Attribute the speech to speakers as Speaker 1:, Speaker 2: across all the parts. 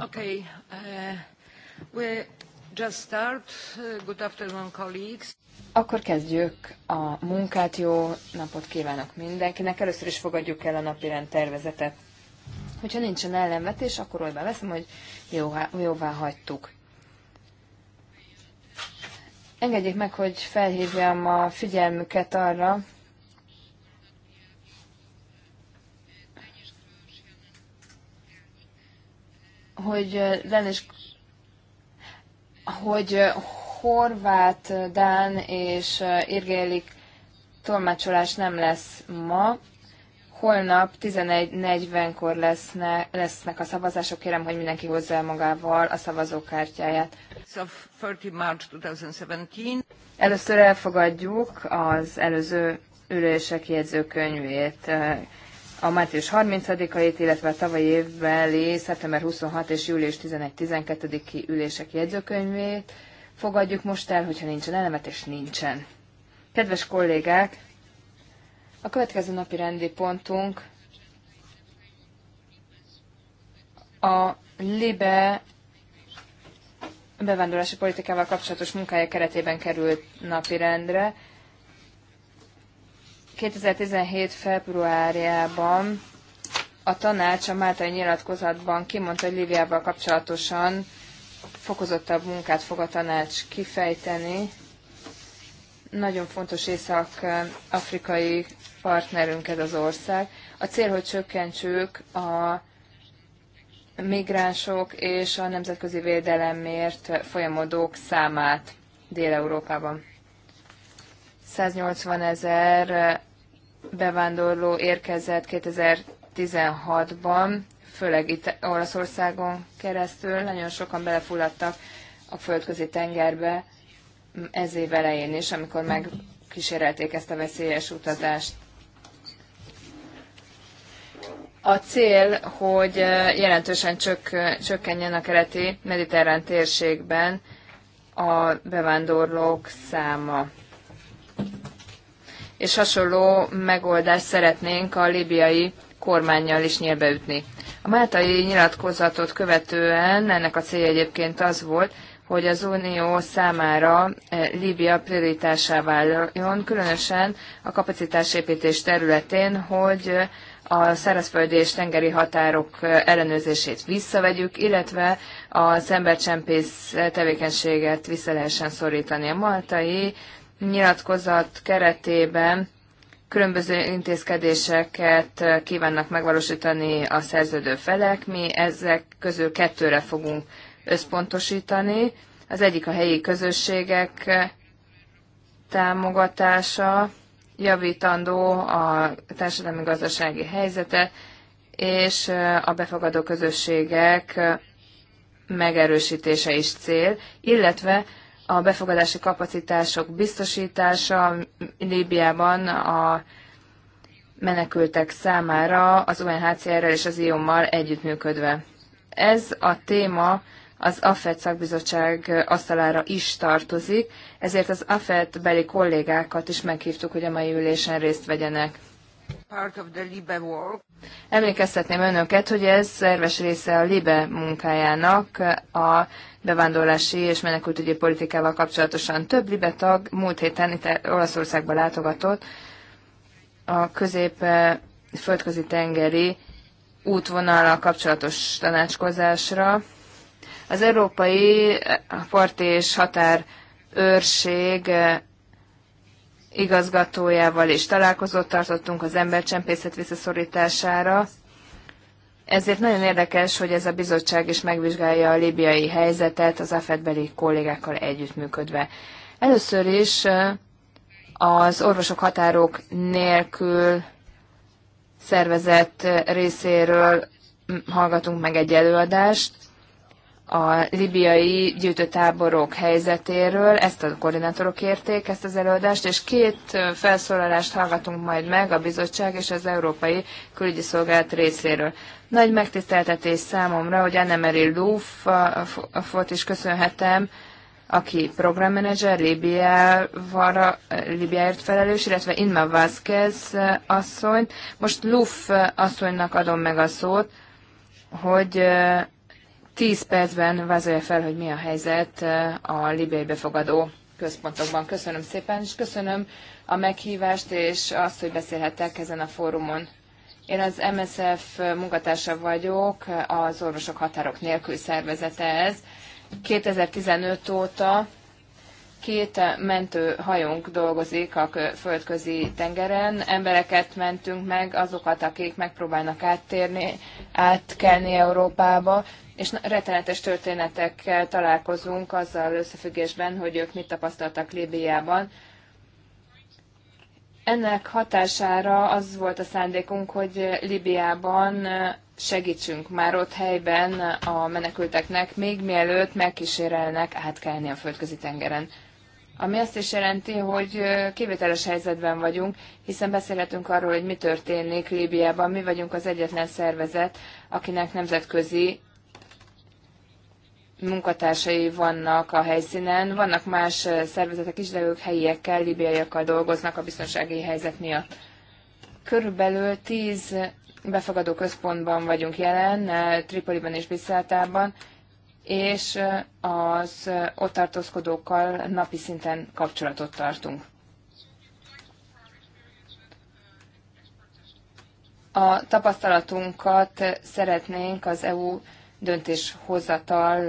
Speaker 1: Uh, start. Uh, good afternoon, colleagues.
Speaker 2: Akkor
Speaker 3: kezdjük a munkát. Jó napot kívánok mindenkinek. Először is fogadjuk el a napirend tervezetet. Hogyha nincsen ellenvetés, akkor olyan veszem, hogy jóvá, jóvá hagytuk. Engedjék meg, hogy felhívjam a figyelmüket arra, hogy lenne is, hogy horvát, dán és irgélik tolmácsolás nem lesz ma. Holnap 11.40-kor lesznek, lesznek a szavazások. Kérem, hogy mindenki hozzá el magával a szavazókártyáját. Először elfogadjuk az előző ülések jegyzőkönyvét a március 30-ait, illetve a tavalyi évbeli szeptember 26 és július 11-12-i ülések jegyzőkönyvét fogadjuk most el, hogyha nincsen elemet, és nincsen. Kedves kollégák, a következő napi rendi pontunk a LIBE bevándorlási politikával kapcsolatos munkája keretében került napirendre. 2017. februárjában a tanács a Máltai nyilatkozatban kimondta, hogy Líviával kapcsolatosan fokozottabb munkát fog a tanács kifejteni. Nagyon fontos észak-afrikai partnerünk ez az ország. A cél, hogy csökkentsük a migránsok és a nemzetközi védelemért folyamodók számát Dél-Európában. 180 ezer bevándorló érkezett 2016-ban, főleg itt Olaszországon keresztül, nagyon sokan belefulladtak a földközi tengerbe ez év elején is, amikor megkísérelték ezt a veszélyes utazást. A cél, hogy jelentősen csök, csökkenjen a keleti mediterrán térségben a bevándorlók száma és hasonló megoldást szeretnénk a libiai kormányjal is nyilbeütni. A máltai nyilatkozatot követően ennek a célja egyébként az volt, hogy az Unió számára eh, Líbia prioritásá váljon, különösen a kapacitásépítés területén, hogy eh, a szárazföldi és tengeri határok eh, ellenőrzését visszavegyük, illetve az embercsempész tevékenységet vissza lehessen szorítani. A maltai nyilatkozat keretében különböző intézkedéseket kívánnak megvalósítani a szerződő felek. Mi ezek közül kettőre fogunk összpontosítani. Az egyik a helyi közösségek támogatása, javítandó a társadalmi-gazdasági helyzete, és a befogadó közösségek megerősítése is cél, illetve a befogadási kapacitások biztosítása Líbiában a menekültek számára az UNHCR-rel és az IOM-mal együttműködve. Ez a téma az AFET szakbizottság asztalára is tartozik, ezért az AFET beli kollégákat is meghívtuk, hogy a mai ülésen részt vegyenek. Emlékeztetném önöket, hogy ez szerves része a LIBE munkájának a bevándorlási és menekültügyi politikával kapcsolatosan. Több LIBE tag múlt héten itt Olaszországba látogatott a közép eh, földközi tengeri útvonalra kapcsolatos tanácskozásra. Az Európai Parti és Határ őrség eh, igazgatójával is találkozót tartottunk az embercsempészet visszaszorítására. Ezért nagyon érdekes, hogy ez a bizottság is megvizsgálja a libiai helyzetet az AFED-beli kollégákkal együttműködve. Először is az orvosok határok nélkül szervezett részéről hallgatunk meg egy előadást a libiai gyűjtőtáborok helyzetéről. Ezt a koordinátorok érték ezt az előadást, és két felszólalást hallgatunk majd meg a bizottság és az Európai Külügyi Szolgálat részéről. Nagy megtiszteltetés számomra, hogy Annemeri Lúfot is köszönhetem, aki programmenedzser, Libiáért felelős, illetve Inma Vázquez asszony. Most Luf asszonynak adom meg a szót, hogy Tíz percben vázolja fel, hogy mi a helyzet a libiai befogadó központokban. Köszönöm szépen, és köszönöm a meghívást, és azt, hogy beszélhetek ezen a fórumon. Én az MSF munkatársa vagyok, az Orvosok Határok Nélkül szervezete ez. 2015 óta Két mentő hajónk dolgozik a földközi tengeren. Embereket mentünk meg, azokat, akik megpróbálnak áttérni, átkelni Európába, és rettenetes történetekkel találkozunk azzal összefüggésben, hogy ők mit tapasztaltak Líbiában. Ennek hatására az volt a szándékunk, hogy Libiában segítsünk már ott helyben a menekülteknek, még mielőtt megkísérelnek átkelni a földközi tengeren ami azt is jelenti, hogy kivételes helyzetben vagyunk, hiszen beszélhetünk arról, hogy mi történik Líbiában. Mi vagyunk az egyetlen szervezet, akinek nemzetközi munkatársai vannak a helyszínen. Vannak más szervezetek is, de ők helyiekkel, libiaiakkal dolgoznak a biztonsági helyzet miatt. Körülbelül tíz befogadó központban vagyunk jelen, eh, Tripoliban és Bisszátában, és az ott tartózkodókkal napi szinten kapcsolatot tartunk. A tapasztalatunkat szeretnénk az EU döntéshozatal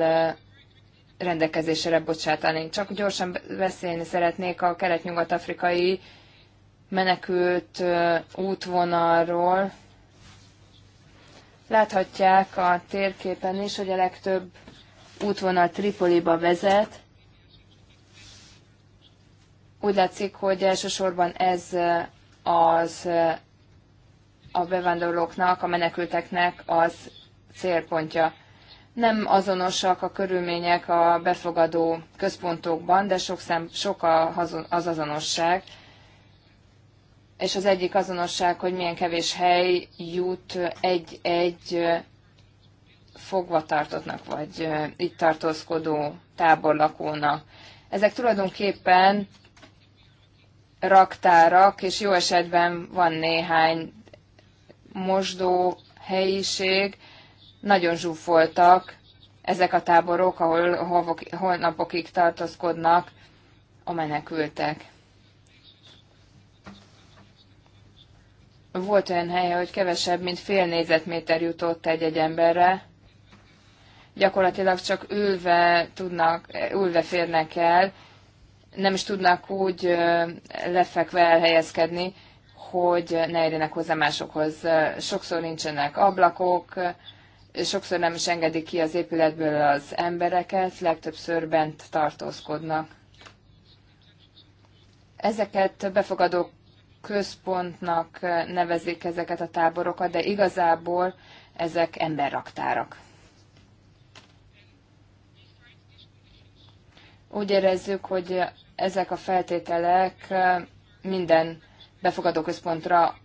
Speaker 3: rendelkezésre bocsátani. Csak gyorsan beszélni szeretnék a kelet-nyugat-afrikai menekült útvonalról. Láthatják a térképen is, hogy a legtöbb útvonal Tripoliba vezet. Úgy látszik, hogy elsősorban ez eh, az eh, a bevándorlóknak, a menekülteknek az célpontja. Nem azonosak a körülmények a befogadó központokban, de sok, szem, sok az azonosság. És az egyik azonosság, hogy milyen kevés hely jut egy-egy eh, fogvatartottnak, vagy itt tartózkodó táborlakónak. Ezek tulajdonképpen raktárak, és jó esetben van néhány mosdó helyiség. Nagyon zsúfoltak ezek a táborok, ahol holnapokig tartózkodnak a menekültek. Volt olyan hely, hogy kevesebb, mint fél négyzetméter jutott egy-egy emberre, gyakorlatilag csak ülve tudnak, ülve férnek el, nem is tudnak úgy lefekve elhelyezkedni, hogy ne érjenek hozzá másokhoz. Sokszor nincsenek ablakok, sokszor nem is engedik ki az épületből az embereket, legtöbbször bent tartózkodnak. Ezeket befogadó központnak nevezik ezeket a táborokat, de igazából ezek emberraktárak. Úgy érezzük, hogy ezek a feltételek minden befogadó központra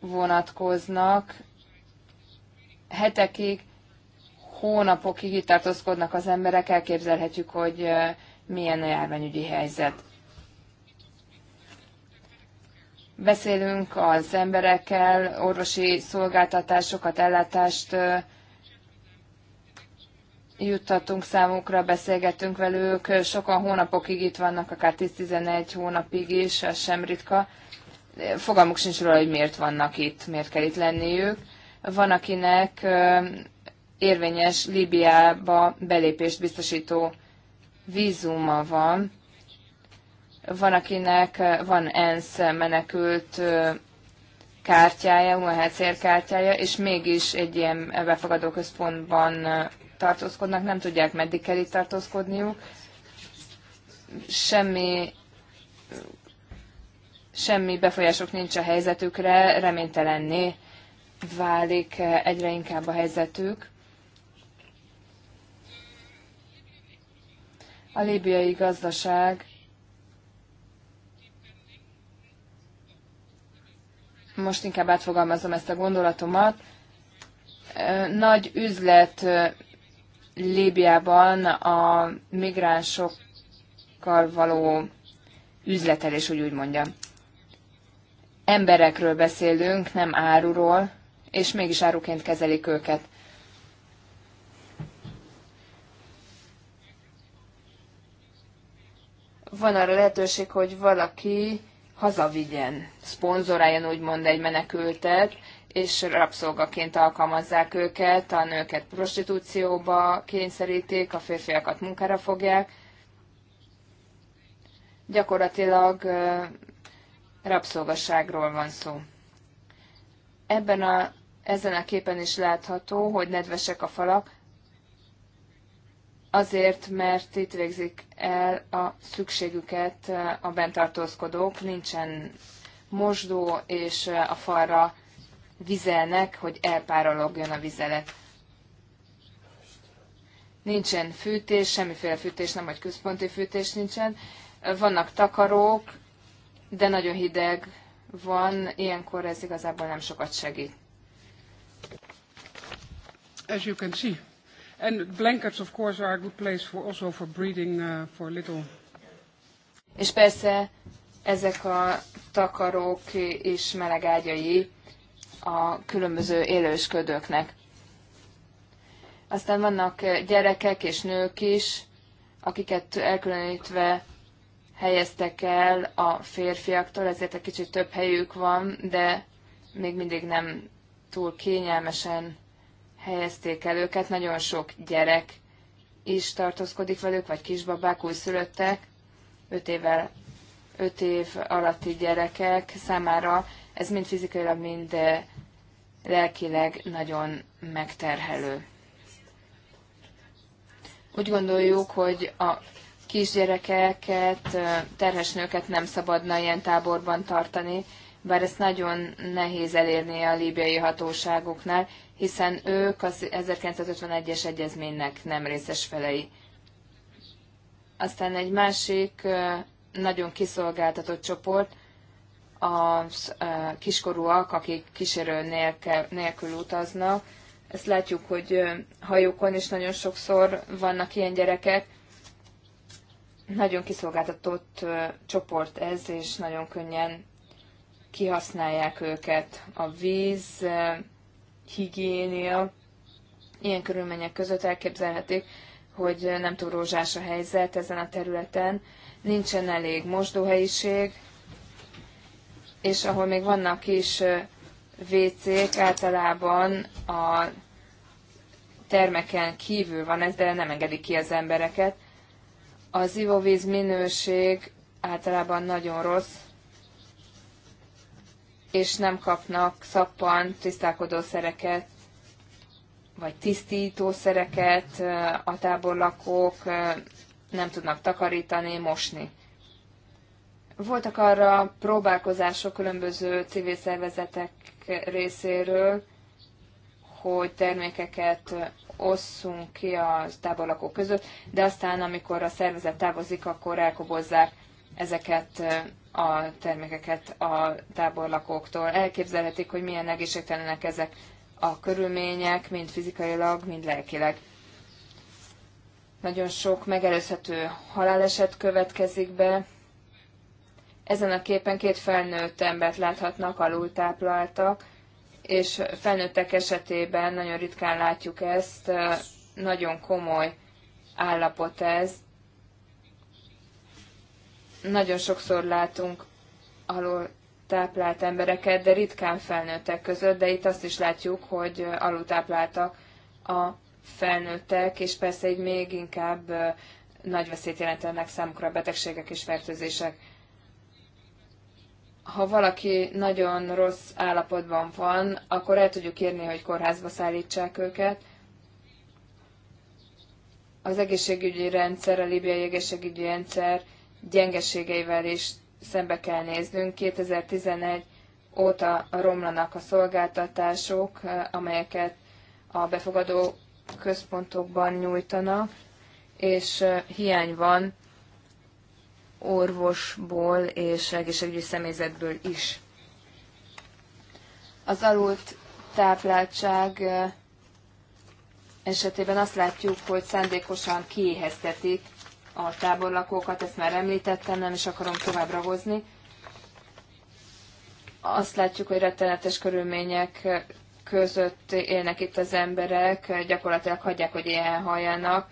Speaker 3: vonatkoznak. Hetekig, hónapokig itt tartózkodnak az emberek, elképzelhetjük, hogy milyen a járványügyi helyzet. Beszélünk az emberekkel, orvosi szolgáltatásokat, ellátást juttatunk számukra, beszélgetünk velük, sokan hónapokig itt vannak, akár 10-11 hónapig is, ez sem ritka. Fogalmuk sincs róla, hogy miért vannak itt, miért kell itt lenniük. Van, akinek érvényes Líbiába belépést biztosító vízuma van, van, akinek van ENSZ menekült kártyája, UNHCR kártyája, és mégis egy ilyen befogadó központban tartózkodnak, nem tudják meddig kell itt tartózkodniuk. Semmi, semmi befolyások nincs a helyzetükre, reménytelenné válik egyre inkább a helyzetük. A líbiai gazdaság most inkább átfogalmazom ezt a gondolatomat, nagy üzlet Líbiában a migránsokkal való üzletelés, úgy úgy mondjam. Emberekről beszélünk, nem áruról, és mégis áruként kezelik őket. Van arra lehetőség, hogy valaki hazavigyen, szponzoráljon úgymond egy menekültet, és rabszolgaként alkalmazzák őket, a nőket prostitúcióba kényszerítik, a férfiakat munkára fogják. Gyakorlatilag rabszolgasságról van szó. Ebben a, ezen a képen is látható, hogy nedvesek a falak, azért, mert itt végzik el a szükségüket eh, a bentartózkodók, nincsen mosdó, és eh, a falra vizelnek, hogy elpárologjon a vizelet. Nincsen fűtés, semmiféle fűtés nem, vagy központi fűtés nincsen. Vannak takarók, de nagyon hideg van, ilyenkor ez igazából nem sokat segít.
Speaker 4: As you can see, And blankets, of course, are a good place for also for breeding uh, for little.
Speaker 3: És persze ezek a takarók és melegágyai a különböző élősködőknek. Aztán vannak eh, gyerekek és nők is, akiket elkülönítve helyeztek el a férfiaktól, ezért egy kicsit több helyük van, de még mindig nem túl kényelmesen helyezték el őket. Nagyon sok gyerek is tartózkodik velük, vagy kisbabák, újszülöttek, 5 évvel 5 év alatti gyerekek számára ez mind fizikailag, mind eh, lelkileg nagyon megterhelő. Úgy gondoljuk, hogy a kisgyerekeket, eh, terhes nőket nem szabadna ilyen táborban tartani, bár ezt nagyon nehéz elérni a líbiai hatóságoknál, hiszen ők az 1951-es egyezménynek nem részes felei. Aztán egy másik nagyon kiszolgáltatott csoport, a kiskorúak, akik kísérő nélkül utaznak. Ezt látjuk, hogy hajókon is nagyon sokszor vannak ilyen gyerekek. Nagyon kiszolgáltatott csoport ez, és nagyon könnyen kihasználják őket. A víz, higiénia, ilyen körülmények között elképzelhetik, hogy nem túl rózsás a helyzet ezen a területen, nincsen elég mosdóhelyiség, és ahol még vannak is WC-k, általában a termeken kívül van ez, de nem engedik ki az embereket. Az ivóvíz minőség általában nagyon rossz, és nem kapnak szappan tisztálkodószereket, vagy tisztítószereket, a táborlakók nem tudnak takarítani, mosni. Voltak arra próbálkozások különböző civil szervezetek részéről, hogy termékeket osszunk ki a táborlakók között, de aztán, amikor a szervezet távozik, akkor elkobozzák ezeket a termékeket a táborlakóktól. Elképzelhetik, hogy milyen egészségtelenek ezek a körülmények, mind fizikailag, mind lelkileg. Nagyon sok megelőzhető haláleset következik be. Ezen a képen két felnőtt embert láthatnak, alultápláltak, és felnőttek esetében nagyon ritkán látjuk ezt, nagyon komoly állapot ez, nagyon sokszor látunk alul táplált embereket, de ritkán felnőttek között, de itt azt is látjuk, hogy alultápláltak a felnőttek, és persze így még inkább nagy veszélyt jelentenek számukra a betegségek és fertőzések. Ha valaki nagyon rossz állapotban van, akkor el tudjuk írni, hogy kórházba szállítsák őket. Az egészségügyi rendszer, a libiai egészségügyi rendszer gyengeségeivel is szembe kell néznünk. 2011 óta romlanak a szolgáltatások, amelyeket a befogadó központokban nyújtanak, és hiány van orvosból és egészségügyi személyzetből is. Az alult tápláltság esetében azt látjuk, hogy szándékosan kiéheztetik a táborlakókat, ezt már említettem, nem is akarom tovább ragozni. Azt látjuk, hogy rettenetes körülmények között élnek itt az emberek, gyakorlatilag hagyják, hogy ilyen halljanak.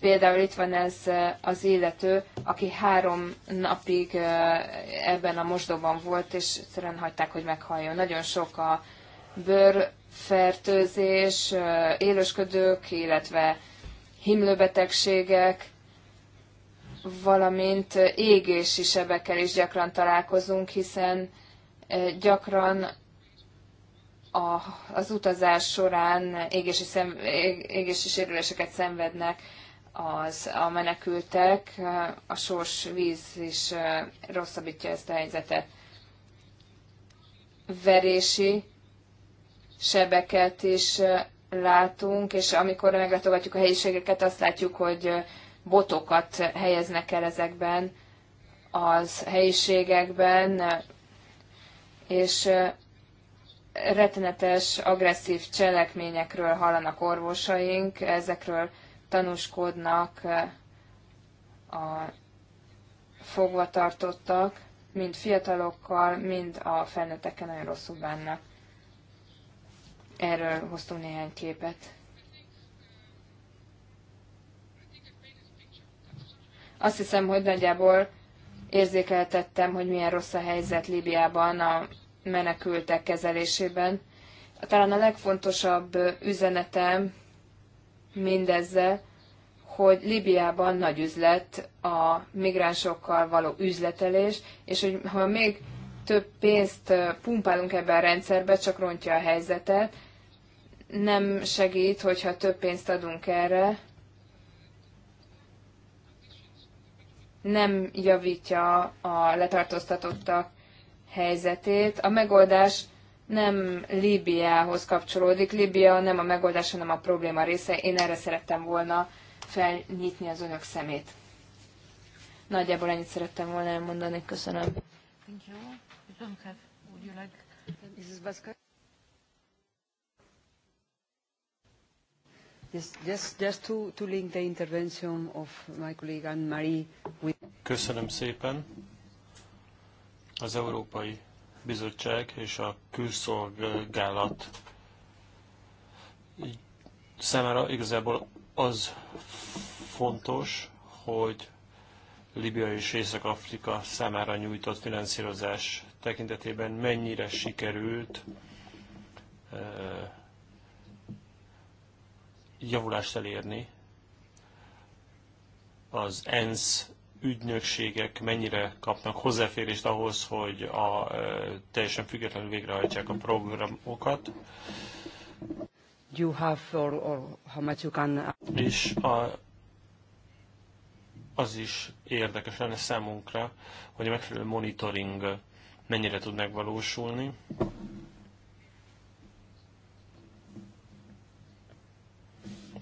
Speaker 3: Például itt van ez az illető, aki három napig ebben a mosdóban volt, és egyszerűen hagyták, hogy meghalljon. Nagyon sok a bőrfertőzés, élősködők, illetve himlőbetegségek, valamint égési sebekkel is gyakran találkozunk, hiszen eh, gyakran a, az utazás során égési, szem, égési sérüléseket szenvednek az, a menekültek, a sós víz is eh, rosszabbítja ezt a helyzetet. Verési sebeket is eh, látunk, és amikor meglátogatjuk a helyiségeket, azt látjuk, hogy botokat helyeznek el ezekben az helyiségekben, és rettenetes, agresszív cselekményekről hallanak orvosaink, ezekről tanúskodnak a fogvatartottak, mind fiatalokkal, mind a felnőtteken nagyon rosszul bánnak. Erről hoztunk néhány képet. Azt hiszem, hogy nagyjából érzékeltettem, hogy milyen rossz a helyzet Líbiában a menekültek kezelésében. Talán a legfontosabb üzenetem mindezzel, hogy Libiában nagy üzlet a migránsokkal való üzletelés, és hogy ha még több pénzt pumpálunk ebbe a rendszerbe, csak rontja a helyzetet. Nem segít, hogyha több pénzt adunk erre, nem javítja a letartóztatottak helyzetét. A megoldás nem Líbiához kapcsolódik. Líbia nem a megoldás, hanem a probléma része. Én erre szerettem volna felnyitni az önök szemét. Nagyjából ennyit szerettem volna elmondani. Köszönöm.
Speaker 1: Thank you. Would you like... Mrs.
Speaker 5: Köszönöm szépen. Az Európai Bizottság és a külszolgálat számára igazából az fontos, hogy Libia és Észak-Afrika számára nyújtott finanszírozás tekintetében mennyire sikerült eh, javulást elérni, az ENSZ ügynökségek mennyire kapnak hozzáférést ahhoz, hogy a, teljesen függetlenül végrehajtsák a programokat.
Speaker 1: You have or, or how much you can... Uh, És
Speaker 5: a, az is érdekes lenne számunkra, hogy a megfelelő monitoring mennyire tud megvalósulni.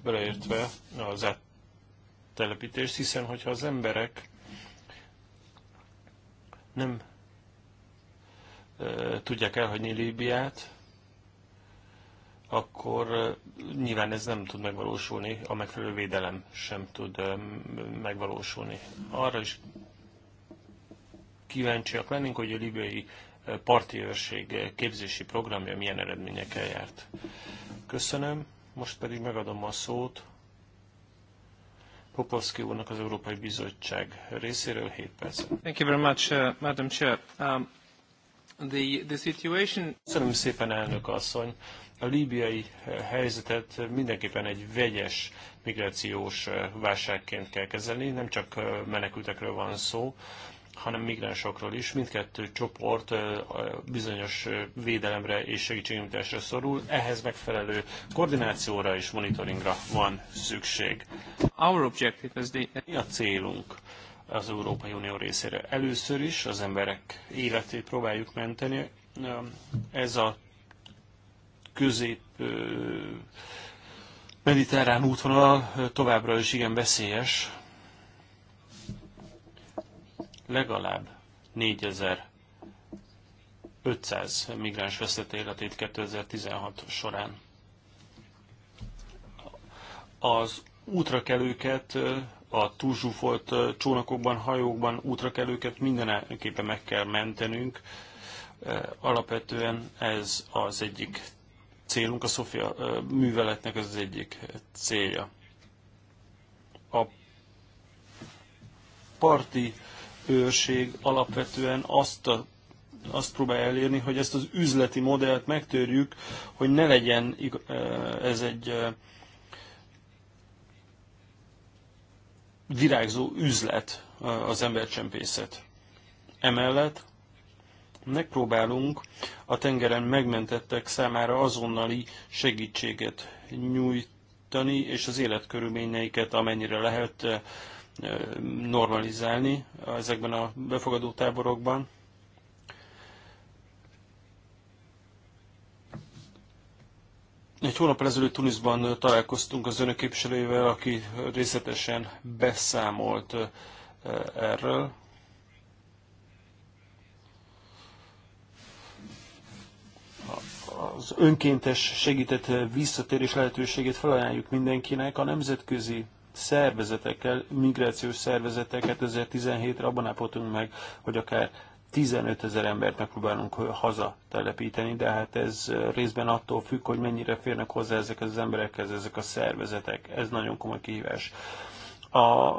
Speaker 5: beleértve az áttelepítést, hiszen hogyha az emberek nem tudják elhagyni Líbiát, akkor nyilván ez nem tud megvalósulni, a megfelelő védelem sem tud megvalósulni. Arra is kíváncsiak lennénk, hogy a libiai parti őrség képzési programja milyen eredményekkel járt. Köszönöm. Most pedig megadom a szót Popovski úrnak az Európai Bizottság részéről 7 percen. Thank you very much, uh, Madam Chair. Um, the, the situation... Köszönöm szépen, elnök asszony. A líbiai uh, helyzetet mindenképpen egy vegyes migrációs uh, válságként kell kezelni, nem csak uh, menekültekről van szó, hanem migránsokról is. Mindkettő csoport bizonyos védelemre és segítségnyújtásra szorul, ehhez megfelelő koordinációra és monitoringra van szükség. Our objective is the... Mi a célunk? az Európai Unió részére. Először is az emberek életét próbáljuk menteni. Ez a közép mediterrán útvonal továbbra is igen veszélyes, legalább 4500 migráns vesztette életét 2016 során. Az útrakelőket a túlzsúfolt csónakokban, hajókban útrakelőket mindenképpen meg kell mentenünk. Alapvetően ez az egyik célunk, a Sofia műveletnek ez az egyik célja. A parti őrség alapvetően azt a azt próbálja elérni, hogy ezt az üzleti modellt megtörjük, hogy ne legyen eh, ez egy eh, virágzó üzlet eh, az embercsempészet. Emellett megpróbálunk a tengeren megmentettek számára azonnali segítséget nyújtani, és az életkörülményeiket amennyire lehet normalizálni ezekben a befogadó táborokban. Egy hónap ezelőtt Tunisban találkoztunk az önök képviselőjével, aki részletesen beszámolt erről. Az önkéntes segített visszatérés lehetőségét felajánljuk mindenkinek. A nemzetközi szervezetekkel, migrációs szervezetekkel 2017-re abban állapotunk meg, hogy akár 15 ezer embert megpróbálunk haza telepíteni, de hát ez részben attól függ, hogy mennyire férnek hozzá ezek az emberekhez, ezek a szervezetek. Ez nagyon komoly kihívás. A,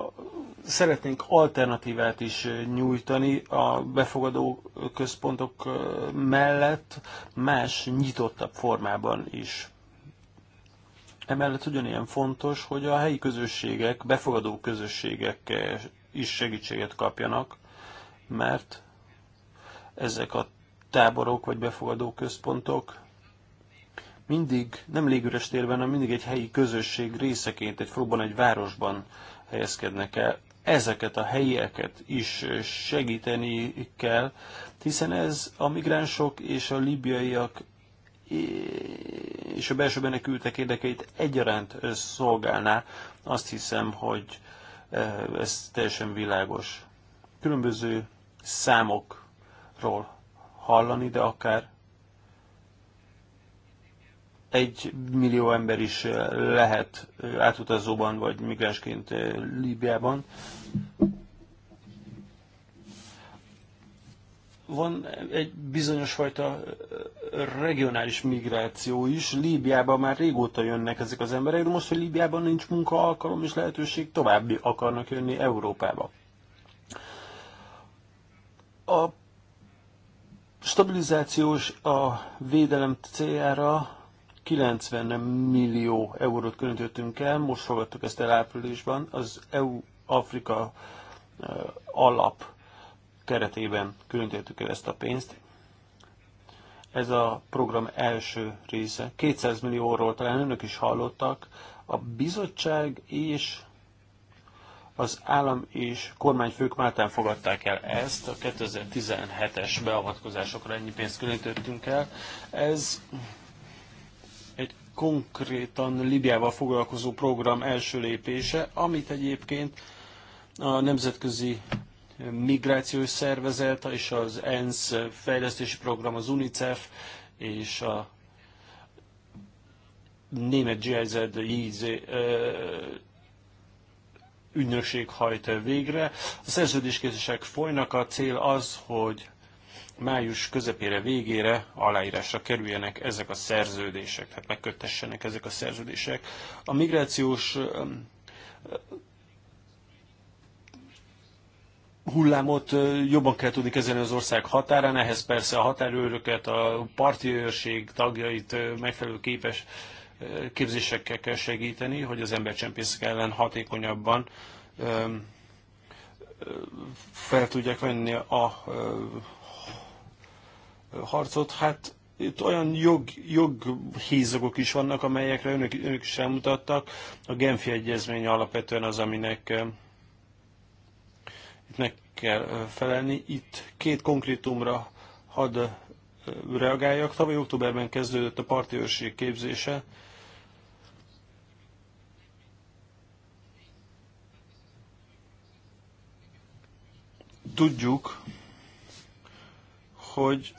Speaker 5: szeretnénk alternatívát is nyújtani a befogadó központok mellett más, nyitottabb formában is. Emellett ugyanilyen fontos, hogy a helyi közösségek, befogadó közösségek eh, is segítséget kapjanak, mert ezek a táborok vagy befogadó központok mindig, nem légüres térben, hanem mindig egy helyi közösség részeként, egy fogban, egy városban helyezkednek el. Ezeket a helyieket is segíteni kell, hiszen ez a migránsok és a libiaiak és a belső menekültek érdekeit egyaránt szolgálná, azt hiszem, hogy ez teljesen világos. Különböző számokról hallani, de akár egy millió ember is lehet átutazóban vagy migránsként Líbiában. van egy bizonyos fajta regionális migráció is. Líbiában már régóta jönnek ezek az emberek, de most, hogy Líbiában nincs munka, alkalom és lehetőség, további akarnak jönni Európába. A stabilizációs a védelem céljára 90 millió eurót különítettünk el, most fogadtuk ezt el áprilisban, az EU-Afrika alap keretében különítettük el ezt a pénzt. Ez a program első része. 200 millióról talán önök is hallottak. A bizottság és az állam és kormányfők máltán fogadták el ezt, a 2017-es beavatkozásokra ennyi pénzt különítettünk el. Ez egy konkrétan Libiával foglalkozó program első lépése, amit egyébként a nemzetközi migrációs szervezet, és az ENSZ fejlesztési program, az UNICEF, és a német GIZ JZ ügynökség hajt végre. A szerződéskészések folynak, a cél az, hogy május közepére, végére aláírásra kerüljenek ezek a szerződések, tehát megköttessenek ezek a szerződések. A migrációs hullámot jobban kell tudni kezelni az ország határán, ehhez persze a határőröket, a parti őrség tagjait megfelelő képes képzésekkel kell segíteni, hogy az embercsempészek ellen hatékonyabban fel tudják venni a harcot. Hát itt olyan jog, joghízagok is vannak, amelyekre önök, önök is elmutattak. A Genfi Egyezmény alapvetően az, aminek meg kell felelni. Itt két konkrétumra hadd reagáljak. Tavaly októberben kezdődött a őrség képzése. Tudjuk, hogy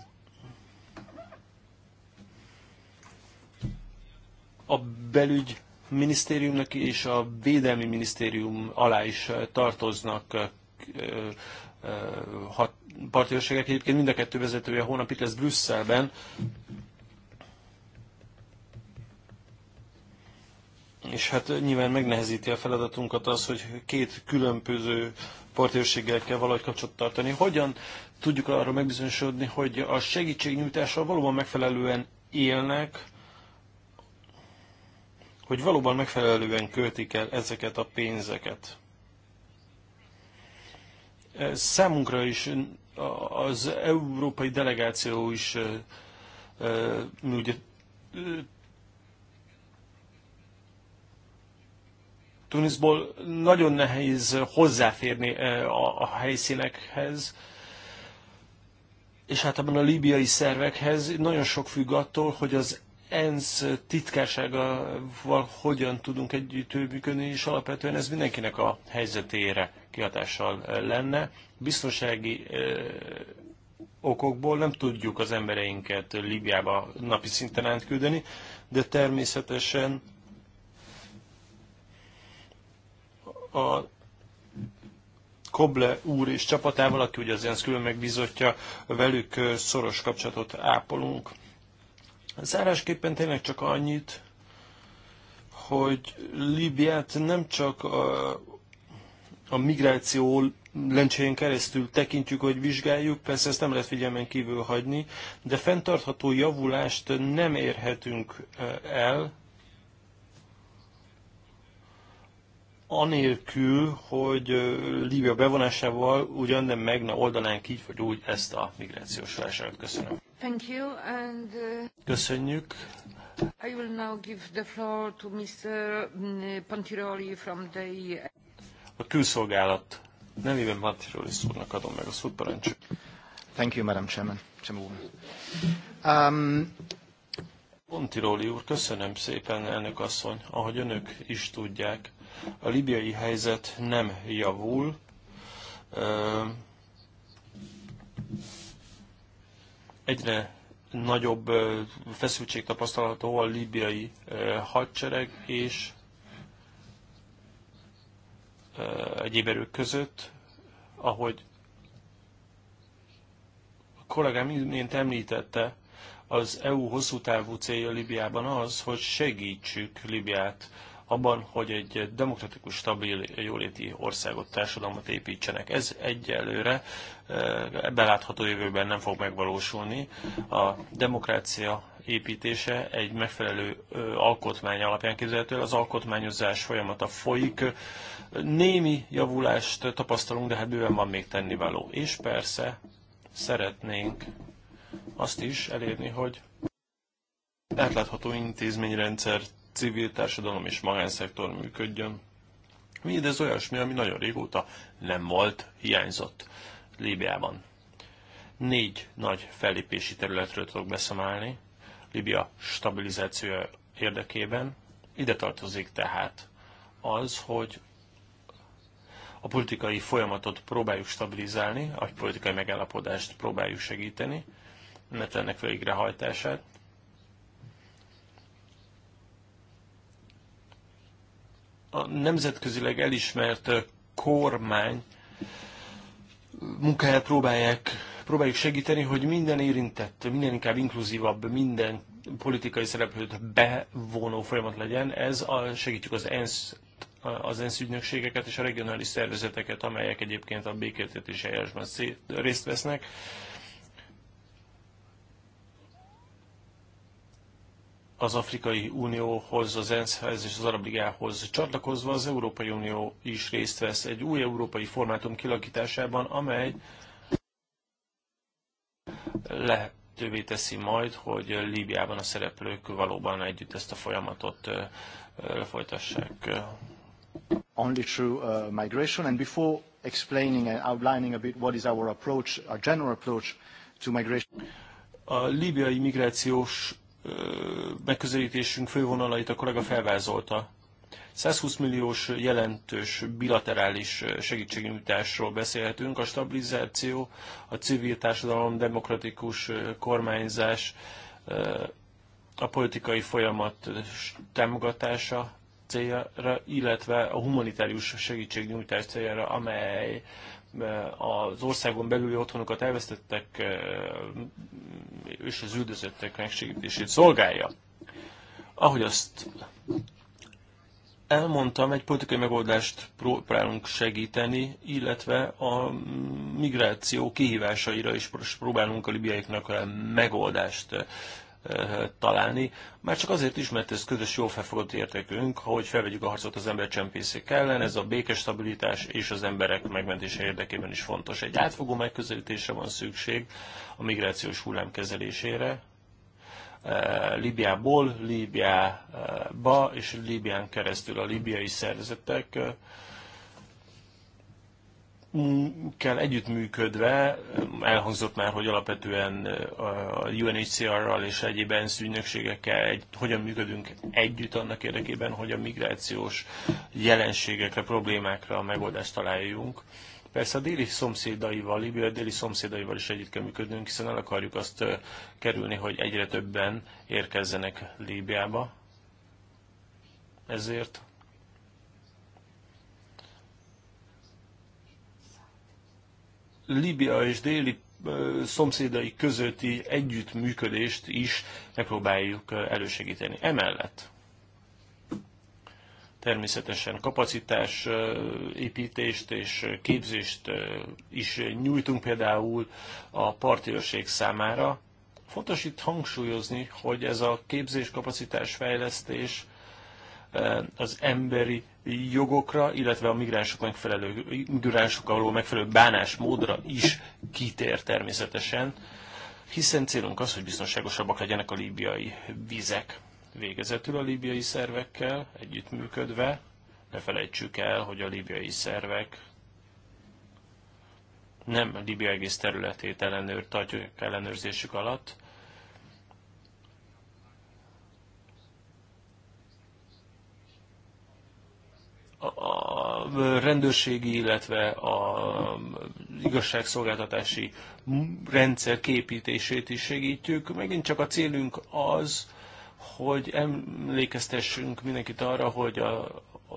Speaker 5: a belügy minisztériumnak és a védelmi minisztérium alá is tartoznak hat partnerségek, Egyébként mind a kettő vezetője hónap itt lesz Brüsszelben. És hát nyilván megnehezíti a feladatunkat az, hogy két különböző partnerséggel kell valahogy kapcsolatot tartani. Hogyan tudjuk arról megbizonyosodni, hogy a segítségnyújtással valóban megfelelően élnek, hogy valóban megfelelően költik el ezeket a pénzeket? Számunkra is az európai delegáció is ugye Tuniszból nagyon nehéz hozzáférni a, a helyszínekhez, és hát ebben a líbiai szervekhez nagyon sok függ attól, hogy az ENSZ titkárságával hogyan tudunk együttműködni, és alapvetően ez mindenkinek a helyzetére kihatással lenne. Biztonsági okokból nem tudjuk az embereinket Libiába napi szinten átküldeni, de természetesen a Koble úr és csapatával, aki ugye az ENSZ külön megbizotja, velük szoros kapcsolatot ápolunk. Zárásképpen tényleg csak annyit, hogy Líbiát nem csak a, a migráció lencséjén keresztül tekintjük, hogy vizsgáljuk, persze ezt nem lehet figyelmen kívül hagyni, de fenntartható javulást nem érhetünk eh, el anélkül, hogy Líbia bevonásával ugyan nem meg ne oldanánk így vagy úgy ezt a migrációs válságot. Köszönöm.
Speaker 1: Thank you and, uh,
Speaker 5: Köszönjük.
Speaker 1: I will now give the floor to Mr. Mm, Pantiroli from the...
Speaker 5: A külszolgálat nevében Pantiroli szúrnak adom meg a szót parancsot. Thank you, Madam Chairman. Um, Pontiroli úr, köszönöm szépen, elnök asszony. Ahogy önök is tudják, a libiai helyzet nem javul. Egyre nagyobb feszültség tapasztalható a libiai hadsereg és egyéb erők között, ahogy a kollégám mint említette, az EU hosszú távú célja Libiában az, hogy segítsük Libiát abban, hogy egy demokratikus, stabil, jóléti országot, társadalmat építsenek. Ez egyelőre belátható jövőben nem fog megvalósulni. A demokrácia építése egy megfelelő alkotmány alapján képzelhető. Az alkotmányozás folyamata folyik. Némi javulást tapasztalunk, de hát bőven van még tennivaló. És persze szeretnénk azt is elérni, hogy átlátható intézményrendszert civil társadalom és magánszektor működjön. Mindez olyasmi, ami nagyon régóta nem volt, hiányzott Líbiában. Négy nagy fellépési területről tudok beszámolni Líbia stabilizációja érdekében. Ide tartozik tehát az, hogy a politikai folyamatot próbáljuk stabilizálni, a politikai megállapodást próbáljuk segíteni, mert ennek végrehajtását. a nemzetközileg elismert kormány munkáját próbálják, próbáljuk segíteni, hogy minden érintett, minden inkább inkluzívabb, minden politikai szereplőt bevonó folyamat legyen. Ez a, segítjük az ENSZ az ENSZ ügynökségeket és a regionális szervezeteket, amelyek egyébként a békértetési eljárásban részt vesznek. az Afrikai Unióhoz, az ENSZ-hez és az Arab Ligához csatlakozva az Európai Unió is részt vesz egy új európai formátum kilakításában, amely lehetővé teszi majd, hogy Líbiában a szereplők valóban együtt ezt a folyamatot lefolytassák.
Speaker 1: Only through uh, migration and before explaining and outlining a bit what is our approach, our
Speaker 5: general approach to migration. A líbiai migrációs megközelítésünk fővonalait a kollega felvázolta. 120 milliós jelentős bilaterális segítségnyújtásról beszélhetünk. A stabilizáció, a civil társadalom, demokratikus kormányzás, a politikai folyamat támogatása céljára, illetve a humanitárius segítségnyújtás céljára, amely az országon belüli otthonukat elvesztettek és az üldözöttek megsegítését szolgálja. Ahogy azt elmondtam, egy politikai megoldást próbálunk segíteni, illetve a migráció kihívásaira is próbálunk a libiaiknak megoldást találni, már csak azért is, mert ez közös jó felfogott értékünk, hogy felvegyük a harcot az csempészék ellen, ez a békés stabilitás és az emberek megmentése érdekében is fontos. Egy átfogó megközelítésre van szükség a migrációs hullám kezelésére, e, Líbiából, Líbiába és Líbián keresztül a libiai szervezetek kell együttműködve, elhangzott már, hogy alapvetően a UNHCR-ral és egyéb ENSZ ügynökségekkel egy, hogyan működünk együtt annak érdekében, hogy a migrációs jelenségekre, problémákra megoldást találjunk. Persze a déli szomszédaival, Libia déli szomszédaival is együtt kell működnünk, hiszen el akarjuk azt kerülni, hogy egyre többen érkezzenek Líbiába. Ezért Líbia és déli szomszédai közötti együttműködést is megpróbáljuk elősegíteni. Emellett természetesen kapacitás építést és képzést is nyújtunk például a partőrség számára. Fontos itt hangsúlyozni, hogy ez a képzés, kapacitás, fejlesztés Eh, az emberi jogokra, illetve a migránsok megfelelő, migránsok alól megfelelő bánásmódra is kitér természetesen, hiszen célunk az, hogy biztonságosabbak legyenek a líbiai vizek. Végezetül a líbiai szervekkel együttműködve, ne felejtsük el, hogy a líbiai szervek nem Líbia egész területét ellenőr, tartjuk ellenőrzésük alatt, a rendőrségi, illetve a igazságszolgáltatási rendszer képítését is segítjük. Megint csak a célunk az, hogy emlékeztessünk mindenkit arra, hogy a,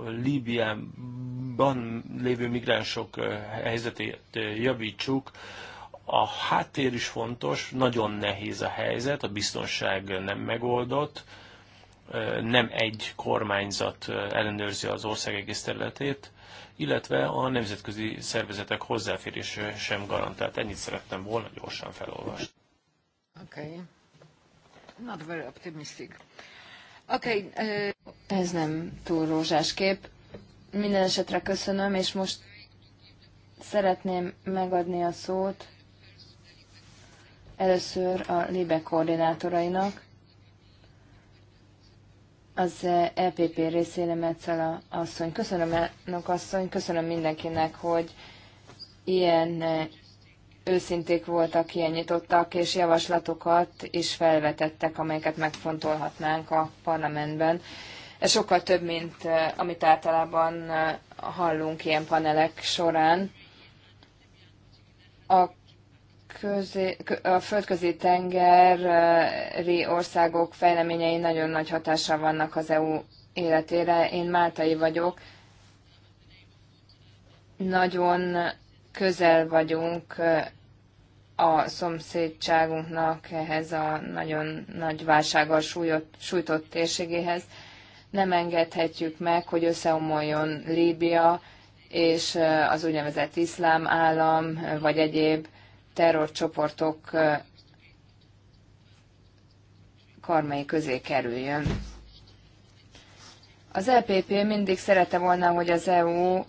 Speaker 5: Líbiában lévő migránsok eh, helyzetét eh, javítsuk. A háttér is fontos, nagyon nehéz a helyzet, a biztonság nem megoldott, nem egy kormányzat ellenőrzi az ország egész területét, illetve a nemzetközi szervezetek hozzáférése sem garantált. Ennyit szerettem volna gyorsan felolvasni.
Speaker 1: Okay. Not very optimistic. Okay, uh...
Speaker 3: Ez nem túl rózsás kép. Minden esetre köszönöm, és most szeretném megadni a szót először a LIBE koordinátorainak az EPP részére Metszala asszony. Köszönöm, elnök asszony, köszönöm mindenkinek, hogy ilyen őszinték voltak, ilyen nyitottak, és javaslatokat is felvetettek, amelyeket megfontolhatnánk a parlamentben. Ez sokkal több, mint eh, amit általában eh, hallunk ilyen panelek során. A közé, a földközi tengeri országok fejleményei nagyon nagy hatással vannak az EU életére. Én máltai vagyok. Nagyon közel vagyunk a szomszédságunknak ehhez a nagyon nagy válsággal sújtott térségéhez. Nem engedhetjük meg, hogy összeomoljon Líbia és az úgynevezett iszlám állam vagy egyéb terrorcsoportok karmai közé kerüljön. Az EPP mindig szerette volna, hogy az EU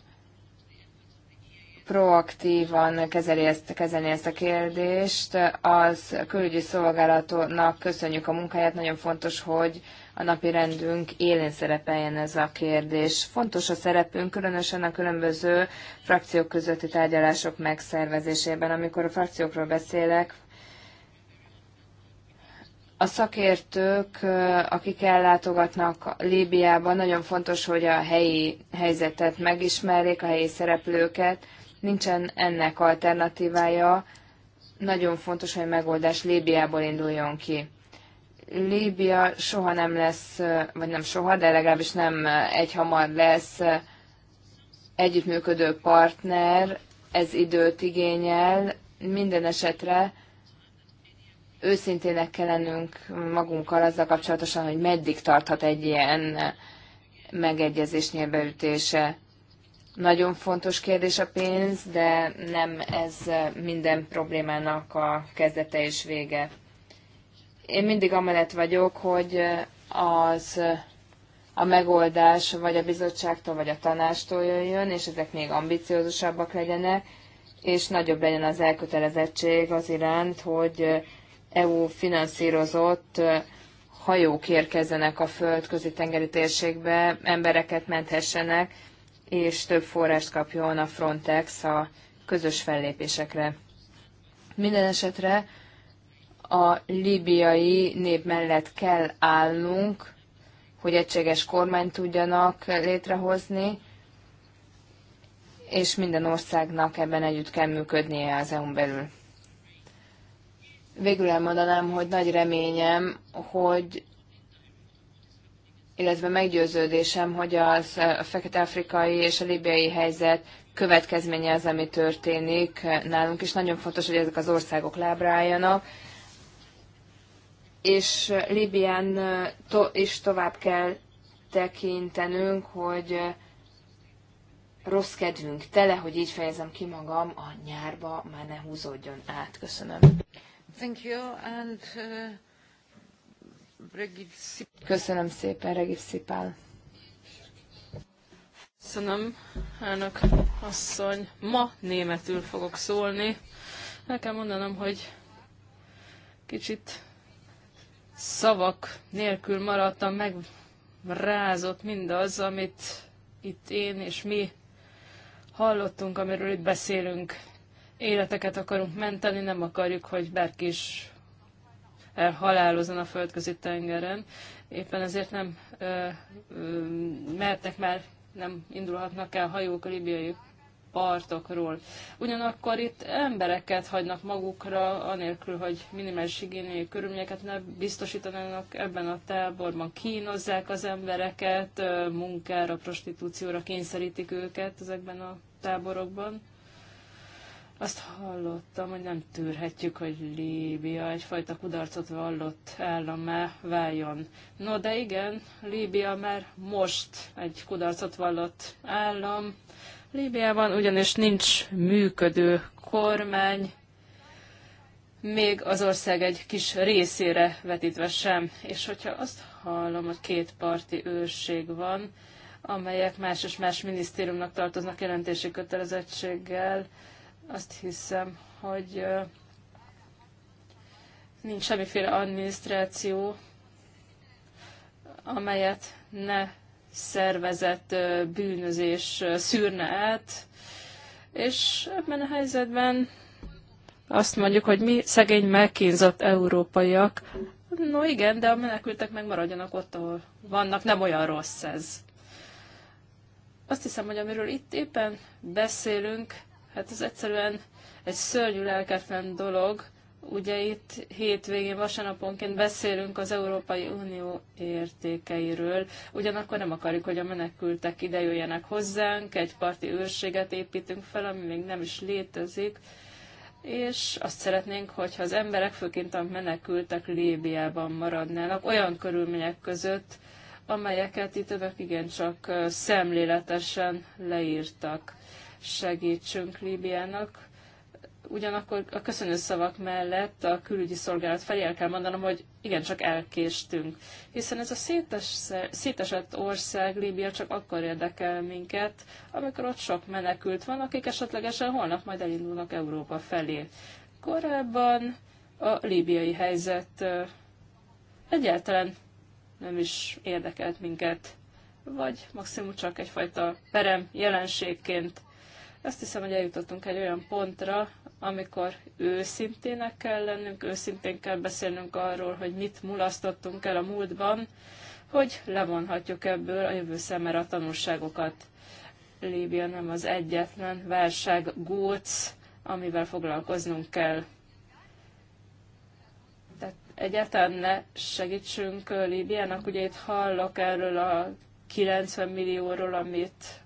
Speaker 3: proaktívan kezeli ezt, kezelni ezt a kérdést. Az külügyi szolgálatnak köszönjük a munkáját, nagyon fontos, hogy a napi rendünk élén szerepeljen ez a kérdés. Fontos a szerepünk, különösen a különböző frakciók közötti tárgyalások megszervezésében. Amikor a frakciókról beszélek, a szakértők, akik ellátogatnak Líbiában, nagyon fontos, hogy a helyi helyzetet megismerjék, a helyi szereplőket. Nincsen ennek alternatívája. Nagyon fontos, hogy a megoldás Líbiából induljon ki. Líbia soha nem lesz, vagy nem soha, de legalábbis nem egyhamar lesz együttműködő partner, ez időt igényel. Minden esetre őszintének kell lennünk magunkkal azzal kapcsolatosan, hogy meddig tarthat egy ilyen megegyezés nyelveütése. Nagyon fontos kérdés a pénz, de nem ez minden problémának a kezdete és vége. Én mindig amellett vagyok, hogy az a megoldás vagy a bizottságtól, vagy a tanástól jöjjön, és ezek még ambiciózusabbak legyenek, és nagyobb legyen az elkötelezettség az iránt, hogy EU finanszírozott hajók érkezzenek a földközi tengeri térségbe, embereket menthessenek, és több forrást kapjon a Frontex a közös fellépésekre. Minden esetre a libiai nép mellett kell állnunk, hogy egységes kormányt tudjanak létrehozni, és minden országnak ebben együtt kell működnie az EU-n belül. Végül elmondanám, hogy nagy reményem, hogy illetve meggyőződésem, hogy az a fekete-afrikai és a libiai helyzet következménye az, ami történik nálunk, és nagyon fontos, hogy ezek az országok lábra álljanak, és eh, Libyán eh, to- is tovább kell tekintenünk, hogy eh, rossz kedvünk tele, hogy így fejezem ki magam, a nyárba már ne húzódjon át. Köszönöm.
Speaker 1: Thank you, and, uh,
Speaker 3: Köszönöm szépen, Regis Szipál.
Speaker 2: Köszönöm, elnök asszony. Ma németül fogok szólni. El kell mondanom, hogy kicsit szavak nélkül maradtam, megrázott mindaz, amit itt én és mi hallottunk, amiről itt beszélünk. Életeket akarunk menteni, nem akarjuk, hogy bárki is elhalálozzon a földközi tengeren. Éppen ezért nem ö, ö, mertek már, nem indulhatnak el hajók a libiai partokról. Ugyanakkor itt embereket hagynak magukra, anélkül, hogy minimális higiéniai körülményeket ne biztosítanának ebben a táborban. Kínozzák az embereket, munkára, prostitúcióra kényszerítik őket ezekben a táborokban. Azt hallottam, hogy nem tűrhetjük, hogy Líbia egyfajta kudarcot vallott állammá váljon. No, de igen, Líbia már most egy kudarcot vallott állam, Líbiában ugyanis nincs működő kormány, még az ország egy kis részére vetítve sem. És hogyha azt hallom, hogy két parti őrség van, amelyek más és más minisztériumnak tartoznak jelentési kötelezettséggel, azt hiszem, hogy nincs semmiféle adminisztráció, amelyet ne szervezett bűnözés szűrne át, és ebben a helyzetben azt mondjuk, hogy mi szegény megkínzott európaiak, no igen, de a menekültek meg maradjanak ott, ahol vannak, nem olyan rossz ez. Azt hiszem, hogy amiről itt éppen beszélünk, hát ez egyszerűen egy szörnyű lelketlen dolog, Ugye itt hétvégén vasárnaponként beszélünk az Európai Unió értékeiről, ugyanakkor nem akarjuk, hogy a menekültek ide jöjjenek hozzánk, egy parti őrséget építünk fel, ami még nem is létezik, és azt szeretnénk, hogyha az emberek, főként a menekültek Líbiában maradnának, olyan körülmények között, amelyeket itt önök igencsak szemléletesen leírtak. Segítsünk Líbiának, ugyanakkor a köszönő szavak mellett a külügyi szolgálat felé el kell mondanom, hogy igencsak elkéstünk, hiszen ez a szétesett ország Líbia csak akkor érdekel minket, amikor ott sok menekült van, akik esetlegesen holnap majd elindulnak Európa felé. Korábban a líbiai helyzet egyáltalán nem is érdekelt minket, vagy maximum csak egyfajta perem jelenségként. Azt hiszem, hogy eljutottunk egy olyan pontra, amikor őszintének kell lennünk, őszintén kell beszélnünk arról, hogy mit mulasztottunk el a múltban, hogy levonhatjuk ebből a jövő szemre a tanulságokat. Líbia nem az egyetlen válság góc, amivel foglalkoznunk kell. Tehát egyáltalán ne segítsünk Líbiának, ugye itt hallok erről a 90 millióról, amit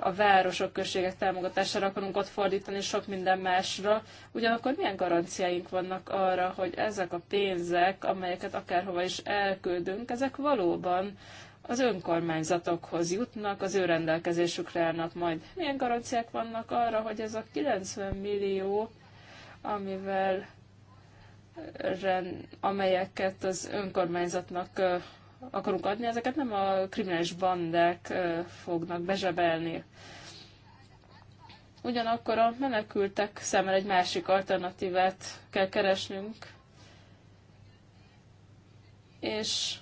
Speaker 2: a városok, községek támogatására akarunk ott fordítani, sok minden másra. Ugyanakkor milyen garanciáink vannak arra, hogy ezek a pénzek, amelyeket akárhova is elküldünk, ezek valóban az önkormányzatokhoz jutnak, az ő rendelkezésükre állnak majd. Milyen garanciák vannak arra, hogy ez a 90 millió, amivel amelyeket az önkormányzatnak akarunk adni, ezeket nem a kriminális bandák fognak bezsebelni. Ugyanakkor a menekültek szemmel egy másik alternatívát kell keresnünk, és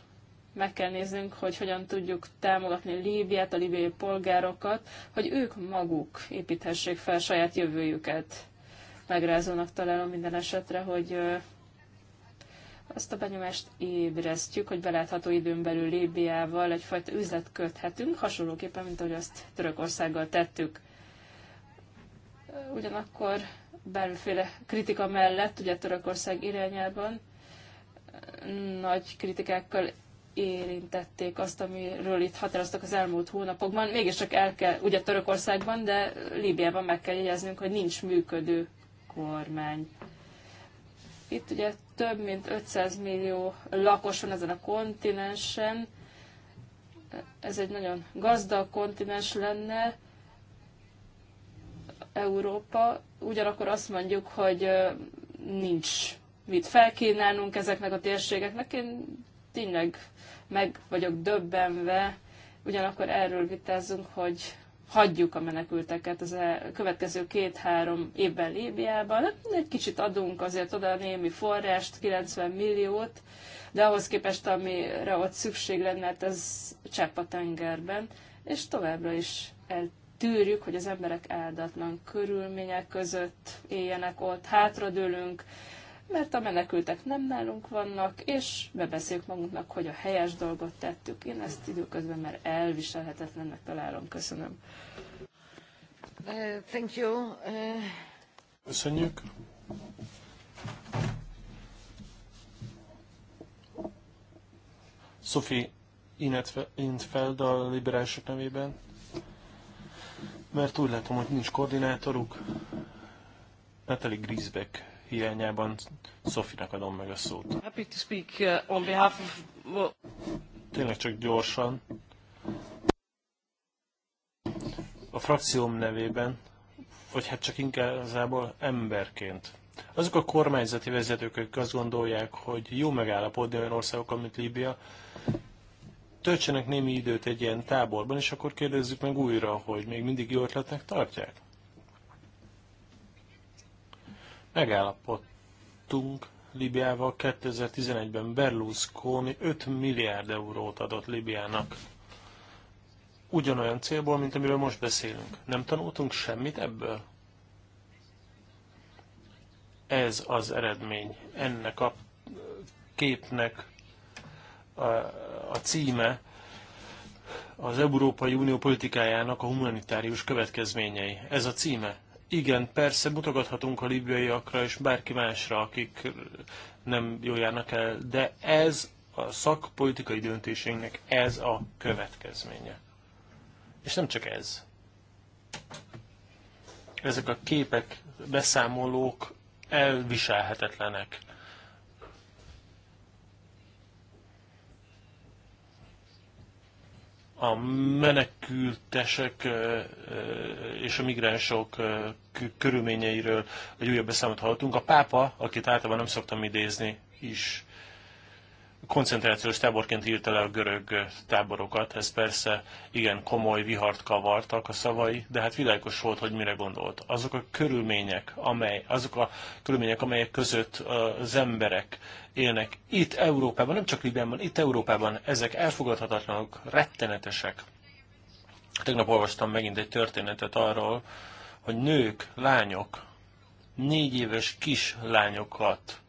Speaker 2: meg kell néznünk, hogy hogyan tudjuk támogatni Líbiát, a libiai polgárokat, hogy ők maguk építhessék fel saját jövőjüket. Megrázónak találom minden esetre, hogy azt a benyomást ébresztjük, hogy belátható időn belül Lébiával egyfajta üzlet köthetünk, hasonlóképpen, mint ahogy azt Törökországgal tettük. Ugyanakkor bármiféle kritika mellett, ugye Törökország irányában nagy kritikákkal érintették azt, amiről itt határoztak az elmúlt hónapokban. Mégiscsak el kell, ugye Törökországban, de Líbiában meg kell jegyeznünk, hogy nincs működő kormány. Itt ugye több mint 500 millió lakos van ezen a kontinensen. Ez egy nagyon gazdag kontinens lenne, Európa. Ugyanakkor azt mondjuk, hogy nincs mit felkínálnunk ezeknek a térségeknek. Én tényleg meg vagyok döbbenve, ugyanakkor erről vitázunk, hogy hagyjuk a menekülteket az a következő két-három évben Líbiában. Hát egy kicsit adunk azért oda némi forrást, 90 milliót, de ahhoz képest, amire ott szükség lenne, hát ez csepp a tengerben, és továbbra is eltűrjük, hogy az emberek áldatlan körülmények között éljenek ott, hátradőlünk, mert a menekültek nem nálunk vannak, és bebeszéljük magunknak, hogy a helyes dolgot tettük. Én ezt időközben már elviselhetetlennek találom. Köszönöm. Uh, thank you. Uh...
Speaker 5: Köszönjük. Sophie Intfeld a liberálisok nevében, mert úgy látom, hogy nincs koordinátoruk. Natalie Griesbeck hiányában Szofinak adom meg a szót.
Speaker 2: Happy to speak uh, on behalf of...
Speaker 5: Tényleg csak gyorsan. A frakcióm nevében, vagy hát csak inkább emberként azok a kormányzati vezetők, akik azt gondolják, hogy jó megállapodni olyan országokkal, mint Líbia, töltsenek némi időt egy ilyen táborban, és akkor kérdezzük meg újra, hogy még mindig jó ötletnek tartják? Megállapodtunk Libiával 2011-ben Berlusconi 5 milliárd eurót adott Libiának. Ugyanolyan célból, mint amiről most beszélünk. Nem tanultunk semmit ebből? Ez az eredmény. Ennek a képnek a, a címe az Európai Unió politikájának a humanitárius következményei. Ez a címe. Igen, persze, mutogathatunk a libiaiakra és bárki másra, akik nem jól járnak el, de ez a szakpolitikai döntésének ez a következménye. És nem csak ez. Ezek a képek, beszámolók elviselhetetlenek. a menekültesek és a migránsok körülményeiről egy újabb beszámot hallottunk. A pápa, akit általában nem szoktam idézni, is koncentrációs táborként írta le a görög táborokat, ez persze igen komoly vihart kavartak a szavai, de hát világos volt, hogy mire gondolt. Azok a körülmények, amely, azok a körülmények, amelyek között az emberek élnek itt Európában, nem csak Libyában, itt Európában, ezek elfogadhatatlanok, rettenetesek. Tegnap olvastam megint egy történetet arról, hogy nők, lányok, négy éves kislányokat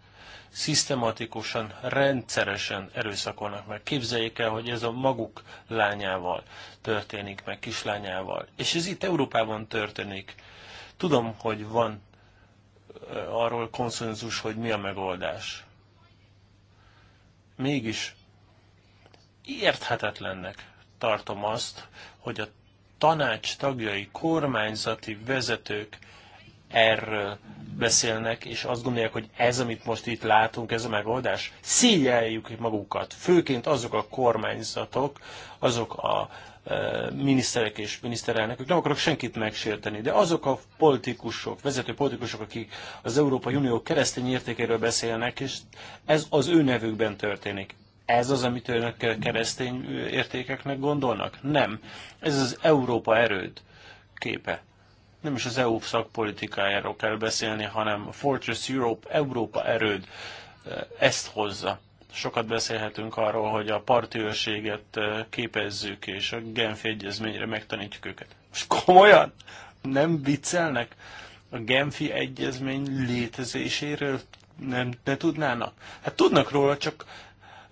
Speaker 5: szisztematikusan, rendszeresen erőszakolnak meg. Képzeljék el, hogy ez a maguk lányával történik meg, kislányával. És ez itt Európában történik. Tudom, hogy van arról konszenzus, hogy mi a megoldás. Mégis érthetetlennek tartom azt, hogy a tanács tagjai, kormányzati vezetők erről beszélnek, és azt gondolják, hogy ez, amit most itt látunk, ez a megoldás. Szégyeljük magukat, főként azok a kormányzatok, azok a e, miniszterek és miniszterelnökök, nem akarok senkit megsérteni, de azok a politikusok, vezető politikusok, akik az Európai Unió keresztény értékéről beszélnek, és ez az ő nevükben történik. Ez az, amit önök keresztény értékeknek gondolnak? Nem. Ez az Európa erőd képe nem is az EU szakpolitikájáról kell beszélni, hanem a Fortress Europe, Európa erőd eh, ezt hozza. Sokat beszélhetünk arról, hogy a parti őrséget eh, képezzük, és a Genfi egyezményre megtanítjuk őket. És komolyan? Nem viccelnek? A Genfi egyezmény létezéséről nem, ne tudnának? Hát tudnak róla, csak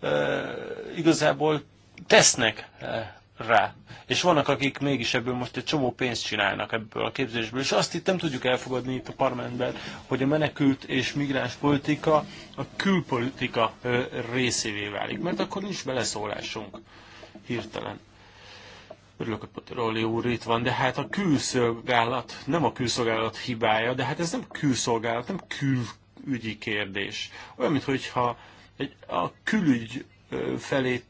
Speaker 5: e, igazából tesznek e, rá. És vannak, akik mégis ebből most egy csomó pénzt csinálnak ebből a képzésből, és azt itt nem tudjuk elfogadni itt a parlamentben, hogy a menekült és migráns politika a külpolitika részévé válik, mert akkor nincs beleszólásunk hirtelen. Örülök, hogy Roli úr itt van, de hát a külszolgálat, nem a külszolgálat hibája, de hát ez nem külszolgálat, nem külügyi kérdés. Olyan, mintha egy, a külügy felé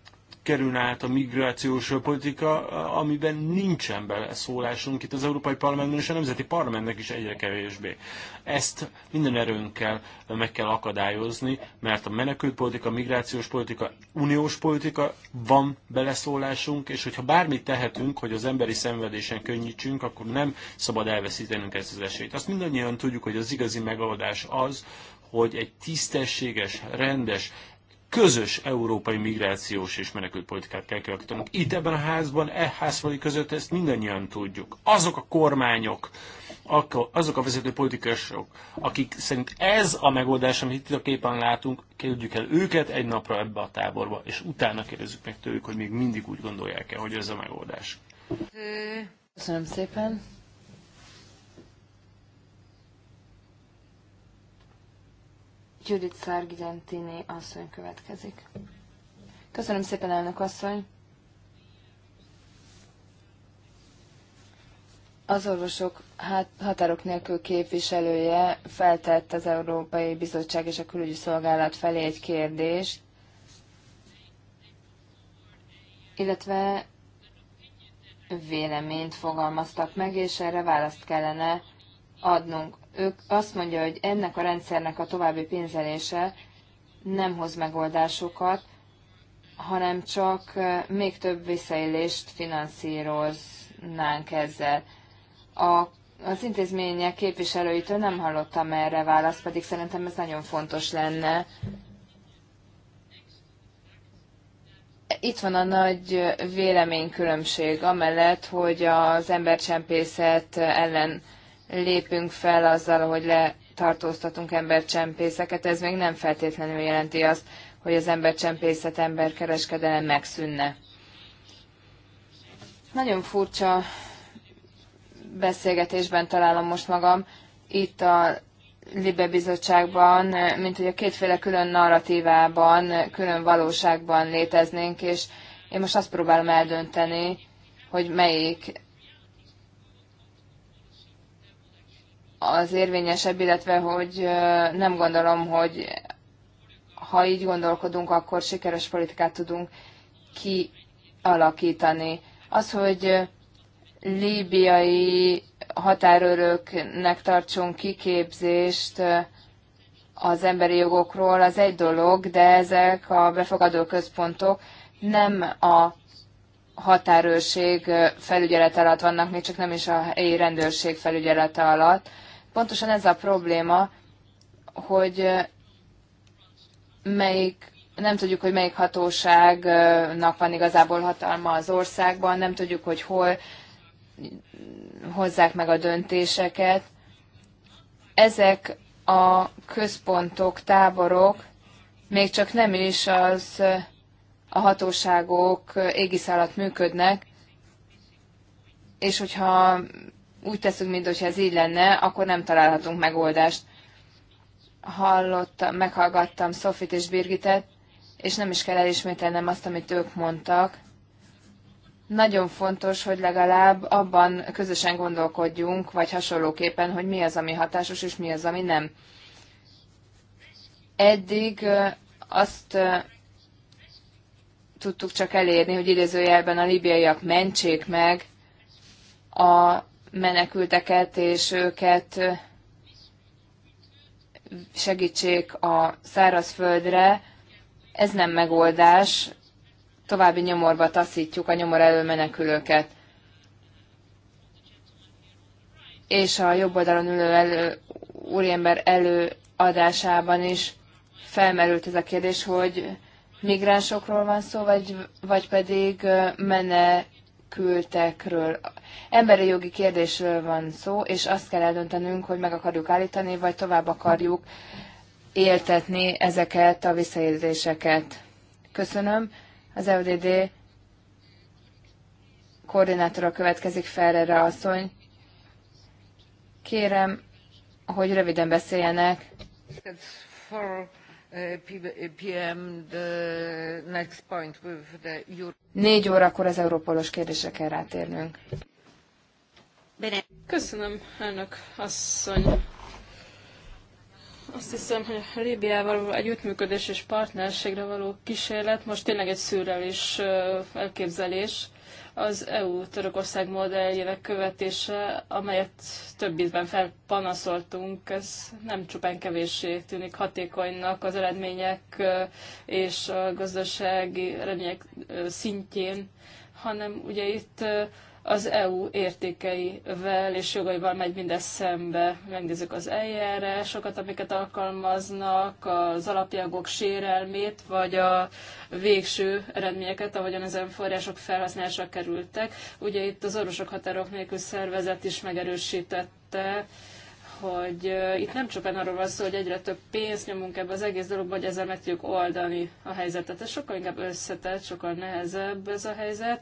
Speaker 5: kerülne át a migrációs politika, amiben nincsen beleszólásunk itt az Európai Parlamentben és a Nemzeti Parlamentnek is egyre kevésbé. Ezt minden erőnkkel meg kell akadályozni, mert a menekültpolitika, a migrációs politika, uniós politika van beleszólásunk, és hogyha bármit tehetünk, hogy az emberi szenvedésen könnyítsünk, akkor nem szabad elveszítenünk ezt az esélyt. Azt mindannyian tudjuk, hogy az igazi megoldás az, hogy egy tisztességes, rendes, közös európai migrációs és menekültpolitikát kell kialakítanunk. Itt ebben a házban, e házfali között ezt mindannyian tudjuk. Azok a kormányok, azok a vezető politikusok, akik szerint ez a megoldás, amit itt a képen látunk, kérdjük el őket egy napra ebbe a táborba, és utána kérdezzük meg tőlük, hogy még mindig úgy gondolják-e, hogy ez a megoldás.
Speaker 1: Köszönöm szépen.
Speaker 3: Judith Sargentini asszony következik. Köszönöm szépen, elnök asszony! Az orvosok hát, határok nélkül képviselője feltett az Európai Bizottság és a Külügyi Szolgálat felé egy kérdést, illetve véleményt fogalmaztak meg, és erre választ kellene adnunk ők azt mondja, hogy ennek a rendszernek a további pénzelése nem hoz megoldásokat, hanem csak még több visszaélést finanszíroznánk ezzel. A, az intézmények képviselőitől nem hallottam erre választ, pedig szerintem ez nagyon fontos lenne. Itt van a nagy véleménykülönbség, amellett, hogy az embercsempészet ellen lépünk fel azzal, hogy letartóztatunk embercsempészeket, ez még nem feltétlenül jelenti azt, hogy az embercsempészet, emberkereskedelem megszűnne. Nagyon furcsa beszélgetésben találom most magam. Itt a Libe bizottságban, mint hogy a kétféle külön narratívában, külön valóságban léteznénk, és én most azt próbálom eldönteni, hogy melyik az érvényesebb, illetve hogy nem gondolom, hogy ha így gondolkodunk, akkor sikeres politikát tudunk kialakítani. Az, hogy líbiai határőröknek tartsunk kiképzést az emberi jogokról, az egy dolog, de ezek a befogadó központok nem a határőrség felügyelete alatt vannak, még csak nem is a helyi rendőrség felügyelete alatt. Pontosan ez a probléma, hogy melyik nem tudjuk, hogy melyik hatóságnak van igazából hatalma az országban, nem tudjuk, hogy hol hozzák meg a döntéseket. Ezek a központok, táborok még csak nem is az a hatóságok égisz alatt működnek, és hogyha úgy teszünk, mintha ez így lenne, akkor nem találhatunk megoldást. Hallottam, meghallgattam Sofit és Birgitet, és nem is kell elismételnem azt, amit ők mondtak. Nagyon fontos, hogy legalább abban közösen gondolkodjunk, vagy hasonlóképpen, hogy mi az, ami hatásos, és mi az, ami nem. Eddig azt tudtuk csak elérni, hogy idézőjelben a libiaiak mentsék meg a menekülteket, és őket segítsék a szárazföldre. Ez nem megoldás, további nyomorba taszítjuk a nyomor elől menekülőket. És a jobb oldalon ülő elő, úriember előadásában is felmerült ez a kérdés, hogy migránsokról van szó, vagy, vagy pedig menekültekről. Emberi jogi kérdésről van szó, és azt kell eldöntenünk, hogy meg akarjuk állítani, vagy tovább akarjuk éltetni ezeket a visszaéléseket. Köszönöm. Az EODD koordinátora következik Ferrera asszony. Kérem, hogy röviden beszéljenek.
Speaker 1: Uh, uh,
Speaker 3: Négy órakor az európolos kell rátérnünk.
Speaker 2: Köszönöm, elnök asszony. Azt hiszem, hogy a Líbiával való együttműködés és partnerségre való kísérlet most tényleg egy szürreális elképzelés. Az EU-Törökország modelljének követése, amelyet több ízben felpanaszoltunk, ez nem csupán kevéssé tűnik hatékonynak az eredmények és a gazdasági eredmények szintjén, hanem ugye itt az EU értékeivel és jogaival megy mindez szembe. Megnézzük az eljárásokat, amiket alkalmaznak, az alapjogok sérelmét, vagy a végső eredményeket, ahogyan ezen források felhasználásra kerültek. Ugye itt az orvosok határok nélkül szervezet is megerősítette, hogy itt nem csupán arról van szó, hogy egyre több pénzt nyomunk ebbe az egész dologba, hogy ezzel meg tudjuk oldani a helyzetet. Ez sokkal inkább összetett, sokkal nehezebb ez a helyzet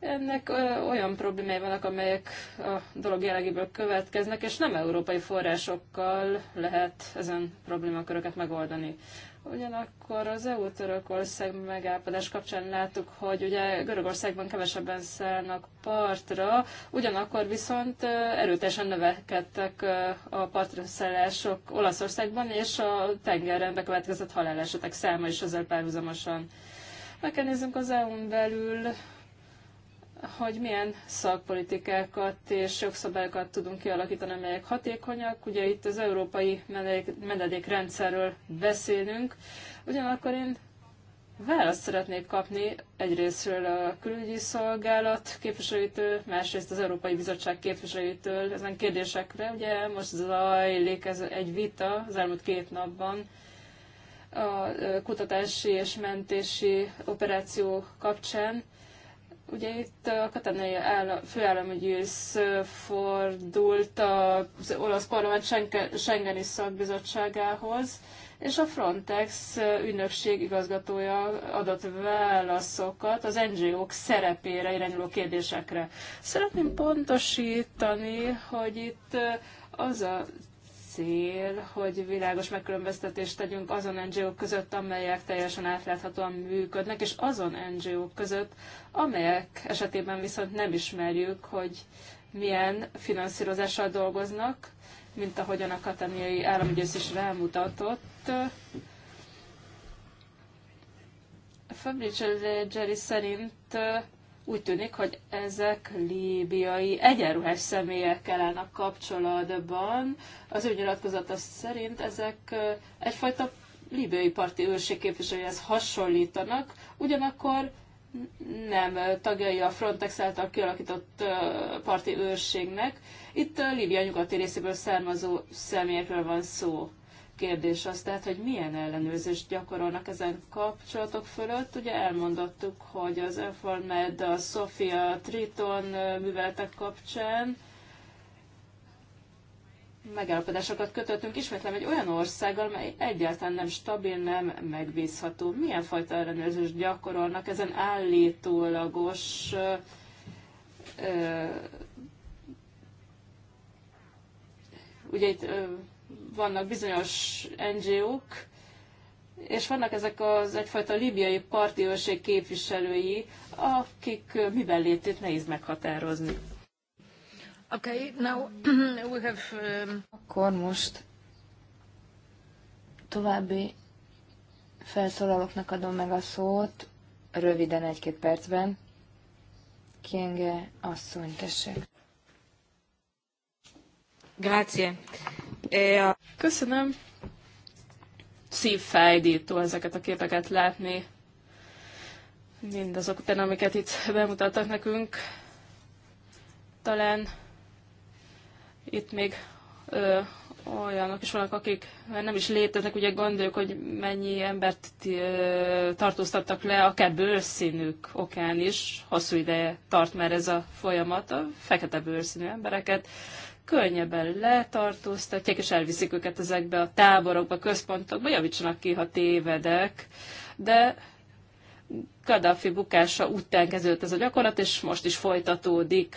Speaker 2: ennek olyan problémái vannak, amelyek a dolog jellegéből következnek, és nem európai forrásokkal lehet ezen problémaköröket megoldani. Ugyanakkor az EU-Törökország megállapodás kapcsán láttuk, hogy ugye Görögországban kevesebben szállnak partra, ugyanakkor viszont erőteljesen növekedtek a partra szállások Olaszországban, és a tengeren bekövetkezett halálesetek száma is ezzel párhuzamosan. Meg az EU-n belül hogy milyen szakpolitikákat és jogszabályokat tudunk kialakítani, amelyek hatékonyak. Ugye itt az európai menedékrendszerről beszélünk, ugyanakkor én választ szeretnék kapni egyrésztről a külügyi szolgálat képviselőitől, másrészt az Európai Bizottság képviselőitől ezen kérdésekre. Ugye most zajlik ez egy vita az elmúlt két napban a kutatási és mentési operáció kapcsán. Ugye itt a katonai főállamügyész fordult az olasz parlament Schengeni szakbizottságához, és a Frontex ügynökség igazgatója adott válaszokat az NGO-k szerepére irányuló kérdésekre. Szeretném pontosítani, hogy itt az a cél, hogy világos megkülönböztetést tegyünk azon NGO-k között, amelyek teljesen átláthatóan működnek, és azon NGO-k között, amelyek esetében viszont nem ismerjük, hogy milyen finanszírozással dolgoznak, mint ahogyan a katániai államgyőz is rámutatott. Fabrice Leggeri szerint úgy tűnik, hogy ezek líbiai egyenruhás személyekkel állnak kapcsolatban. Az ő nyilatkozata szerint ezek egyfajta líbiai parti őrség képviselőhez hasonlítanak, ugyanakkor nem tagjai a Frontex által kialakított parti őrségnek. Itt a Líbia nyugati részéből származó személyekről van szó. Kérdés az tehát, hogy milyen ellenőrzést gyakorolnak ezen kapcsolatok fölött. Ugye elmondottuk, hogy az Informed, a Sofia Triton műveletek kapcsán megállapodásokat kötöttünk ismétlem egy olyan országgal, mely egyáltalán nem stabil, nem megbízható. Milyen fajta ellenőrzést gyakorolnak ezen állítólagos ö, ö, ugye itt ö, vannak bizonyos NGO-k, és vannak ezek az egyfajta libiai parti őrség képviselői, akik miben létét nehéz meghatározni. Okay,
Speaker 1: now we have, um...
Speaker 2: Akkor most
Speaker 3: további felszólalóknak adom meg a szót, röviden egy-két percben. Kienge asszony, tessék.
Speaker 2: Grazie. Köszönöm. Szívfájdító ezeket a képeket látni. Mindazok után, amiket itt bemutattak nekünk. Talán itt még ö, olyanok is vannak, akik mert nem is léteznek, ugye gondoljuk, hogy mennyi embert ö, tartóztattak le, akár bőrszínük okán is, hosszú ideje tart már ez a folyamat, a fekete bőrszínű embereket könnyebben letartóztatják, és elviszik őket ezekbe a táborokba, központokba, javítsanak ki, ha tévedek, de Gaddafi bukása után kezdődött ez a gyakorlat, és most is folytatódik.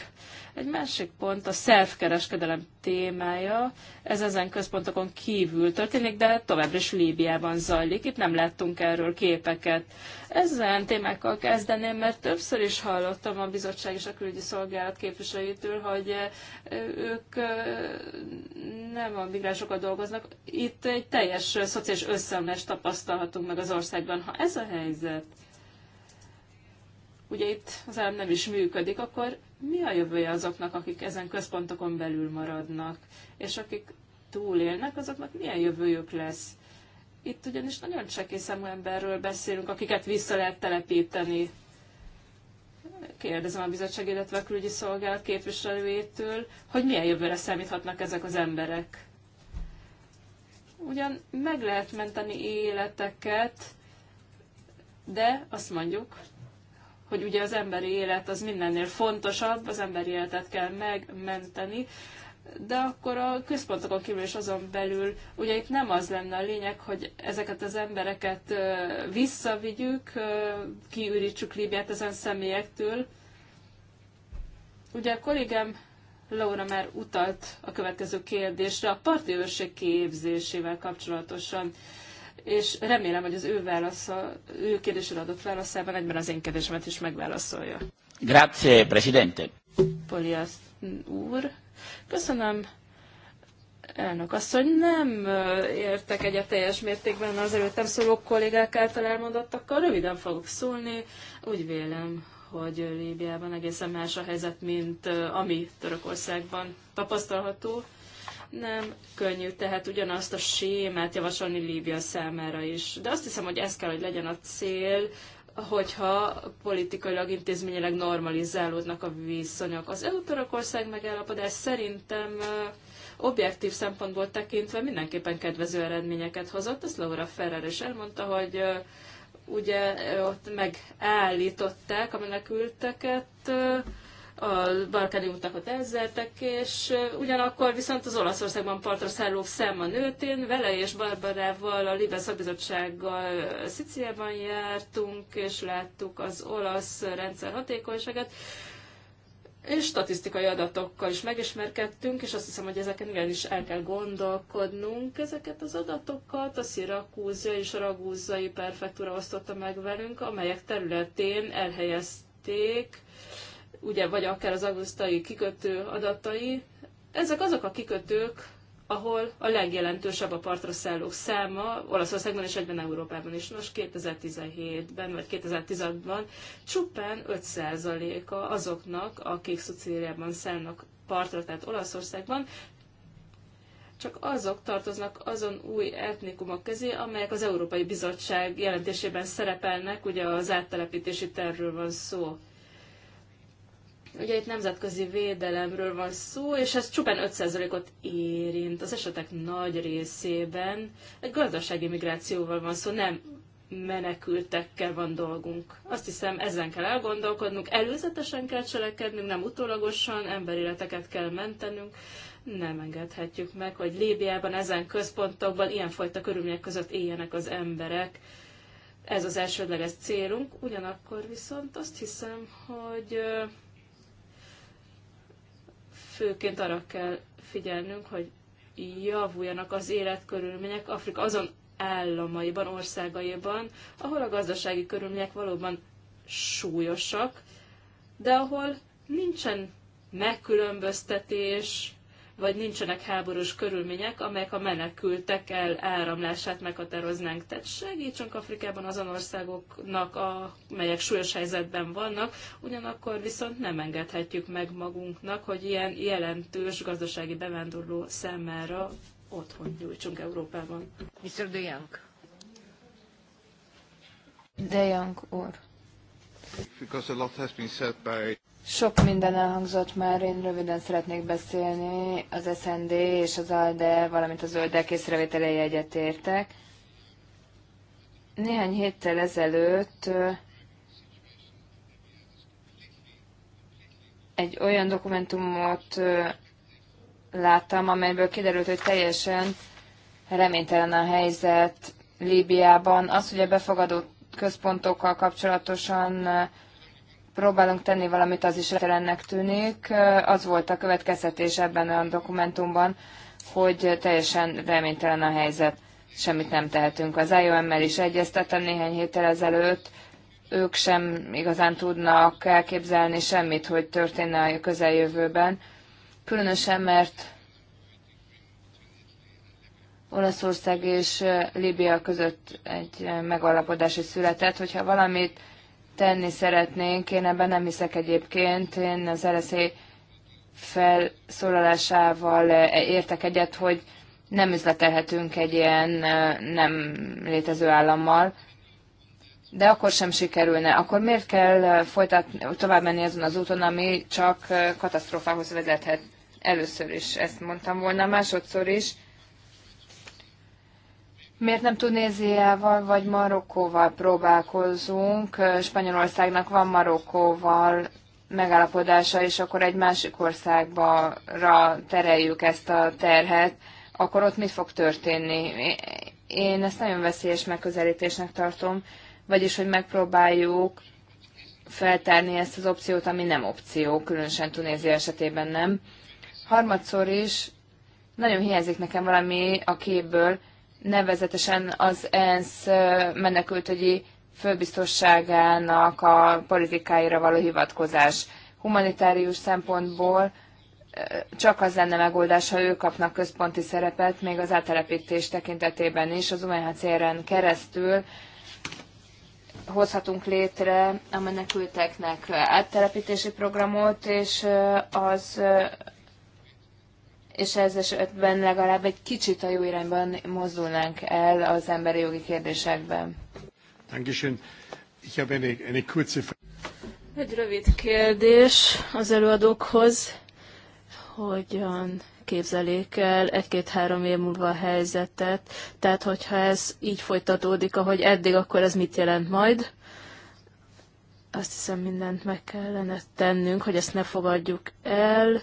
Speaker 2: Egy másik pont a szervkereskedelem témája. Ez ezen központokon kívül történik, de továbbra is Líbiában zajlik. Itt nem láttunk erről képeket. Ezen témákkal kezdeném, mert többször is hallottam a bizottság és a külügyi szolgálat képviselőitől, hogy eh, ők eh, nem a migránsokat dolgoznak. Itt egy teljes eh, szociális összeomlást tapasztalhatunk meg az országban. Ha ez a helyzet, ugye itt az állam nem is működik, akkor mi a jövője azoknak, akik ezen központokon belül maradnak, és akik túlélnek, azoknak milyen jövőjük lesz? Itt ugyanis nagyon csekészemű emberről beszélünk, akiket vissza lehet telepíteni. Kérdezem a bizottság, illetve a külügyi szolgálat képviselőjétől, hogy milyen jövőre számíthatnak ezek az emberek. Ugyan meg lehet menteni életeket, de azt mondjuk, hogy ugye az emberi élet az mindennél fontosabb, az emberi életet kell megmenteni, de akkor a központokon kívül és azon belül, ugye itt nem az lenne a lényeg, hogy ezeket az embereket visszavigyük, kiürítsük Líbiát ezen személyektől. Ugye a kollégám Laura már utalt a következő kérdésre, a parti képzésével kapcsolatosan és remélem, hogy az ő, válasza, ő kérdésre adott válaszában egyben az én kérdésemet is megválaszolja.
Speaker 4: Grazie, Presidente.
Speaker 2: Poliaszt úr, köszönöm. Elnök asszony, nem értek egyet teljes mértékben az előttem szóló kollégák által elmondottakkal, röviden fogok szólni. Úgy vélem, hogy Líbiában egészen más a helyzet, mint ami Törökországban tapasztalható. Nem könnyű tehát ugyanazt a sémát javasolni Líbia számára is. De azt hiszem, hogy ez kell, hogy legyen a cél, hogyha politikailag, intézményileg normalizálódnak a viszonyok. Az EU-Törökország megállapodás szerintem objektív szempontból tekintve mindenképpen kedvező eredményeket hozott. Azt Laura Ferrer is elmondta, hogy ugye ott megállították a menekülteket, a balkáni utakat elzertek, és ugyanakkor viszont az Olaszországban partra szálló szem a nőtén, vele és Barbarával, a Libe szakbizottsággal szicíliában jártunk, és láttuk az olasz rendszer hatékonyságát és statisztikai adatokkal is megismerkedtünk, és azt hiszem, hogy ezeken igenis el kell gondolkodnunk. Ezeket az adatokat a szirakúzia és a ragúzai perfektúra osztotta meg velünk, amelyek területén elhelyezték ugye, vagy akár az augusztai kikötő adatai, ezek azok a kikötők, ahol a legjelentősebb a partra szállók száma, Olaszországban és egyben Európában is. Nos, 2017-ben vagy 2016-ban csupán 5%-a azoknak, akik Szicíliában szállnak partra, tehát Olaszországban, csak azok tartoznak azon új etnikumok közé, amelyek az Európai Bizottság jelentésében szerepelnek, ugye az áttelepítési tervről van szó. Ugye itt nemzetközi védelemről van szó, és ez csupán 5%-ot érint. Az esetek nagy részében egy gazdasági migrációval van szó, nem menekültekkel van dolgunk. Azt hiszem, ezen kell elgondolkodnunk, előzetesen kell cselekednünk, nem utólagosan, emberéleteket kell mentenünk. Nem engedhetjük meg, hogy Líbiában, ezen központokban ilyenfajta körülmények között éljenek az emberek. Ez az elsődleges célunk. Ugyanakkor viszont azt hiszem, hogy főként arra kell figyelnünk, hogy javuljanak az életkörülmények Afrika azon államaiban, országaiban, ahol a gazdasági körülmények valóban súlyosak, de ahol nincsen megkülönböztetés, vagy nincsenek háborús körülmények, amelyek a menekültek el áramlását meghatároznánk. Tehát segítsünk Afrikában azon országoknak, amelyek súlyos helyzetben vannak, ugyanakkor viszont nem engedhetjük meg magunknak, hogy ilyen jelentős gazdasági bevándorló számára otthon nyújtsunk Európában. Mr. De Young.
Speaker 3: De Young úr. Because
Speaker 4: a lot has been said by...
Speaker 3: Sok minden elhangzott már, én röviden szeretnék beszélni. Az SND és az ALDE, valamint a zöldek észrevételei egyetértek. Néhány héttel ezelőtt egy olyan dokumentumot láttam, amelyből kiderült, hogy teljesen reménytelen a helyzet Líbiában. Az, hogy a befogadó központokkal kapcsolatosan próbálunk tenni valamit, az is lehetetlennek tűnik. Az volt a következtetés ebben a dokumentumban, hogy teljesen reménytelen a helyzet, semmit nem tehetünk. Az IOM-mel is egyeztetem néhány héttel ezelőtt, ők sem igazán tudnak elképzelni semmit, hogy történne a közeljövőben. Különösen, mert Olaszország és Líbia között egy megalapodás is született, hogyha valamit tenni szeretnénk. Én ebben nem hiszek egyébként. Én az RSZ felszólalásával eh, értek egyet, hogy nem üzletelhetünk egy ilyen eh, nem létező állammal, de akkor sem sikerülne. Akkor miért kell eh, folytatni, tovább menni azon az úton, ami csak katasztrófához vezethet? Először is ezt mondtam volna, másodszor is Miért nem Tunéziával vagy Marokkóval próbálkozunk? Spanyolországnak van Marokkóval megállapodása, és akkor egy másik országba tereljük ezt a terhet, akkor ott mi fog történni? Én ezt nagyon veszélyes megközelítésnek tartom, vagyis hogy megpróbáljuk feltárni ezt az opciót, ami nem opció, különösen Tunézia esetében nem. Harmadszor is nagyon hiányzik nekem valami a képből, nevezetesen az ENSZ menekültügyi főbiztosságának a politikáira való hivatkozás. Humanitárius szempontból csak az lenne megoldás, ha ők kapnak központi szerepet, még az áttelepítés tekintetében is, az UNHCR-en keresztül hozhatunk létre a menekülteknek áttelepítési programot, és az és ez esetben legalább egy kicsit a jó irányban mozdulnánk el az emberi
Speaker 2: jogi kérdésekben.
Speaker 1: Dankeschön. Ich habe eine, eine kurze
Speaker 2: egy rövid kérdés az előadókhoz, hogyan képzelik el egy-két-három év múlva a helyzetet, tehát hogyha ez így folytatódik, ahogy eddig, akkor ez mit jelent majd? Azt hiszem mindent meg kellene tennünk, hogy ezt ne fogadjuk el,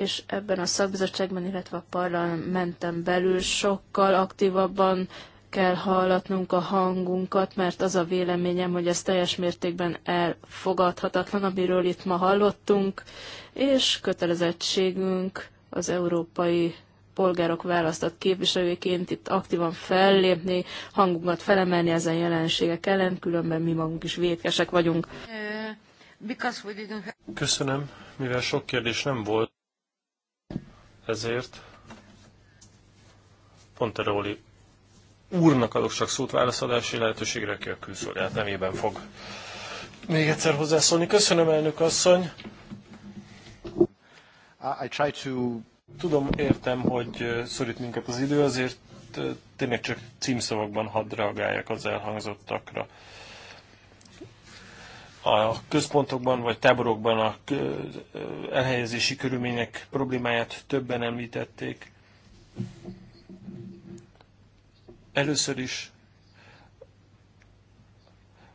Speaker 2: és ebben a szakbizottságban, illetve a parlamenten belül sokkal aktívabban kell hallatnunk a hangunkat, mert az a véleményem, hogy ez teljes mértékben elfogadhatatlan, amiről itt ma hallottunk, és kötelezettségünk az európai polgárok választott képviselőként itt aktívan fellépni, hangunkat felemelni ezen jelenségek ellen, különben mi magunk is vétkesek vagyunk.
Speaker 1: Uh,
Speaker 5: Köszönöm, mivel sok kérdés nem volt, ezért Ponteroli úrnak adok csak szót válaszadási lehetőségre, aki a külszolgált nemében fog még egyszer hozzászólni. Köszönöm, elnök asszony! I try to... Tudom, értem, hogy szorít minket az idő, azért tényleg csak címszavakban hadd reagáljak az elhangzottakra a központokban vagy táborokban a elhelyezési körülmények problémáját többen említették. Először is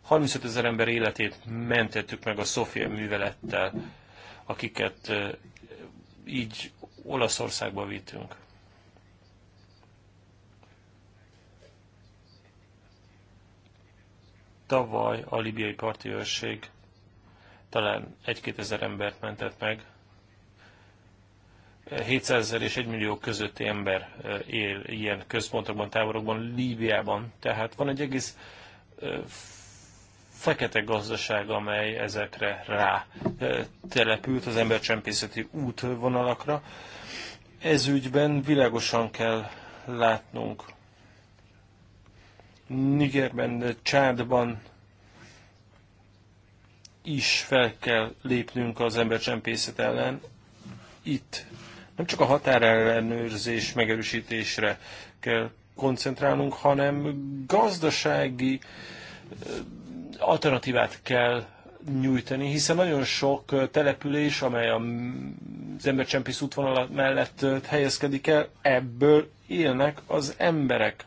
Speaker 5: 35 ezer ember életét mentettük meg a Szofia művelettel, akiket így Olaszországba vittünk. Tavaly a libiai parti őrség talán 1-2 embert mentett meg. 700 ezer és 1 millió közötti ember él ilyen központokban, táborokban, Líbiában. Tehát van egy egész fekete gazdaság, amely ezekre rá települt az embercsempészeti útvonalakra. Ez ügyben világosan kell látnunk Nigerben, Csádban is fel kell lépnünk az embercsempészet ellen. Itt nem csak a határellenőrzés megerősítésre kell koncentrálnunk, hanem gazdasági eh, alternatívát kell nyújtani, hiszen nagyon sok eh, település, amely az embercsempész útvonal mellett eh, helyezkedik el, ebből élnek az emberek.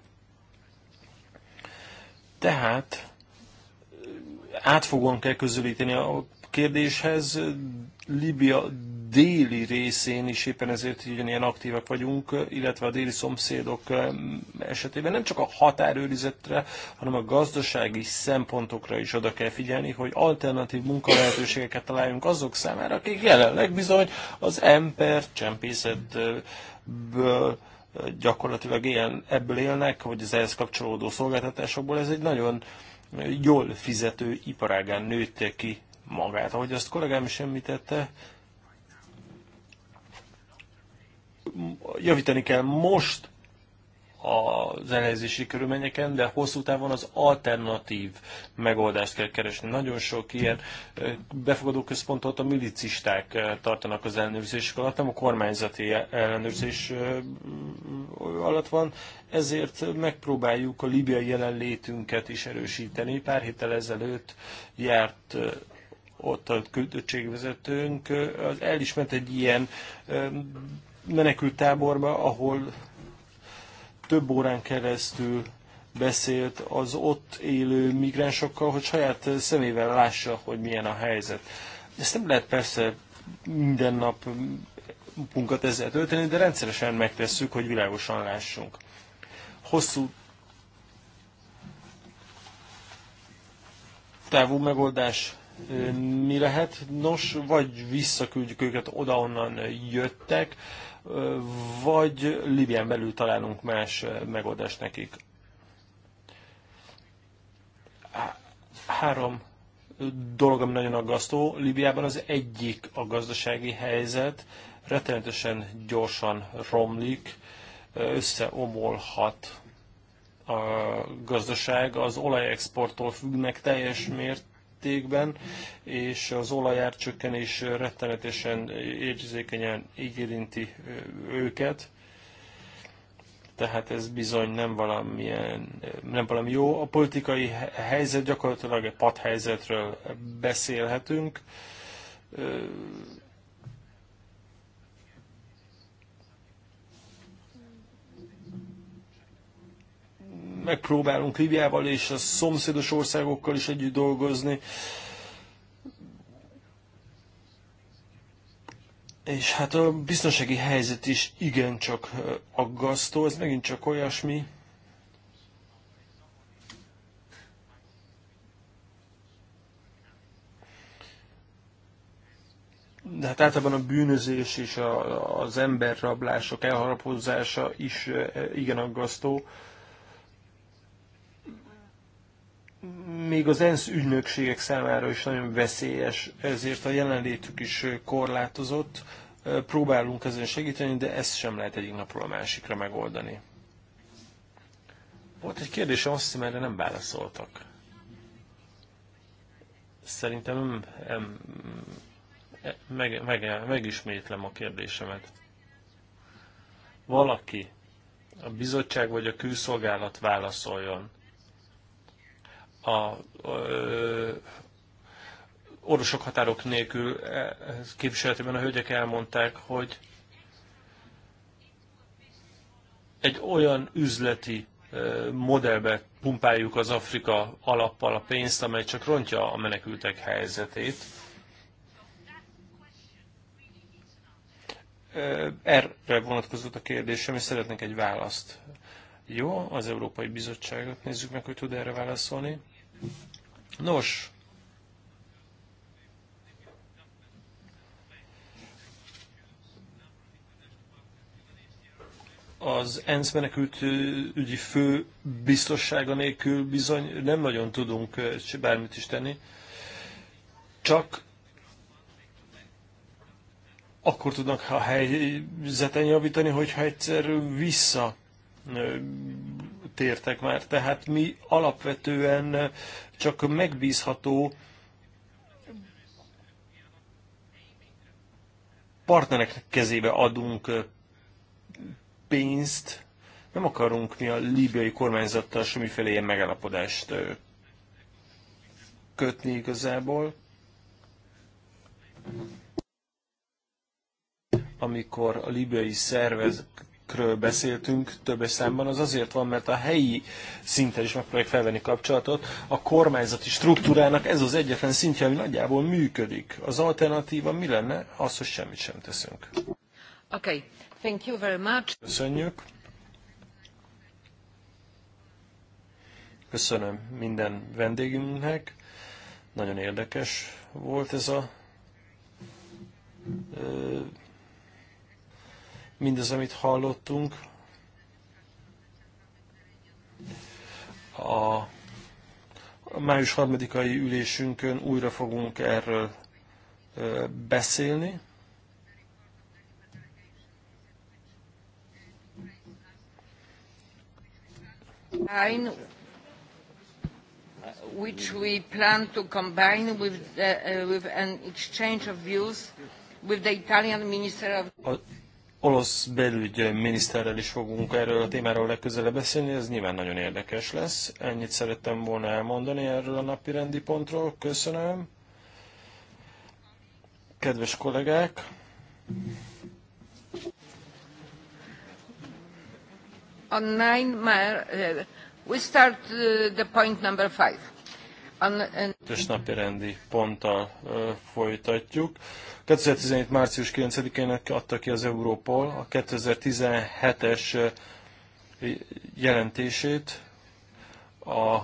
Speaker 5: Tehát eh, átfogóan kell közelíteni a kérdéshez. Libia déli részén is éppen ezért ugyanilyen aktívak vagyunk, illetve a déli szomszédok eh, esetében nem csak a határőrizetre, hanem a gazdasági szempontokra is oda kell figyelni, hogy alternatív munkalehetőségeket találjunk azok számára, akik jelenleg bizony az ember csempészetből gyakorlatilag ilyen, ebből élnek, vagy az ehhez kapcsolódó szolgáltatásokból, ez egy nagyon jól fizető iparágán nőtte ki magát. Ahogy azt kollégám is említette, javítani kell most az elhelyezési körülményeken, de hosszú távon az alternatív megoldást kell keresni. Nagyon sok ilyen befogadó központot a milicisták tartanak az ellenőrzésük alatt, nem a kormányzati ellenőrzés alatt van, ezért megpróbáljuk a libiai jelenlétünket is erősíteni. Pár héttel ezelőtt járt ott a küldöttségvezetőnk, az ment egy ilyen menekült táborba, ahol több órán keresztül beszélt az ott élő migránsokkal, hogy saját szemével lássa, hogy milyen a helyzet. Ezt nem lehet persze minden nap munkat ezzel tölteni, de rendszeresen megtesszük, hogy világosan lássunk. Hosszú távú megoldás eh, mi lehet? Nos, vagy visszaküldjük őket oda, onnan jöttek, vagy Libyen belül találunk más eh, megoldást nekik. Három dolog, ami nagyon aggasztó. Libiában az egyik a gazdasági helyzet, rettenetesen gyorsan romlik, eh, összeomolhat a gazdaság, az olajexporttól függnek teljes mért, mértékben, és az olajár csökkenés rettenetesen érzékenyen érinti őket, tehát ez bizony nem valamilyen, nem valami jó. A politikai helyzet gyakorlatilag egy helyzetről beszélhetünk megpróbálunk Libiával és a szomszédos országokkal is együtt dolgozni. És hát a biztonsági helyzet is igencsak aggasztó, ez megint csak olyasmi, de hát általában a bűnözés és a, az emberrablások elharapozása is igen aggasztó. még az ENSZ ügynökségek számára is nagyon veszélyes, ezért a jelenlétük is korlátozott. Próbálunk ezen segíteni, de ezt sem lehet egyik napról a másikra megoldani. Volt egy kérdésem, azt hiszem erre nem válaszoltak. Szerintem em, em, e, meg, meg, megismétlem a kérdésemet. Valaki, a bizottság vagy a külszolgálat válaszoljon a ö, orvosok határok nélkül e, képviseletében a hölgyek elmondták, hogy egy olyan üzleti modellbe pumpáljuk az Afrika alappal a pénzt, amely csak rontja a menekültek helyzetét. Erre vonatkozott a kérdésem, és szeretnék egy választ. Jó, az Európai Bizottságot nézzük meg, hogy tud erre válaszolni. Nos, az ENSZ menekült ügyi fő biztossága nélkül bizony nem nagyon tudunk bármit is tenni. Csak akkor tudnak a helyzeten javítani, hogyha egyszer vissza tértek már, tehát mi alapvetően csak megbízható partnerek kezébe adunk pénzt, nem akarunk mi a líbiai kormányzattal semmiféle ilyen megállapodást kötni igazából. Amikor a libiai szervez, ről beszéltünk többes számban, az azért van, mert a helyi szinten is megpróbálják felvenni kapcsolatot. A kormányzati struktúrának ez az egyetlen szintje, ami nagyjából működik. Az alternatíva mi lenne? Az, hogy semmit sem teszünk.
Speaker 1: Okay. Thank you very much.
Speaker 5: Köszönjük. Köszönöm minden vendégünknek. Nagyon érdekes volt ez a mindaz, amit hallottunk. A május 3-ai ülésünkön újra fogunk erről beszélni.
Speaker 1: which we plan to combine with, the, uh, uh, with an exchange of views with the Italian Minister of...
Speaker 5: A olasz belügyminiszterrel is fogunk erről a témáról legközelebb beszélni, ez nyilván nagyon érdekes lesz. Ennyit szerettem volna elmondani erről a napi rendi pontról. Köszönöm. Kedves kollégák!
Speaker 1: On nine, we start uh, the point number five.
Speaker 5: Ötös napi rendi ponttal ö, folytatjuk. 2017. március 9-én adta ki az Európol a 2017-es jelentését a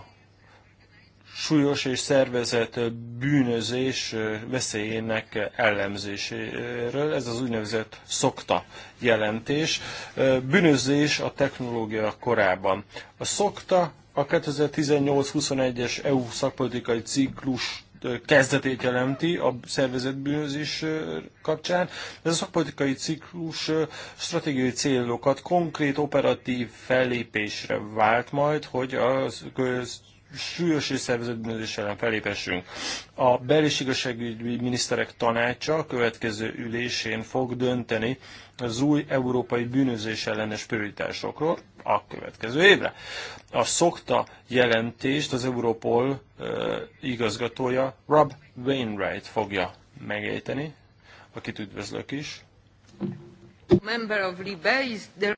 Speaker 5: súlyos és szervezett bűnözés veszélyének ellenzéséről. Ez az úgynevezett szokta jelentés. Bűnözés a technológia korában. A szokta a 2018-21-es EU szakpolitikai ciklus kezdetét jelenti a szervezetbűnözés kapcsán. Ez a szakpolitikai ciklus stratégiai célokat konkrét operatív fellépésre vált majd, hogy a súlyos és szervezetbűnözés ellen fellépessünk. A bel- és igazságügyi miniszterek tanácsa a következő ülésén fog dönteni az új európai bűnözés ellenes prioritásokról a következő évre. A szokta jelentést az Europol uh, igazgatója Rob Wainwright fogja megejteni, akit üdvözlök is.
Speaker 1: Member of Libe is the...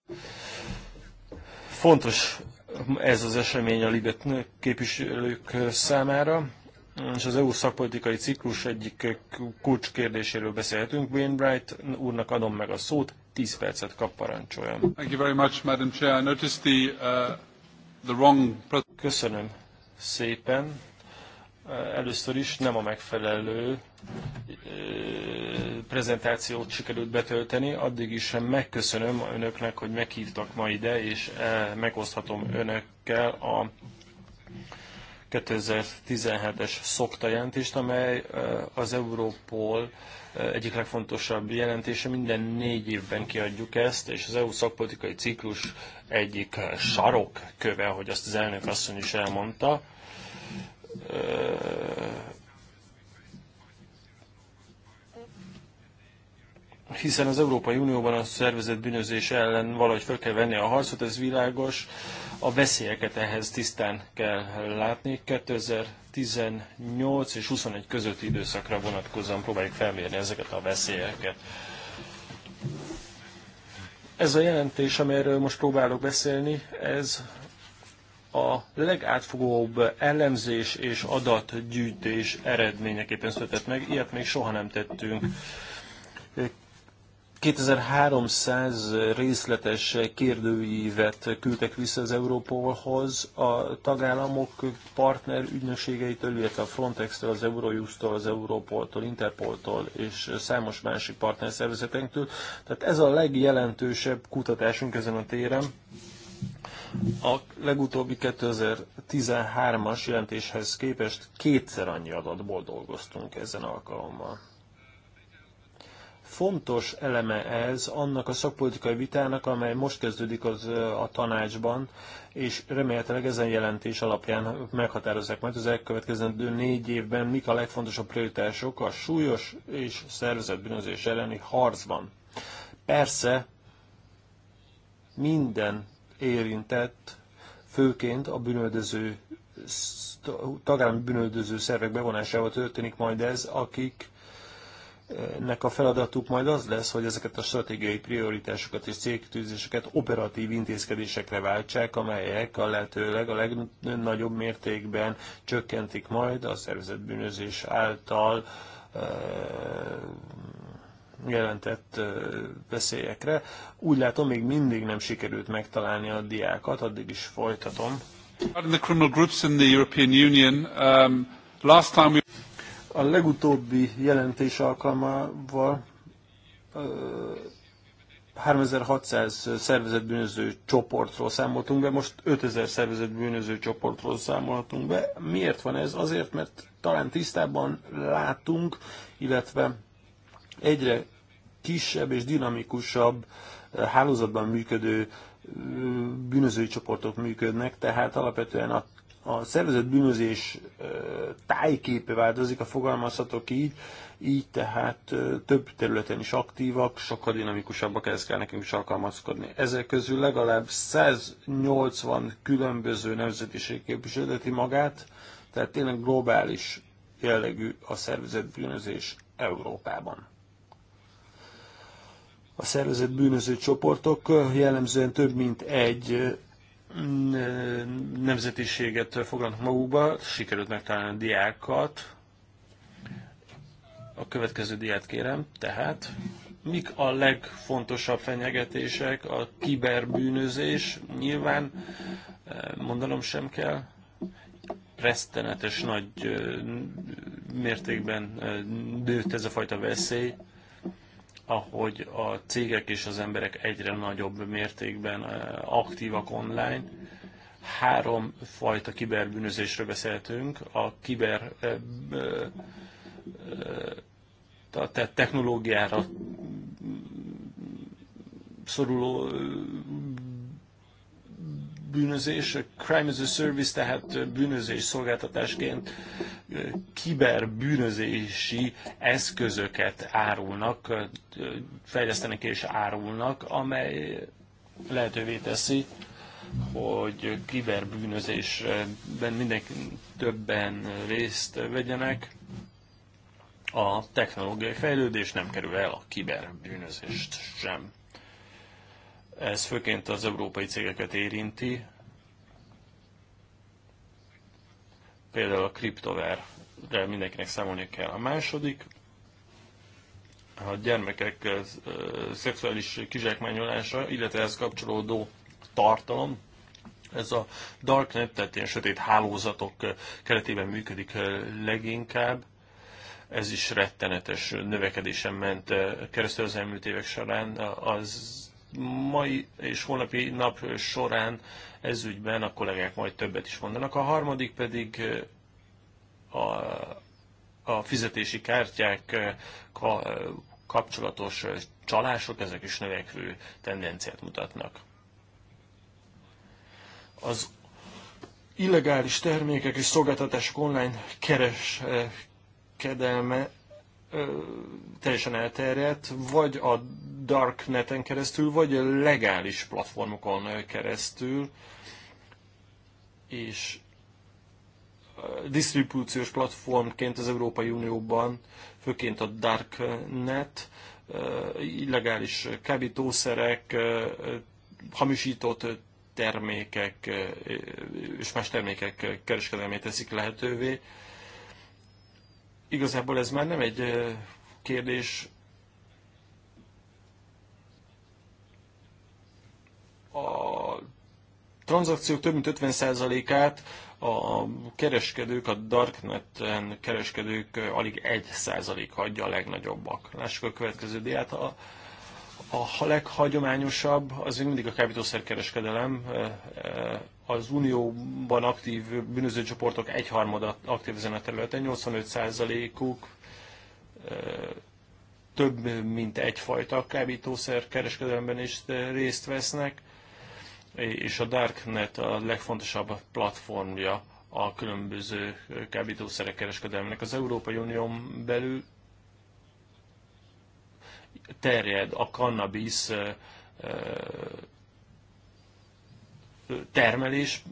Speaker 5: Fontos ez az esemény a Libet képviselők számára és az EU szakpolitikai ciklus egyik kérdéséről beszélhetünk. Wainwright úrnak adom meg a szót, 10 percet kap parancsoljon. Uh, Köszönöm szépen. Uh, először is nem a megfelelő uh, prezentációt sikerült betölteni, addig is megköszönöm önöknek, hogy meghívtak ma ide, és megoszthatom önökkel a 2017-es szokta jelentést, amely az Európol egyik legfontosabb jelentése. Minden négy évben kiadjuk ezt, és az EU szakpolitikai ciklus egyik sarokköve, hogy azt az elnök asszony is elmondta hiszen az Európai Unióban a szervezett bűnözés ellen valahogy fel kell venni a harcot, ez világos, a veszélyeket ehhez tisztán kell látni. 2018 és 21 közötti időszakra vonatkozóan próbáljuk felmérni ezeket a veszélyeket. Ez a jelentés, amelyről most próbálok beszélni, ez a legátfogóbb elemzés és adatgyűjtés eredményeképpen született meg. Ilyet még soha nem tettünk 2300 részletes kérdőívet küldtek vissza az Európolhoz a tagállamok partner ügynökségeitől, illetve a Frontex-től, az Eurojust-tól, az interpol Interpoltól és számos másik partner szervezetektől. Tehát ez a legjelentősebb kutatásunk ezen a téren. A legutóbbi 2013-as jelentéshez képest kétszer annyi adatból dolgoztunk ezen alkalommal. Fontos eleme ez annak a szakpolitikai vitának, amely most kezdődik az, a tanácsban, és remélhetőleg ezen jelentés alapján meghatározzák majd az elkövetkezendő négy évben, mik a legfontosabb prioritások a súlyos és szervezett bűnözés elleni harcban. Persze minden érintett, főként a bűnöldöző tagállami bűnöldöző szervek bevonásával történik majd ez, akik nek a feladatuk majd az lesz, hogy ezeket a stratégiai prioritásokat és célkitűzéseket operatív intézkedésekre váltsák, amelyek a lehetőleg a legnagyobb mértékben csökkentik majd a szervezetbűnözés által eh, jelentett eh, veszélyekre. Úgy látom, még mindig nem sikerült megtalálni a diákat, addig is folytatom. criminal groups in the European Union, um, last time we... A legutóbbi jelentés alkalmával 3600 szervezetbűnöző csoportról számoltunk be, most 5000 szervezetbűnöző csoportról számolhatunk be. Miért van ez? Azért, mert talán tisztában látunk, illetve egyre kisebb és dinamikusabb hálózatban működő bűnözői csoportok működnek, tehát alapvetően a a szervezett bűnözés tájképe változik, a fogalmazhatok így, így tehát több területen is aktívak, sokkal dinamikusabbak, ehhez kell nekünk is alkalmazkodni. Ezek közül legalább 180 különböző nemzetiség képviselteti magát, tehát tényleg globális jellegű a szervezett bűnözés Európában. A szervezett bűnöző csoportok jellemzően több mint egy nemzetiséget foglalnak magukba, sikerült megtalálni a diákat. A következő diát kérem, tehát mik a legfontosabb fenyegetések, a kiberbűnözés, nyilván eh, mondanom sem kell, rettenetes nagy eh, mértékben eh, nőtt ez a fajta veszély, ahogy a cégek és az emberek egyre nagyobb mértékben eh, aktívak online, három fajta kiberbűnözésről beszéltünk. A kiber eh, eh, tehát technológiára szoruló bűnözés, a crime as a service, tehát bűnözés szolgáltatásként kiberbűnözési eszközöket árulnak, fejlesztenek és árulnak, amely lehetővé teszi, hogy kiberbűnözésben mindenki többen részt vegyenek. A technológiai fejlődés nem kerül el a kiberbűnözést sem. Ez főként az európai cégeket érinti, például a kriptover, de mindenkinek számolni kell. A második, a gyermekek szexuális kizsákmányolása, illetve ehhez kapcsolódó tartalom, ez a darknet, tehát ilyen sötét hálózatok keretében működik leginkább. Ez is rettenetes növekedésen ment keresztül az elmúlt évek során. Az mai és holnapi nap során ezügyben a kollégák majd többet is mondanak. A harmadik pedig a, a fizetési kártyák kapcsolatos csalások, ezek is növekvő tendenciát mutatnak. Az illegális termékek és szolgáltatások online kereskedelme teljesen elterjedt, vagy a darkneten keresztül, vagy a legális platformokon keresztül, és disztribúciós platformként az Európai Unióban, főként a darknet, illegális kábítószerek, hamisított termékek és más termékek kereskedelmét teszik lehetővé. Igazából ez már nem egy kérdés a tranzakciók több mint 50%-át a kereskedők, a darkneten kereskedők alig 1% hagyja a legnagyobbak. Lássuk a következő diát. A, a leghagyományosabb az még mindig a kábítószerkereskedelem, az unióban aktív bűnözőcsoportok csoportok egyharmada aktív ezen a területen, 85%-uk több mint egyfajta kábítószer kereskedelemben is részt vesznek, és a Darknet a legfontosabb platformja a különböző kábítószerek kereskedelmének. Az Európai Unión belül terjed a cannabis termelés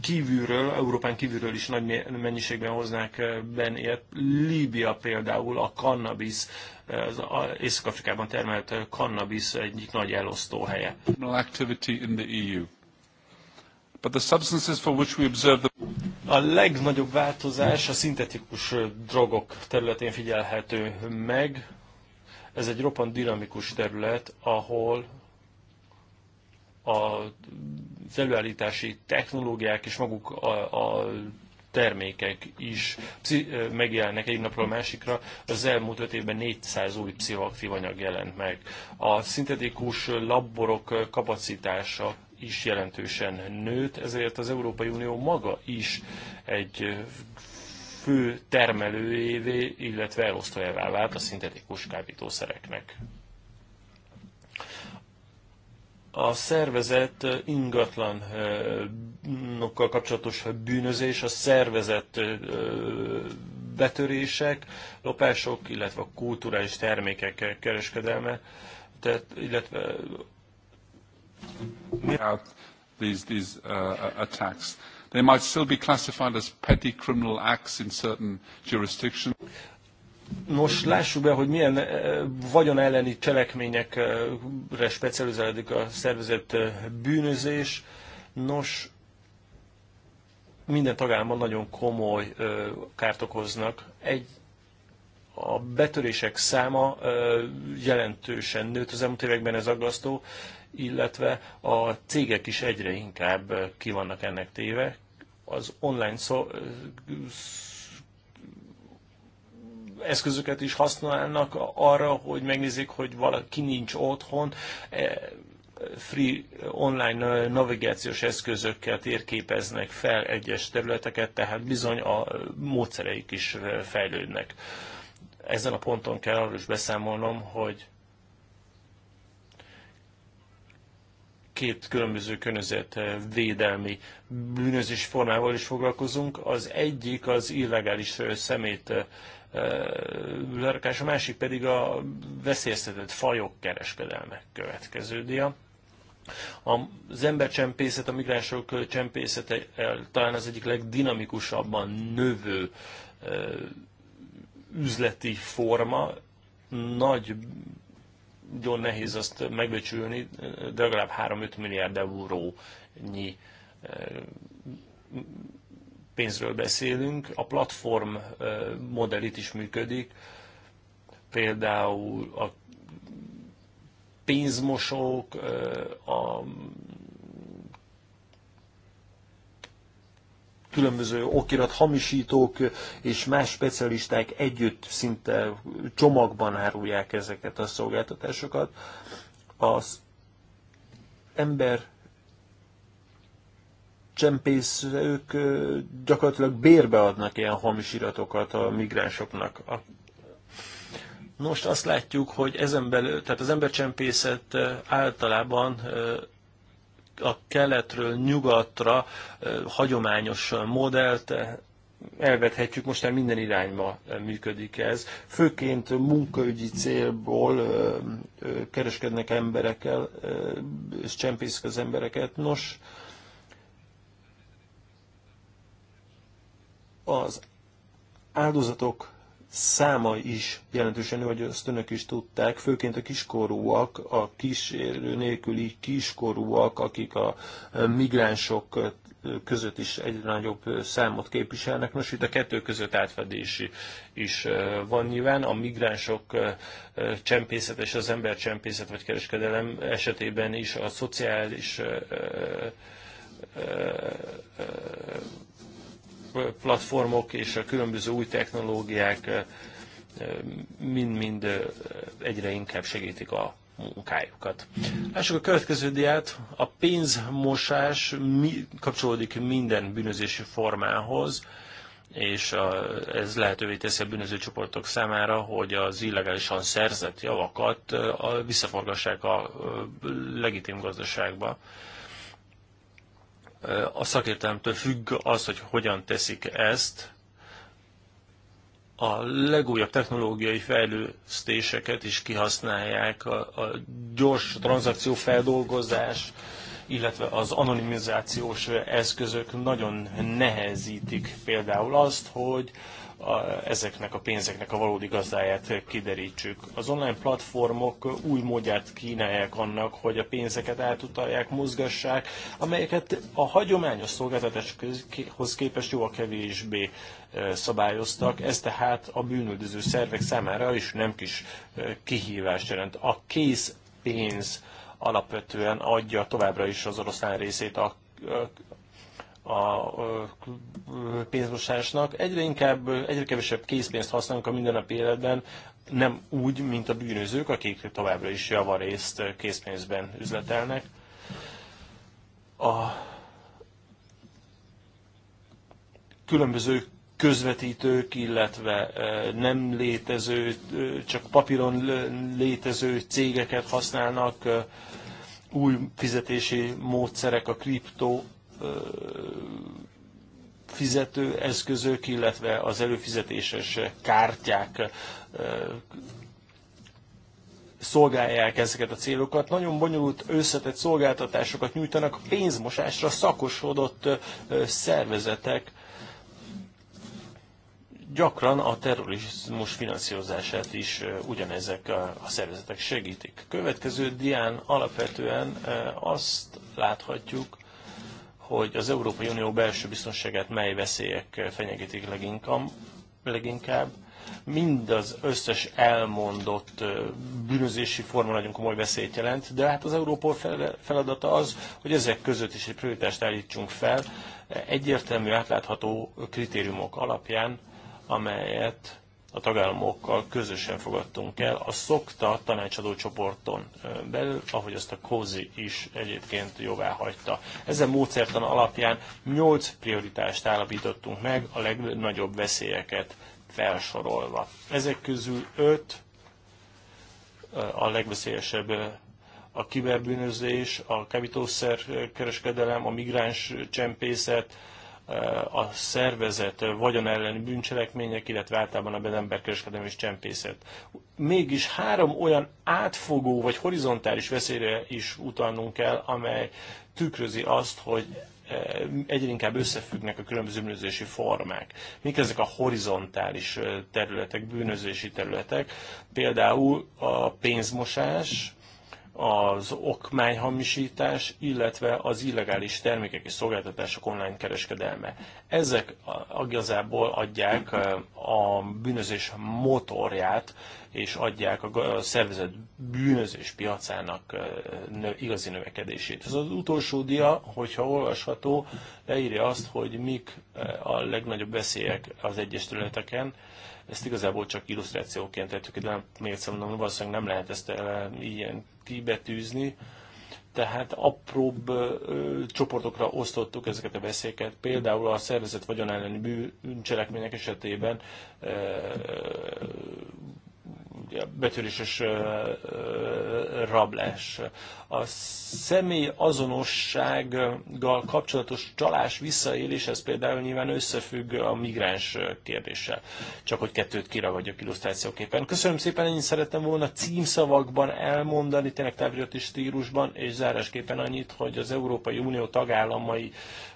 Speaker 5: kívülről, Európán kívülről is nagy mennyiségben hoznák eh, be. Líbia például a cannabis, eh, az Észak-Afrikában termelt eh, cannabis egyik nagy elosztó helye. E a legnagyobb változás a szintetikus drogok területén figyelhető meg. Ez egy roppant dinamikus terület, ahol az előállítási technológiák és maguk a, a termékek is megjelennek egy napról a másikra. Az elmúlt öt évben 400 új pszichoaktív anyag jelent meg. A szintetikus laborok kapacitása is jelentősen nőtt, ezért az Európai Unió maga is egy fő termelőévé, illetve elosztójává vált a szintetikus kábítószereknek a szervezet eh, ingatlanokkal eh, kapcsolatos bűnözés, a szervezet eh, betörések, lopások, illetve a kulturális termékek kereskedelme, tehát, illetve
Speaker 4: these, these uh, uh, attacks. They might still be classified as petty criminal acts in certain jurisdictions.
Speaker 5: Nos, lássuk be, hogy milyen eh, vagyon elleni cselekményekre specializálódik a szervezett eh, bűnözés. Nos, minden tagállamban nagyon komoly eh, kárt okoznak. Egy, a betörések száma jelentősen nőtt az elmúlt években, ez aggasztó, illetve a cégek is egyre inkább kivannak ennek téve. Az online szó, eszközöket is használnak arra, hogy megnézzék, hogy valaki nincs otthon, e, free online navigációs eszközökkel térképeznek fel egyes területeket, tehát bizony a módszereik is fejlődnek. Ezen a ponton kell arról is beszámolnom, hogy két különböző védelmi bűnözés formával is foglalkozunk. Az egyik az illegális szemét lerakás, a másik pedig a veszélyeztetett fajok kereskedelme következő dia. Az embercsempészet, a migránsok csempészete talán az egyik legdinamikusabban növő üzleti forma, nagy nagyon nehéz azt megbecsülni, de legalább 3-5 milliárd eurónyi pénzről beszélünk, a platform modell itt is működik, például a pénzmosók, a különböző okirat hamisítók és más specialisták együtt szinte csomagban árulják ezeket a szolgáltatásokat. Az ember csempészők gyakorlatilag bérbe adnak ilyen hamis iratokat a migránsoknak. Most azt látjuk, hogy ezen belül, tehát az embercsempészet általában a keletről nyugatra hagyományos modellt elvethetjük, most már minden irányba működik ez. Főként munkaügyi célból kereskednek emberekkel, és csempészik az embereket. Nos, az áldozatok száma is jelentősen nő, hogy azt önök is tudták, főként a kiskorúak, a kísérő nélküli kiskorúak, akik a migránsok között is egyre nagyobb számot képviselnek. Nos, itt a kettő között átfedés is eh, van nyilván. A migránsok eh, csempészet és az ember csempészet vagy kereskedelem esetében is a szociális eh, platformok és a különböző új technológiák mind-mind egyre inkább segítik a munkájukat. Lássuk a következő diát. A pénzmosás mi, kapcsolódik minden bűnözési formához, és a, ez lehetővé teszi a bűnöző csoportok számára, hogy az illegálisan szerzett javakat a, visszaforgassák a, a legitim gazdaságba a szakértelemtől függ az, hogy hogyan teszik ezt. A legújabb technológiai fejlesztéseket is kihasználják, a, a gyors tranzakciófeldolgozás, illetve az anonimizációs eszközök nagyon nehezítik például azt, hogy a, ezeknek a pénzeknek a valódi gazdáját kiderítsük. Az online platformok új módját kínálják annak, hogy a pénzeket átutalják, mozgassák, amelyeket a hagyományos szolgáltatáshoz képest jóval kevésbé szabályoztak, ez tehát a bűnöldöző szervek számára is nem kis kihívást jelent. A kész pénz alapvetően adja továbbra is az oroszlán részét a a pénzmosásnak. Egyre inkább, egyre kevesebb készpénzt használunk a mindennapi életben, nem úgy, mint a bűnözők, akik továbbra is javarészt készpénzben üzletelnek. A különböző közvetítők, illetve e, nem létező, e, csak papíron létező cégeket használnak, e, új fizetési módszerek, a kripto fizető eszközök, illetve az előfizetéses kártyák szolgálják ezeket a célokat. Nagyon bonyolult, összetett szolgáltatásokat nyújtanak a pénzmosásra szakosodott szervezetek, gyakran a terrorizmus finanszírozását is ugyanezek a szervezetek segítik. Következő dián alapvetően azt láthatjuk, hogy az Európai Unió belső biztonságát mely veszélyek fenyegetik leginkább, Mind az összes elmondott bűnözési forma nagyon komoly veszélyt jelent, de hát az Európa feladata az, hogy ezek között is egy prioritást állítsunk fel, egyértelmű, átlátható kritériumok alapján, amelyet a tagállamokkal közösen fogadtunk el a szokta tanácsadó csoporton belül, ahogy azt a COSI is egyébként jóvá hagyta. Ezen módszertan alapján 8 prioritást állapítottunk meg, a legnagyobb veszélyeket felsorolva. Ezek közül 5 a legveszélyesebb a kiberbűnözés, a kábítószer kereskedelem, a migráns csempészet, a szervezet vagyon elleni bűncselekmények, illetve általában a emberkereskedelem és csempészet. Mégis három olyan átfogó vagy horizontális veszélyre is utalnunk kell, amely tükrözi azt, hogy e, egyre inkább összefüggnek a különböző bűnözési formák. Mik ezek a horizontális e, területek, bűnözési területek? Például a pénzmosás, az okmányhamisítás, illetve az illegális termékek és szolgáltatások online kereskedelme. Ezek igazából adják a bűnözés motorját, és adják a szervezet bűnözés piacának igazi növekedését. Ez az utolsó dia, hogyha olvasható, leírja azt, hogy mik a legnagyobb veszélyek az egyes területeken, ezt igazából csak illusztrációként tettük, de még egyszer mondom, valószínűleg nem lehet ezt ilyen kibetűzni, tehát apróbb ö, csoportokra osztottuk ezeket a veszélyeket. Például a szervezet vagyon elleni bűncselekmények esetében ö, betöréses rablás. A személy azonossággal kapcsolatos csalás visszaélés, ez például nyilván összefügg a migráns kérdéssel. Csak hogy kettőt kiragadjak illusztrációképpen. Köszönöm szépen, ennyit szerettem volna címszavakban elmondani, tényleg távirati stílusban, és zárásképpen annyit, hogy az Európai Unió tagállamai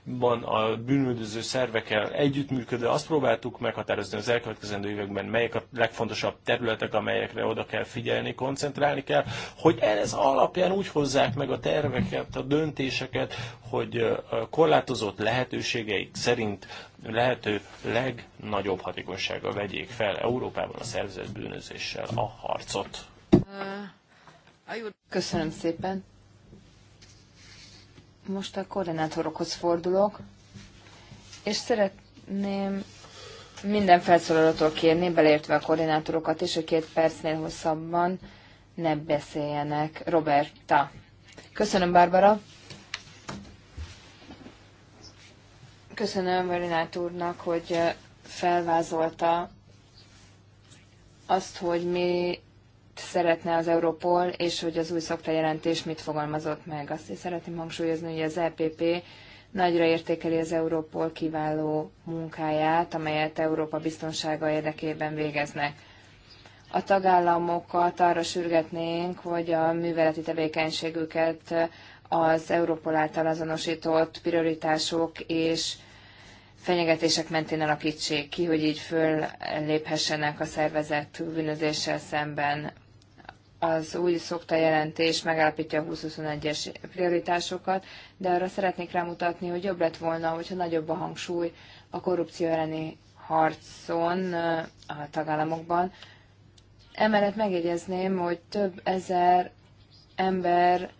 Speaker 5: ban a bűnöldöző szervekkel együttműködve azt próbáltuk meghatározni az elkövetkezendő években, melyek a legfontosabb területek, amelyekre oda kell figyelni, koncentrálni kell, hogy ez alapján úgy hozzák meg a terveket, a döntéseket, hogy korlátozott lehetőségeik szerint lehető legnagyobb hatékonysággal vegyék fel Európában a szervezett bűnözéssel a harcot.
Speaker 1: Köszönöm szépen.
Speaker 3: Most a koordinátorokhoz fordulok, és szeretném minden felszólalótól kérni, beleértve a koordinátorokat is, hogy két percnél hosszabban ne beszéljenek. Roberta. Köszönöm, Barbara. Köszönöm Varinát úrnak, hogy felvázolta azt, hogy mi szeretne az Europol, és hogy az új szoktajelentés mit fogalmazott meg. Azt is szeretném hangsúlyozni, hogy az EPP nagyra értékeli az Europol kiváló munkáját, amelyet Európa biztonsága érdekében végeznek. A tagállamokat arra sürgetnénk, hogy a műveleti tevékenységüket az Európol által azonosított prioritások és fenyegetések mentén alakítsék ki, hogy így föl léphessenek a szervezet bűnözéssel szemben az új szokta jelentés megállapítja a 2021-es prioritásokat, de arra szeretnék rámutatni, hogy jobb lett volna, hogyha nagyobb a hangsúly a korrupció elleni harcon a tagállamokban. Emellett megjegyezném, hogy több ezer ember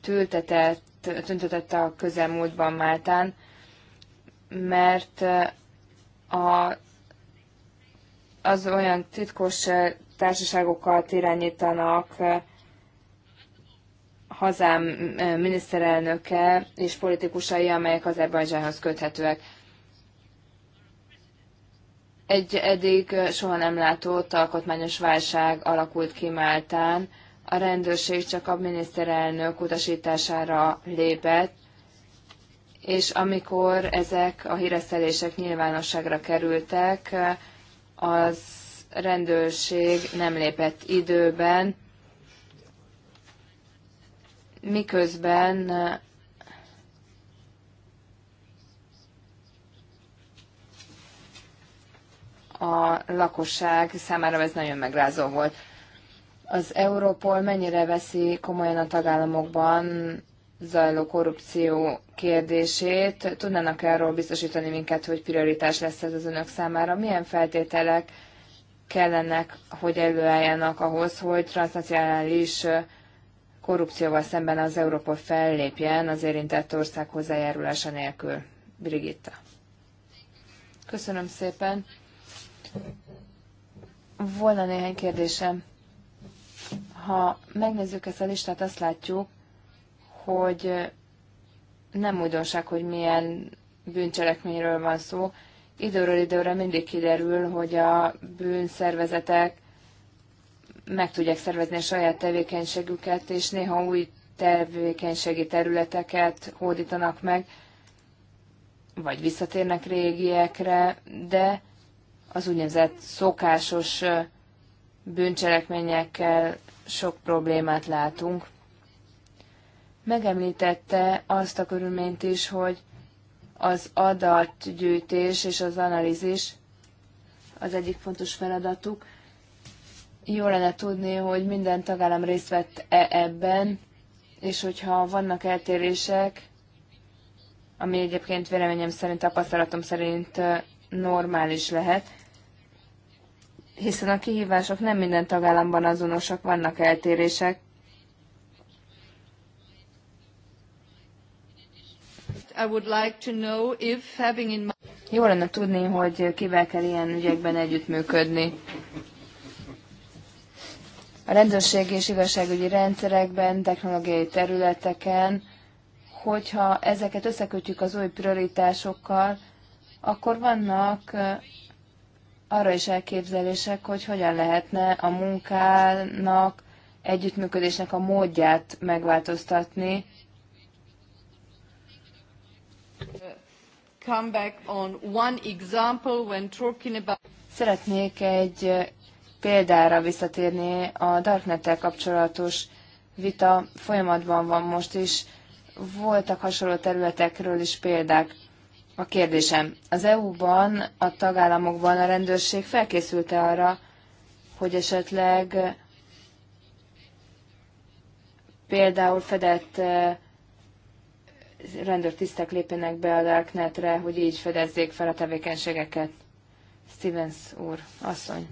Speaker 3: tüntetett, tüntetett a közelmúltban Máltán, mert a, az olyan titkos társaságokat irányítanak, hazám miniszterelnöke és politikusai, amelyek Erbanyzsához köthetőek. Egy eddig soha nem látott alkotmányos válság alakult ki Máltán. A rendőrség csak a miniszterelnök utasítására lépett, és amikor ezek a híresztelések nyilvánosságra kerültek, az rendőrség nem lépett időben, miközben uh, a lakosság számára ez nagyon megrázó volt. Az Európol mennyire veszi komolyan a tagállamokban zajló korrupció kérdését? Tudnának -e arról biztosítani minket, hogy prioritás lesz ez az önök számára? Milyen feltételek kellenek, hogy előálljanak ahhoz, hogy transnacionális korrupcióval szemben az Európa fellépjen az érintett ország hozzájárulása nélkül. Brigitta. Köszönöm szépen. Volna néhány kérdésem. Ha megnézzük ezt a listát, azt látjuk, hogy nem újdonság, hogy milyen bűncselekményről van szó, időről időre mindig kiderül, hogy a bűnszervezetek meg tudják szervezni a saját tevékenységüket, és néha új tevékenységi területeket hódítanak meg, vagy visszatérnek régiekre, de az úgynevezett szokásos bűncselekményekkel sok problémát látunk. Megemlítette azt a körülményt is, hogy az adatgyűjtés és az analízis az egyik fontos feladatuk. Jó lenne tudni, hogy minden tagállam részt vett -e ebben, és hogyha vannak eltérések, ami egyébként véleményem szerint, tapasztalatom szerint normális lehet, hiszen a kihívások nem minden tagállamban azonosak, vannak eltérések, Jó lenne tudni, hogy kivel kell ilyen ügyekben együttműködni. A rendőrség és igazságügyi rendszerekben, technológiai területeken, hogyha ezeket összekötjük az új prioritásokkal, akkor vannak arra is elképzelések, hogy hogyan lehetne a munkának, együttműködésnek a módját megváltoztatni,
Speaker 1: come back on one example when talking about...
Speaker 3: Szeretnék egy példára visszatérni. A Darknet-tel kapcsolatos vita folyamatban van most is. Voltak hasonló területekről is példák. A kérdésem, az EU-ban, a tagállamokban a rendőrség felkészült-e arra, hogy esetleg például fedett rendőrtisztek lépjenek be a Darknetre, hogy így fedezzék fel a tevékenységeket.
Speaker 2: Stevens úr, asszony.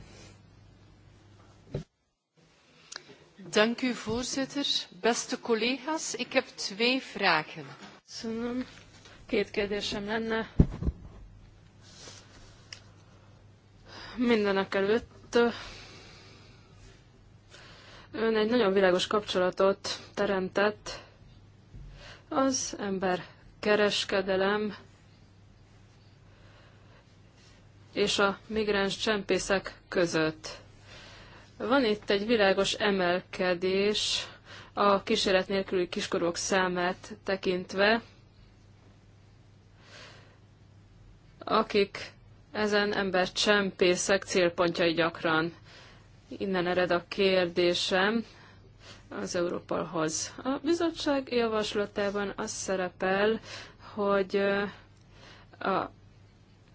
Speaker 2: Dank u, voorzitter. Beste collega's, ik heb twee vragen. Köszönöm. Két kérdésem lenne. Mindenek előtt ön egy nagyon világos kapcsolatot teremtett az ember kereskedelem és a migráns csempészek között. Van itt egy világos emelkedés a kísérlet nélküli kiskorok számát tekintve, akik ezen ember csempészek célpontjai gyakran. Innen ered a kérdésem, az Európalhoz. A bizottság javaslatában az szerepel, hogy a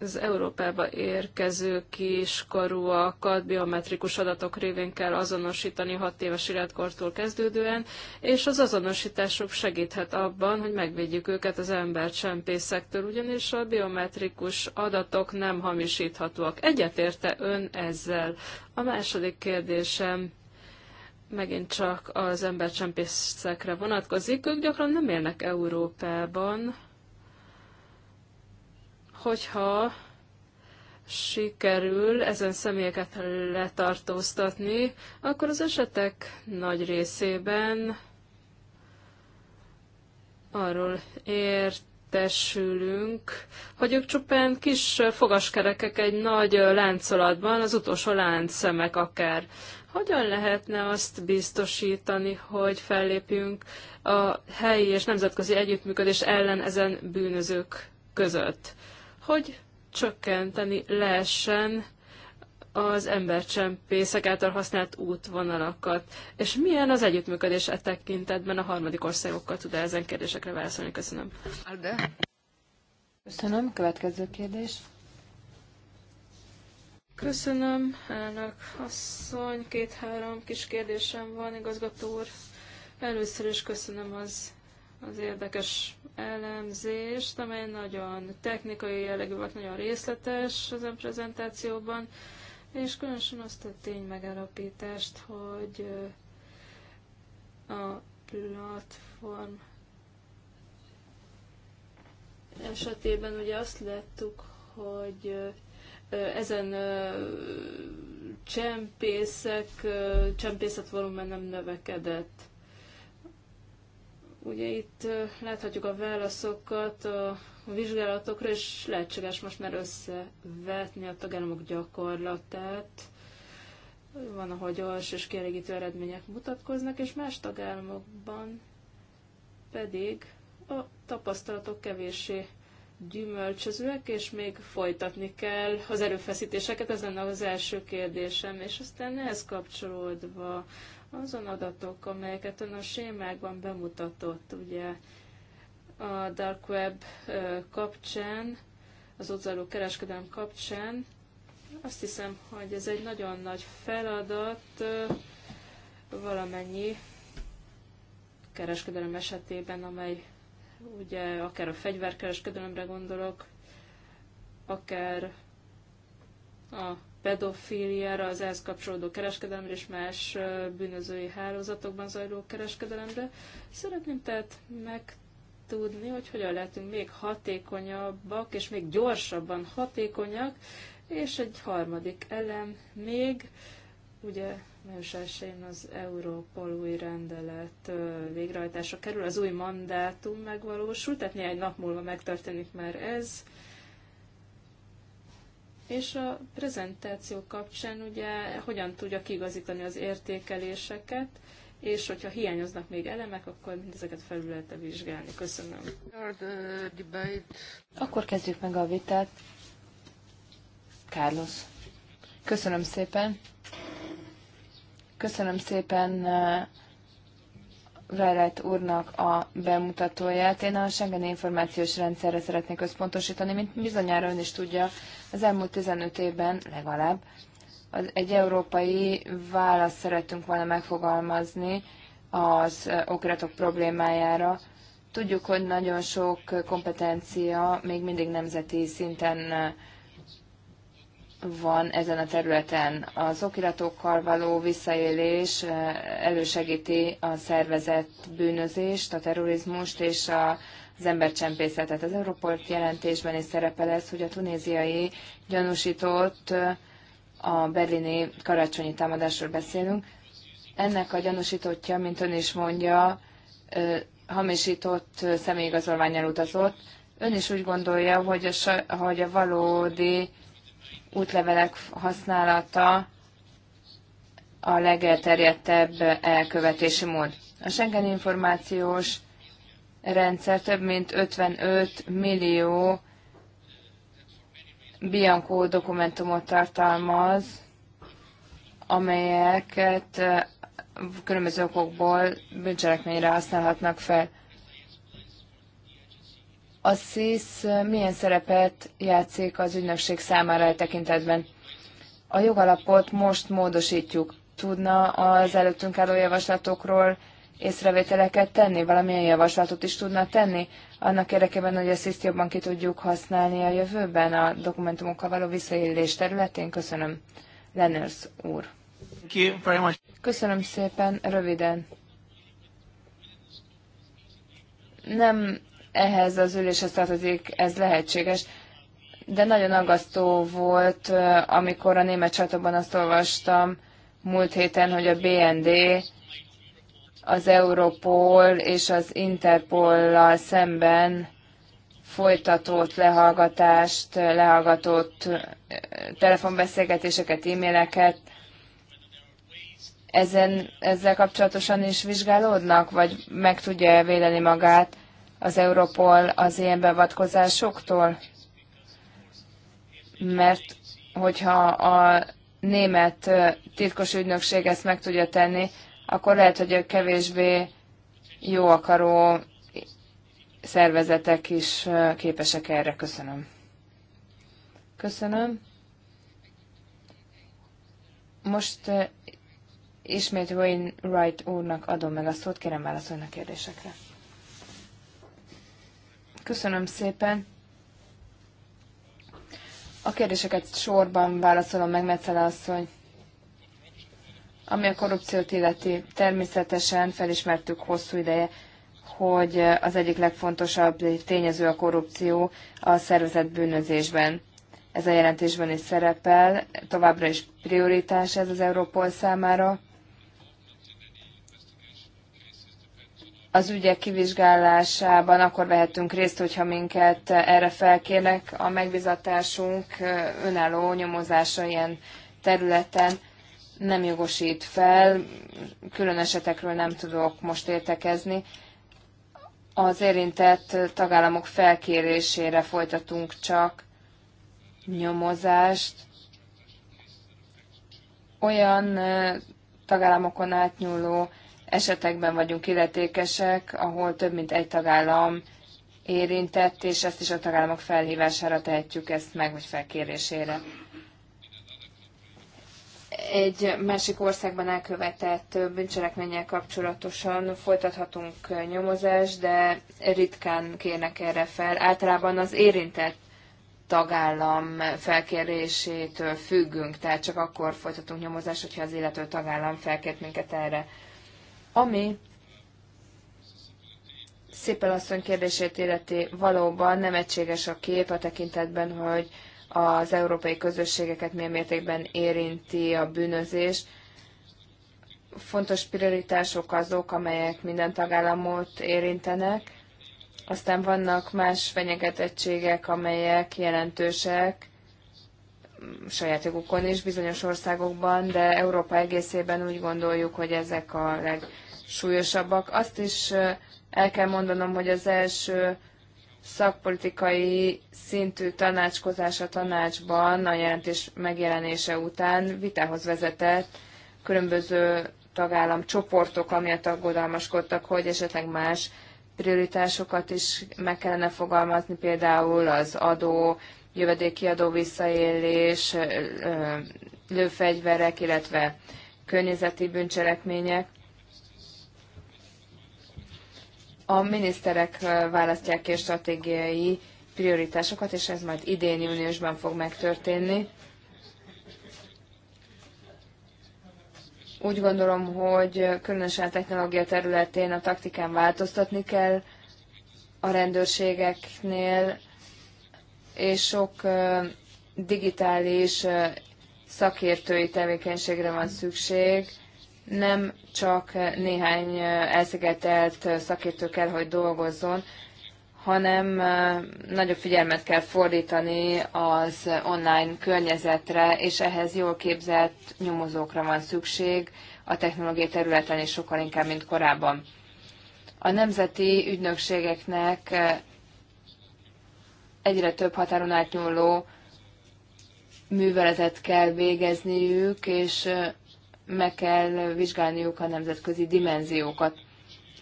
Speaker 2: az Európába érkező kiskorúakat biometrikus adatok révén kell azonosítani 6 éves életkortól kezdődően, és az azonosításuk segíthet abban, hogy megvédjük őket az embercsempészektől, ugyanis a biometrikus adatok nem hamisíthatóak. Egyetérte ön ezzel? A második kérdésem megint csak az embercsempészekre vonatkozik, ők gyakran nem élnek Európában, hogyha sikerül ezen személyeket letartóztatni, akkor az esetek nagy részében arról értesülünk, hogy ők csupán kis fogaskerekek egy nagy láncolatban, az utolsó láncszemek akár. Hogyan lehetne azt biztosítani, hogy fellépjünk a helyi és nemzetközi együttműködés ellen ezen bűnözők között? Hogy csökkenteni lehessen az embercsempészek által használt útvonalakat, és milyen az együttműködés e tekintetben a harmadik országokkal tud -e ezen kérdésekre válaszolni? Köszönöm. Köszönöm. Következő kérdés. Köszönöm, elnök asszony. Két-három kis kérdésem van, igazgató úr. Először is köszönöm az, az érdekes elemzést, amely nagyon technikai jellegű volt, nagyon részletes az ön prezentációban, és különösen azt a tény megállapítást, hogy a platform esetében ugye azt láttuk, hogy ezen csempészek, csempészet volumen nem növekedett. Ugye itt láthatjuk a válaszokat a vizsgálatokra, és lehetséges most már összevetni a tagállamok gyakorlatát. Van, ahol gyors és kielégítő eredmények mutatkoznak, és más tagállamokban pedig a tapasztalatok kevéssé gyümölcsözőek, és még folytatni kell az erőfeszítéseket, ez lenne az első kérdésem, és aztán ehhez kapcsolódva azon adatok, amelyeket ön a sémákban bemutatott, ugye a Dark Web kapcsán, az ott zajló kereskedelem kapcsán, azt hiszem, hogy ez egy nagyon nagy feladat valamennyi kereskedelem esetében, amely ugye akár a fegyverkereskedelemre gondolok, akár a pedofíliára, az ehhez kapcsolódó kereskedelemre és más bűnözői hálózatokban zajló kereskedelemre. Szeretném tehát megtudni, hogy hogyan lehetünk még hatékonyabbak és még gyorsabban hatékonyak, és egy harmadik elem még, Ugye május az Európolúi rendelet végrehajtása kerül, az új mandátum megvalósul, tehát néhány nap múlva megtörténik már ez. És a prezentáció kapcsán ugye hogyan tudja kigazítani az értékeléseket, és hogyha hiányoznak még elemek, akkor mindezeket felül lehet -e vizsgálni. Köszönöm.
Speaker 1: Akkor kezdjük meg a vitát.
Speaker 3: Carlos. Köszönöm szépen. Köszönöm szépen eh, Rejlejt úrnak a bemutatóját. Én a Schengen információs rendszerre szeretnék összpontosítani, mint bizonyára ön is tudja, az elmúlt 15 évben legalább egy európai választ szeretünk volna megfogalmazni az eh, okiratok problémájára. Tudjuk, hogy nagyon sok kompetencia még mindig nemzeti szinten eh, van ezen a területen. Az okiratokkal való visszaélés eh, elősegíti a szervezett bűnözést, a terrorizmust és a az embercsempészetet. Az Európolt jelentésben is szerepel ez, hogy a tunéziai gyanúsított eh, a berlini karácsonyi támadásról beszélünk. Ennek a gyanúsítottja, mint ön is mondja, eh, hamisított személyigazolványjal utazott. Ön is úgy gondolja, hogy a, hogy a valódi útlevelek használata a legelterjedtebb elkövetési mód. A Schengen információs rendszer több mint 55 millió Bianco dokumentumot tartalmaz, amelyeket különböző okokból bűncselekményre használhatnak fel a SZISZ milyen szerepet játszik az ügynökség számára e tekintetben? A jogalapot most módosítjuk. Tudna az előttünk álló javaslatokról észrevételeket tenni, valamilyen javaslatot is tudna tenni, annak érdekében, hogy a SZISZ-t jobban ki tudjuk használni a jövőben a dokumentumokkal való visszaélés területén. Köszönöm, Lenners úr. Köszönöm szépen, röviden. Nem ehhez az üléshez tartozik, ez lehetséges. De nagyon aggasztó volt, amikor a német csatában azt olvastam múlt héten, hogy a BND az Europol és az Interpol Interpol-lal szemben folytatott lehallgatást, lehallgatott telefonbeszélgetéseket, e-maileket. Ezen, ezzel kapcsolatosan is vizsgálódnak, vagy meg tudja védeni magát az Europol az ilyen bevatkozásoktól? Mert hogyha a német titkos ügynökség ezt meg tudja tenni, akkor lehet, hogy a kevésbé jó akaró szervezetek is képesek erre. Köszönöm. Köszönöm. Most ismét Wayne Wright úrnak adom meg a szót, kérem válaszolni a kérdésekre. Köszönöm szépen. A kérdéseket sorban válaszolom meg, Metszele asszony. Ami a korrupciót illeti, természetesen felismertük hosszú ideje, hogy az egyik legfontosabb tényező a korrupció a szervezett bűnözésben. Ez a jelentésben is szerepel, továbbra is prioritás ez az Európol számára. az ügyek kivizsgálásában akkor vehetünk részt, hogyha minket erre felkérnek. A megbizatásunk önálló nyomozása ilyen területen nem jogosít fel, külön esetekről nem tudok most értekezni. Az érintett tagállamok felkérésére folytatunk csak nyomozást. Olyan tagállamokon átnyúló esetekben vagyunk illetékesek, ahol több mint egy tagállam érintett, és ezt is a tagállamok felhívására tehetjük ezt meg, vagy felkérésére. Egy másik országban elkövetett bűncselekménnyel kapcsolatosan folytathatunk nyomozást, de ritkán kérnek erre fel. Általában az érintett tagállam felkérésétől függünk, tehát csak akkor folytatunk nyomozást, hogyha az illető tagállam felkért minket erre. Ami Szépen asszony kérdését életi valóban nem egységes a kép a tekintetben, hogy az európai közösségeket milyen mértékben érinti a bűnözés. Fontos prioritások azok, amelyek minden tagállamot érintenek, aztán vannak más fenyegetettségek, amelyek jelentősek mm, saját jogukon is bizonyos országokban, de Európa egészében úgy gondoljuk, hogy ezek a leg súlyosabbak. Azt is el kell mondanom, hogy az első szakpolitikai szintű tanácskozás a tanácsban a jelentés megjelenése után vitához vezetett különböző tagállam csoportok, amiatt aggodalmaskodtak, hogy esetleg más prioritásokat is meg kellene fogalmazni, például az adó, jövedéki adó visszaélés, lőfegyverek, illetve környezeti bűncselekmények. a miniszterek választják ki a stratégiai prioritásokat, és ez majd idén júniusban fog megtörténni. Úgy gondolom, hogy különösen a technológia területén a taktikán változtatni kell a rendőrségeknél, és sok digitális szakértői tevékenységre van szükség, nem csak néhány elszigetelt szakértő kell, hogy dolgozzon, hanem nagyobb figyelmet kell fordítani az online környezetre, és ehhez jól képzett nyomozókra van szükség a technológiai területen is sokkal inkább, mint korábban. A nemzeti ügynökségeknek egyre több határon átnyúló műveletet kell végezniük, és meg kell vizsgálniuk a nemzetközi dimenziókat.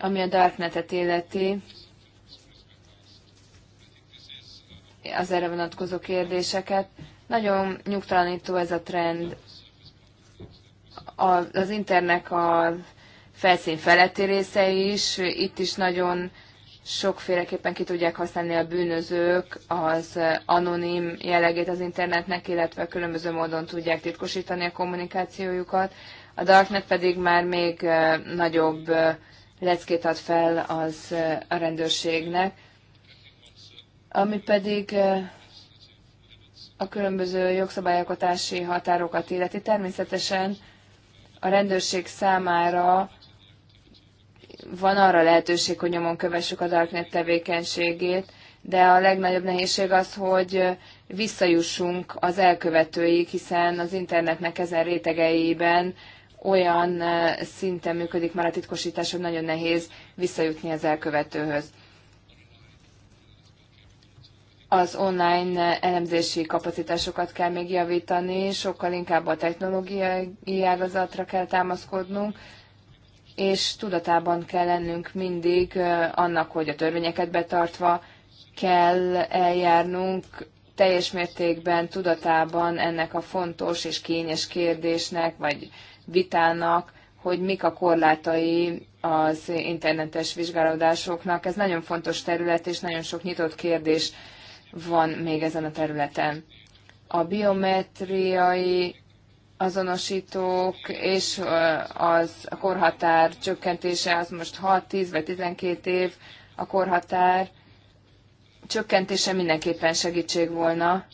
Speaker 3: Ami a Darknetet illeti, az erre vonatkozó kérdéseket. Nagyon nyugtalanító ez a trend. Az internet a felszín feletti része is, itt is nagyon sokféleképpen ki tudják használni a bűnözők az anonim jellegét az internetnek, illetve különböző módon tudják titkosítani a kommunikációjukat. A Darknet pedig már még nagyobb leckét ad fel az a rendőrségnek, ami pedig a különböző jogszabályalkotási határokat illeti. Természetesen a rendőrség számára van arra lehetőség, hogy nyomon kövessük a Darknet tevékenységét, de a legnagyobb nehézség az, hogy visszajussunk az elkövetőig, hiszen az internetnek ezen rétegeiben olyan eh, szinten működik már a titkosítás, hogy nagyon nehéz visszajutni az elkövetőhöz. Az online elemzési kapacitásokat kell még javítani, sokkal inkább a technológiai ágazatra kell támaszkodnunk, és tudatában kell lennünk mindig annak, hogy a törvényeket betartva kell eljárnunk teljes mértékben tudatában ennek a fontos és kényes kérdésnek, vagy vitának, hogy mik a korlátai az internetes vizsgálódásoknak. Ez nagyon fontos terület, és nagyon sok nyitott kérdés van még ezen a területen. A biometriai azonosítók és az a korhatár csökkentése, az most 6, 10 vagy 12 év a korhatár csökkentése mindenképpen segítség volna,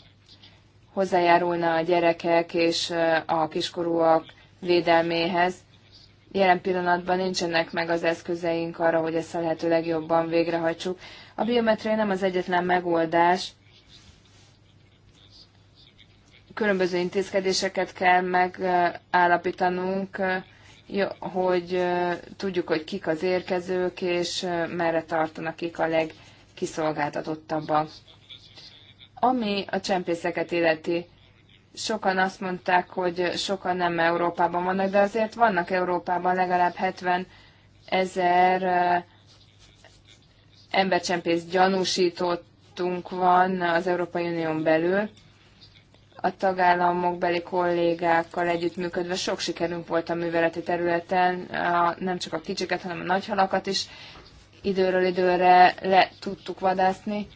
Speaker 3: hozzájárulna a gyerekek és a kiskorúak védelméhez. Jelen pillanatban nincsenek meg az eszközeink arra, hogy ezt a lehető legjobban végrehajtsuk. A biometria nem az egyetlen megoldás, különböző intézkedéseket kell megállapítanunk, hogy tudjuk, hogy kik az érkezők, és merre tartanak, kik a legkiszolgáltatottabbak. Ami a csempészeket illeti, sokan azt mondták, hogy sokan nem Európában vannak, de azért vannak Európában legalább 70 ezer embercsempész gyanúsítottunk van az Európai Unión belül, a tagállamok beli kollégákkal együttműködve sok sikerünk volt a műveleti területen, a, nem csak a kicsiket, hanem a nagyhalakat is időről időre le tudtuk vadászni.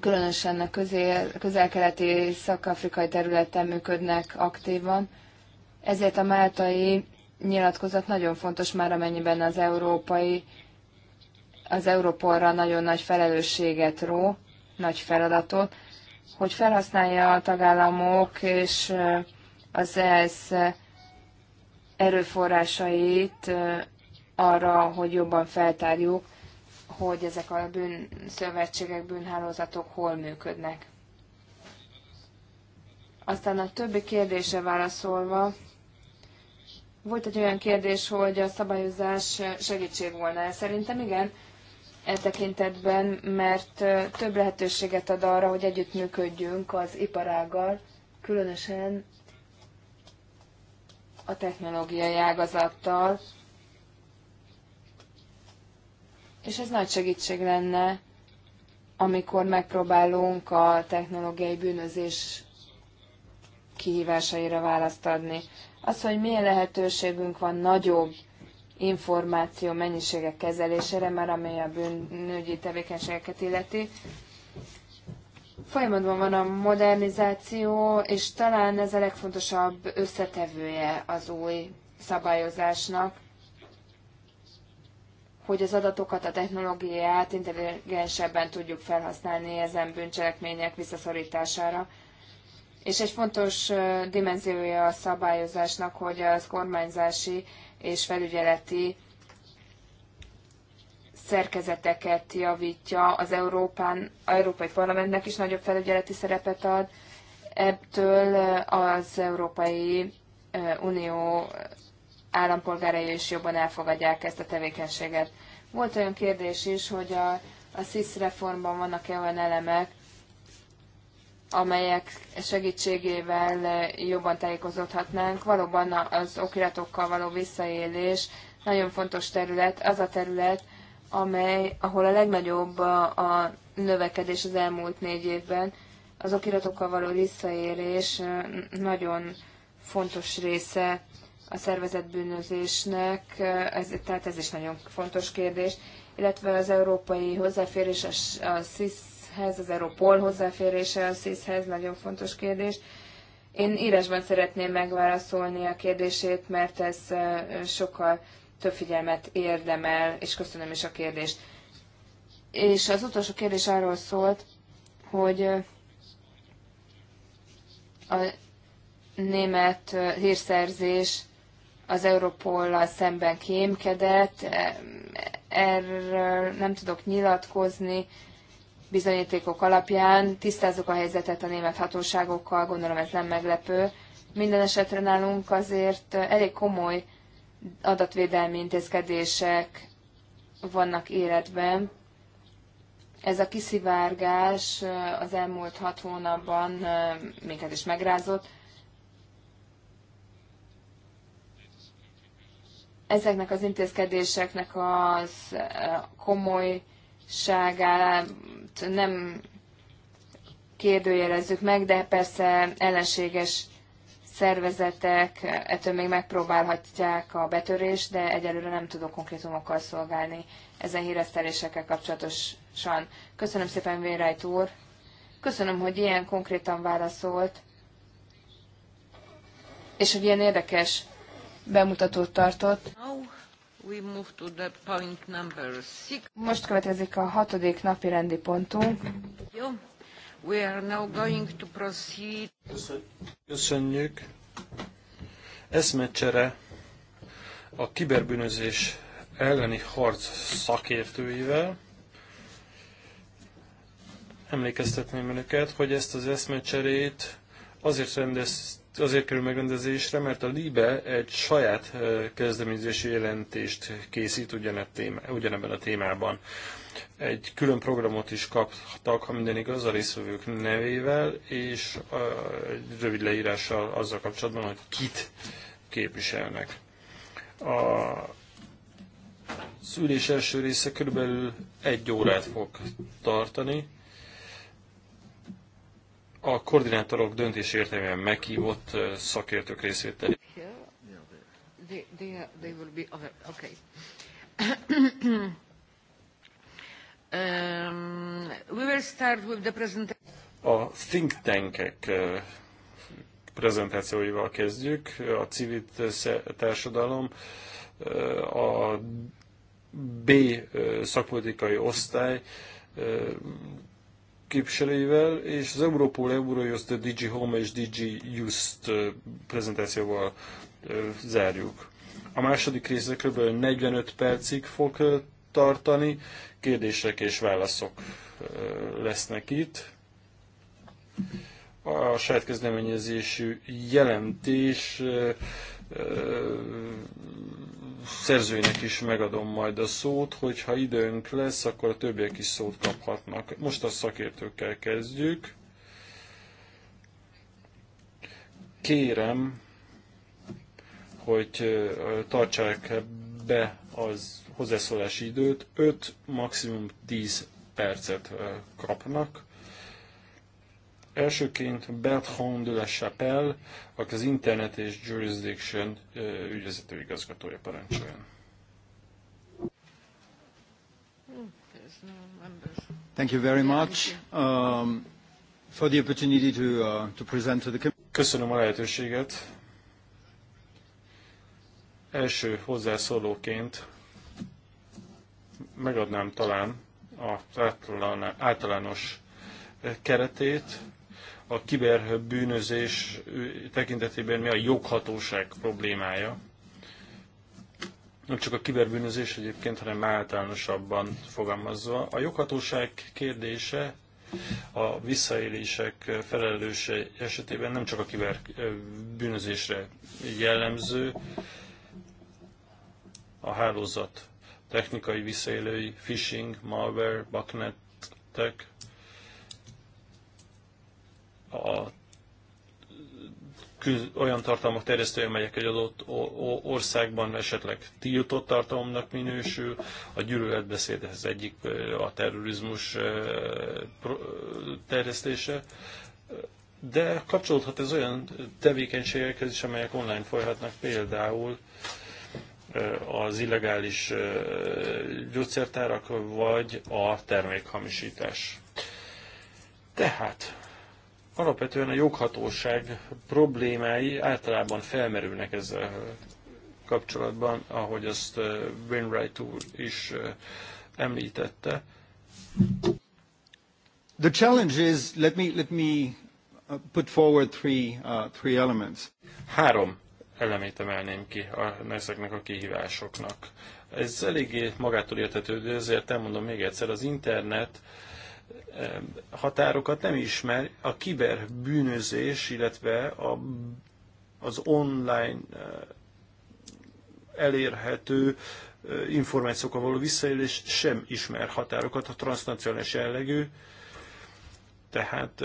Speaker 3: Különösen a közel-keleti szak-afrikai területen működnek aktívan. Ezért a máltai nyilatkozat nagyon fontos már, amennyiben az európai, az Európolra nagyon nagy felelősséget ró, nagy feladatot, hogy felhasználja a tagállamok és az ESZ erőforrásait arra, hogy jobban feltárjuk, hogy ezek a bűnszövetségek, bűnhálózatok hol működnek. Aztán a többi kérdése válaszolva, volt egy olyan kérdés, hogy a szabályozás segítség volna. Szerintem igen, e tekintetben, mert több lehetőséget ad arra, hogy együttműködjünk az iparággal, különösen a technológiai ágazattal, és ez nagy segítség lenne, amikor megpróbálunk a technológiai bűnözés kihívásaira választ adni. Az, hogy milyen lehetőségünk van nagyobb információ mennyiségek kezelésére, már amely a bűnügyi tevékenységeket illeti. Folyamatban van a modernizáció, és talán ez a legfontosabb összetevője az új szabályozásnak, hogy az adatokat, a technológiát intelligensebben tudjuk felhasználni ezen bűncselekmények visszaszorítására. És egy fontos dimenziója a szabályozásnak, hogy az kormányzási és felügyeleti szerkezeteket javítja, az Európán, Európai Parlamentnek is nagyobb felügyeleti szerepet ad, ebből az Európai Unió állampolgárai is jobban elfogadják ezt a tevékenységet. Volt olyan kérdés is, hogy a, a SZISZ reformban vannak-e olyan elemek, amelyek segítségével jobban tájékozódhatnánk. Valóban az okiratokkal való visszaélés nagyon fontos terület, az a terület, amely, ahol a legnagyobb a, a növekedés az elmúlt négy évben. Az okiratokkal való visszaélés nagyon fontos része a szervezetbűnözésnek, ez, tehát ez is nagyon fontos kérdés, illetve az európai hozzáférés a, a SZISZ SZISZ-hez, az Europol hozzáférése a SZISZ-hez, nagyon fontos kérdés. Én írásban szeretném megválaszolni a kérdését, mert ez sokkal több figyelmet érdemel, és köszönöm is a kérdést. És az utolsó kérdés arról szólt, hogy a német hírszerzés az Európollal szemben kémkedett. Erről nem tudok nyilatkozni, bizonyítékok alapján tisztázzuk a helyzetet a német hatóságokkal, gondolom ez nem meglepő. Minden esetre nálunk azért elég komoly adatvédelmi intézkedések vannak életben. Ez a kiszivárgás az elmúlt hat hónapban minket is megrázott. Ezeknek az intézkedéseknek az komoly ságát nem kérdőjelezzük meg, de persze ellenséges szervezetek ettől még megpróbálhatják a betörést, de egyelőre nem tudok konkrétumokkal szolgálni ezen híresztelésekkel kapcsolatosan. Köszönöm szépen, Vérájt úr! Köszönöm, hogy ilyen konkrétan válaszolt,
Speaker 1: és hogy ilyen érdekes
Speaker 3: bemutatót tartott. Most következik a hatodik napi rendi pontunk.
Speaker 5: Jó. We
Speaker 1: are now going to proceed.
Speaker 5: Köszönjük. Eszmecsere a kiberbűnözés elleni harc szakértőivel. Emlékeztetném önöket, hogy ezt az eszmecserét azért rendeztük, azért kerül megrendezésre, mert a LIBE egy saját kezdeményezési jelentést készít ugyanebben a témában. Egy külön programot is kaptak, ha minden igaz, a részvevők nevével, és egy rövid leírással azzal kapcsolatban, hogy kit képviselnek. A az ülés első része körülbelül egy órát fog tartani, a koordinátorok döntés értelmében meghívott szakértők részvételi. A think tankek prezentációival kezdjük. A civil társadalom, a B szakpolitikai osztály képviselőivel, és az Europol, Eurojust, DG Home és DG Just prezentációval zárjuk. A második része kb. 45 percig fog tartani, kérdések és válaszok lesznek itt. A saját kezdeményezésű jelentés szerzőnek is megadom majd a szót, hogyha időnk lesz, akkor a többiek is szót kaphatnak. Most a szakértőkkel kezdjük. Kérem, hogy tartsák be az hozzászólási időt, 5, maximum 10 percet kapnak. Elsőként Bertrand de la Chapelle, aki az Internet és Jurisdiction ügyvezető igazgatója parancsoljon. Thank you very much um, for the opportunity to, uh, to present to the Köszönöm a lehetőséget. Első hozzászólóként megadnám talán az általános keretét, a kiberbűnözés tekintetében mi a joghatóság problémája. Nem csak a kiberbűnözés egyébként, hanem általánosabban fogalmazva. A joghatóság kérdése a visszaélések felelőse esetében nem csak a kiberbűnözésre jellemző, a hálózat technikai visszaélői, phishing, malware, tech a olyan tartalmak terjesztője, amelyek egy adott országban esetleg tiltott tartalomnak minősül, a gyűlöletbeszéd ez egyik a terrorizmus terjesztése, de kapcsolódhat ez olyan tevékenységekhez is, amelyek online folyhatnak, például az illegális gyógyszertárak vagy a termékhamisítás. Tehát Alapvetően a joghatóság problémái általában felmerülnek ezzel kapcsolatban, ahogy azt eh, Wainwright úr is eh, említette. The challenge is, let me, let me uh, put forward three, uh, three elements. Három elemét emelném ki a, ezeknek a kihívásoknak. Ez eléggé magától értetődő, ezért elmondom még egyszer, az internet uh, Eh, határokat nem ismer, a kiberbűnözés, illetve a, az online eh, elérhető eh, információkkal való visszaélés sem ismer határokat, a transznacionális jellegű, tehát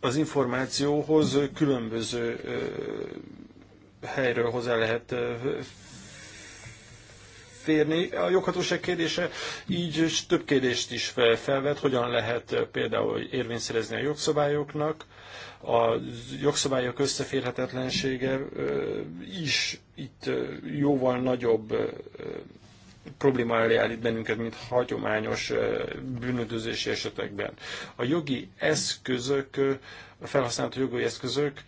Speaker 5: az információhoz különböző helyről hozzá lehet férni. A joghatóság kérdése így több kérdést is felvet, hogyan lehet eh, például érvényszerezni a jogszabályoknak, a jogszabályok összeférhetetlensége eh, is itt eh, jóval nagyobb probléma elé állít bennünket, mint hagyományos bűnöldözési esetekben. A jogi eszközök, a felhasználható jogi eszközök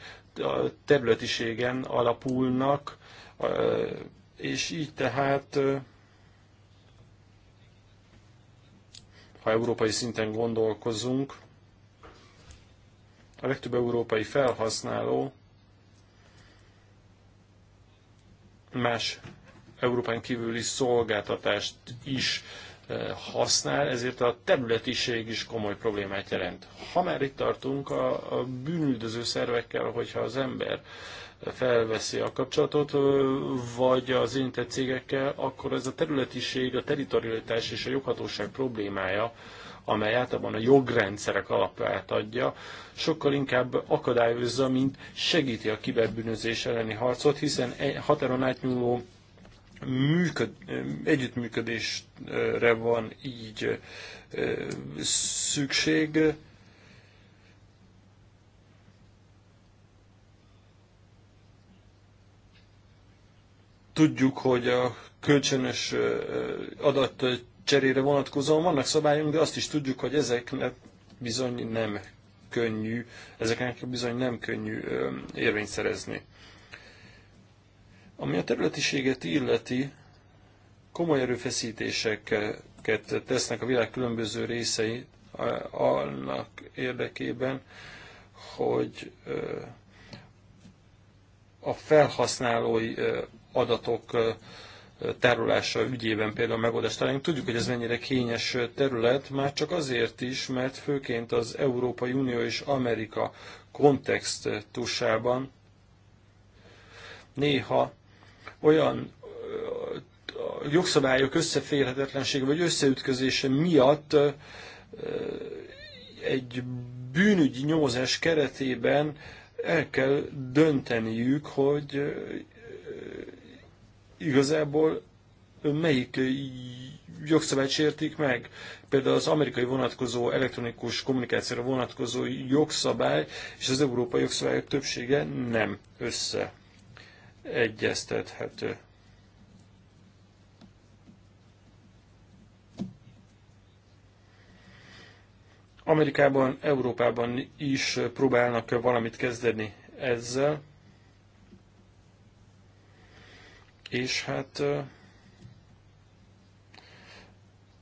Speaker 5: területiségen alapulnak, és így tehát, ha európai szinten gondolkozunk, a legtöbb európai felhasználó más Európán kívüli szolgáltatást is használ, ezért a területiség is komoly problémát jelent. Ha már itt tartunk, a, a bűnüldöző szervekkel, hogyha az ember felveszi a kapcsolatot, vagy az érintett cégekkel, akkor ez a területiség, a teritorialitás és a joghatóság problémája, amely általában a jogrendszerek alapját adja, sokkal inkább akadályozza, mint segíti a kiberbűnözés elleni harcot, hiszen határon átnyúló működ, együttműködésre van így szükség, Tudjuk, hogy a kölcsönös adat cserére vonatkozóan vannak szabályunk, de azt is tudjuk, hogy ezeknek bizony nem könnyű, ezeknek bizony nem könnyű érvényt szerezni. Ami a területiséget illeti, komoly erőfeszítéseket tesznek a világ különböző részei annak érdekében, hogy a felhasználói adatok tárolása ügyében például megoldást találni. Tudjuk, hogy ez mennyire kényes terület, már csak azért is, mert főként az Európai Unió és Amerika kontextusában néha olyan jogszabályok összeférhetetlensége vagy összeütközése miatt egy bűnügyi nyomozás keretében el kell dönteniük, hogy igazából melyik jogszabályt sértik meg. Például az amerikai vonatkozó elektronikus kommunikációra vonatkozó jogszabály és az európai jogszabályok többsége nem összeegyeztethető. Amerikában, Európában is próbálnak valamit kezdeni ezzel. És hát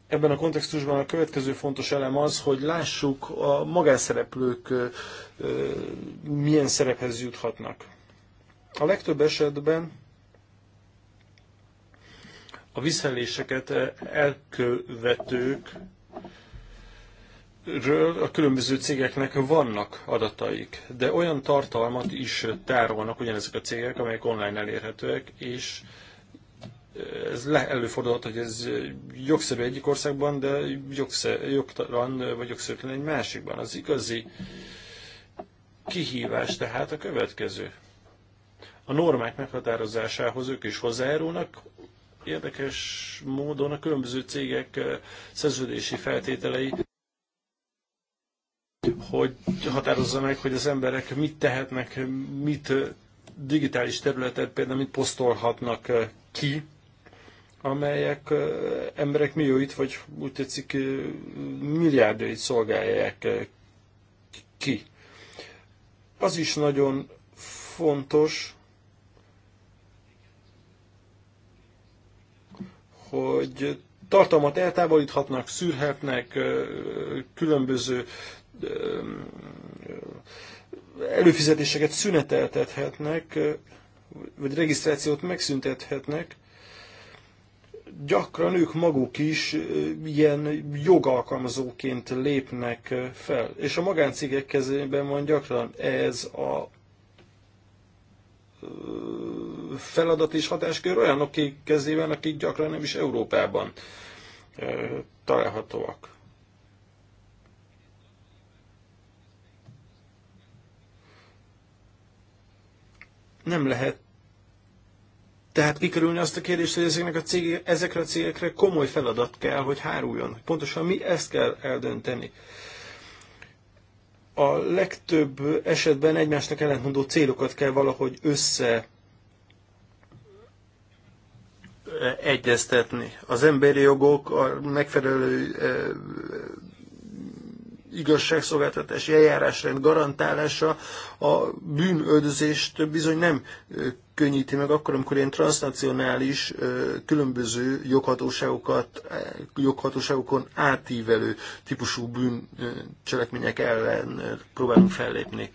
Speaker 5: ebben a kontextusban a következő fontos elem az, hogy lássuk a magánszereplők milyen szerephez juthatnak. A legtöbb esetben a visszaéléseket elkövetők ről a különböző cégeknek vannak adataik, de olyan tartalmat is tárolnak ugyanezek a cégek, amelyek online elérhetőek, és ez le, előfordulhat, hogy ez jogszerű egyik országban, de jogszer, jogtalan vagy jogszerűtlen egy másikban. Az igazi kihívás tehát a következő. A normák meghatározásához ők is hozzájárulnak, érdekes módon a különböző cégek szerződési feltételei hogy határozza meg, hogy az emberek mit tehetnek, mit digitális területet például mit posztolhatnak ki, amelyek emberek millióit, vagy úgy tetszik, milliárdait szolgálják ki. Az is nagyon fontos, hogy tartalmat eltávolíthatnak, szűrhetnek, különböző előfizetéseket szüneteltethetnek, vagy regisztrációt megszüntethetnek, gyakran ők maguk is ilyen jogalkalmazóként lépnek fel. És a magáncégek kezében van gyakran ez a feladat és hatáskör olyanok kezében, akik gyakran nem is Európában találhatóak. Nem lehet tehát kikerülni azt a kérdést, hogy ezeknek a cége, ezekre a cégekre komoly feladat kell, hogy háruljon. pontosan mi ezt kell eldönteni. A legtöbb esetben egymásnak ellentmondó célokat kell valahogy össze egyeztetni. Az emberi jogok, a megfelelő igazságszolgáltatási eljárásrend garantálása a bűnöldözést bizony nem könnyíti meg akkor, amikor ilyen transnacionális különböző joghatóságokat, joghatóságokon átívelő típusú bűncselekmények ellen próbálunk fellépni.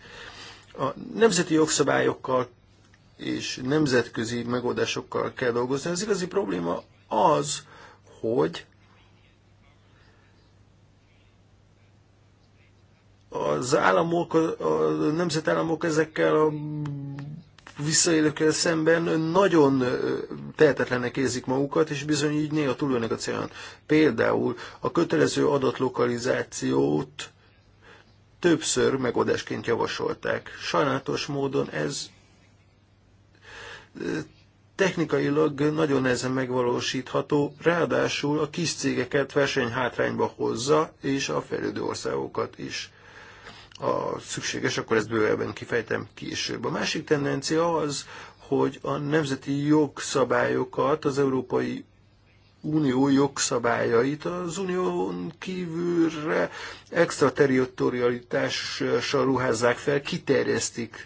Speaker 5: A nemzeti jogszabályokkal és nemzetközi megoldásokkal kell dolgozni. Az igazi probléma az, hogy az államok, a nemzetállamok ezekkel a visszaélőkkel szemben nagyon tehetetlenek érzik magukat, és bizony így néha túlülnek a célon. Például a kötelező adatlokalizációt többször megoldásként javasolták. Sajnálatos módon ez technikailag nagyon nehezen megvalósítható, ráadásul a kis cégeket versenyhátrányba hozza, és a fejlődő országokat is a szükséges, akkor ezt bővebben kifejtem később. A másik tendencia az, hogy a nemzeti jogszabályokat, az Európai Unió jogszabályait az unión kívülre extraterritorialitással ruházzák fel, kiterjesztik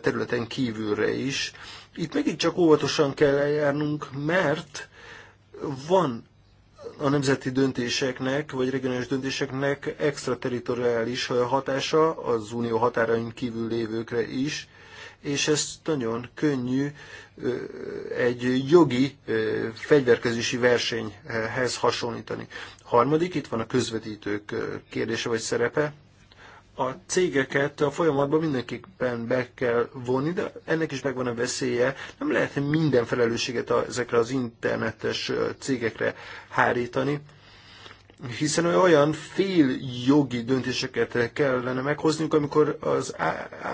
Speaker 5: területen kívülre is. Itt megint csak óvatosan kell eljárnunk, mert van a nemzeti döntéseknek, vagy regionális döntéseknek extraterritoriális hatása az unió határain kívül lévőkre is, és ezt nagyon könnyű egy jogi fegyverkezési versenyhez hasonlítani. Harmadik, itt van a közvetítők kérdése vagy szerepe a cégeket a folyamatban mindenképpen be kell vonni, de ennek is megvan a veszélye. Nem lehet minden felelősséget ezekre az internetes cégekre hárítani, hiszen olyan fél jogi döntéseket kellene meghoznunk, amikor az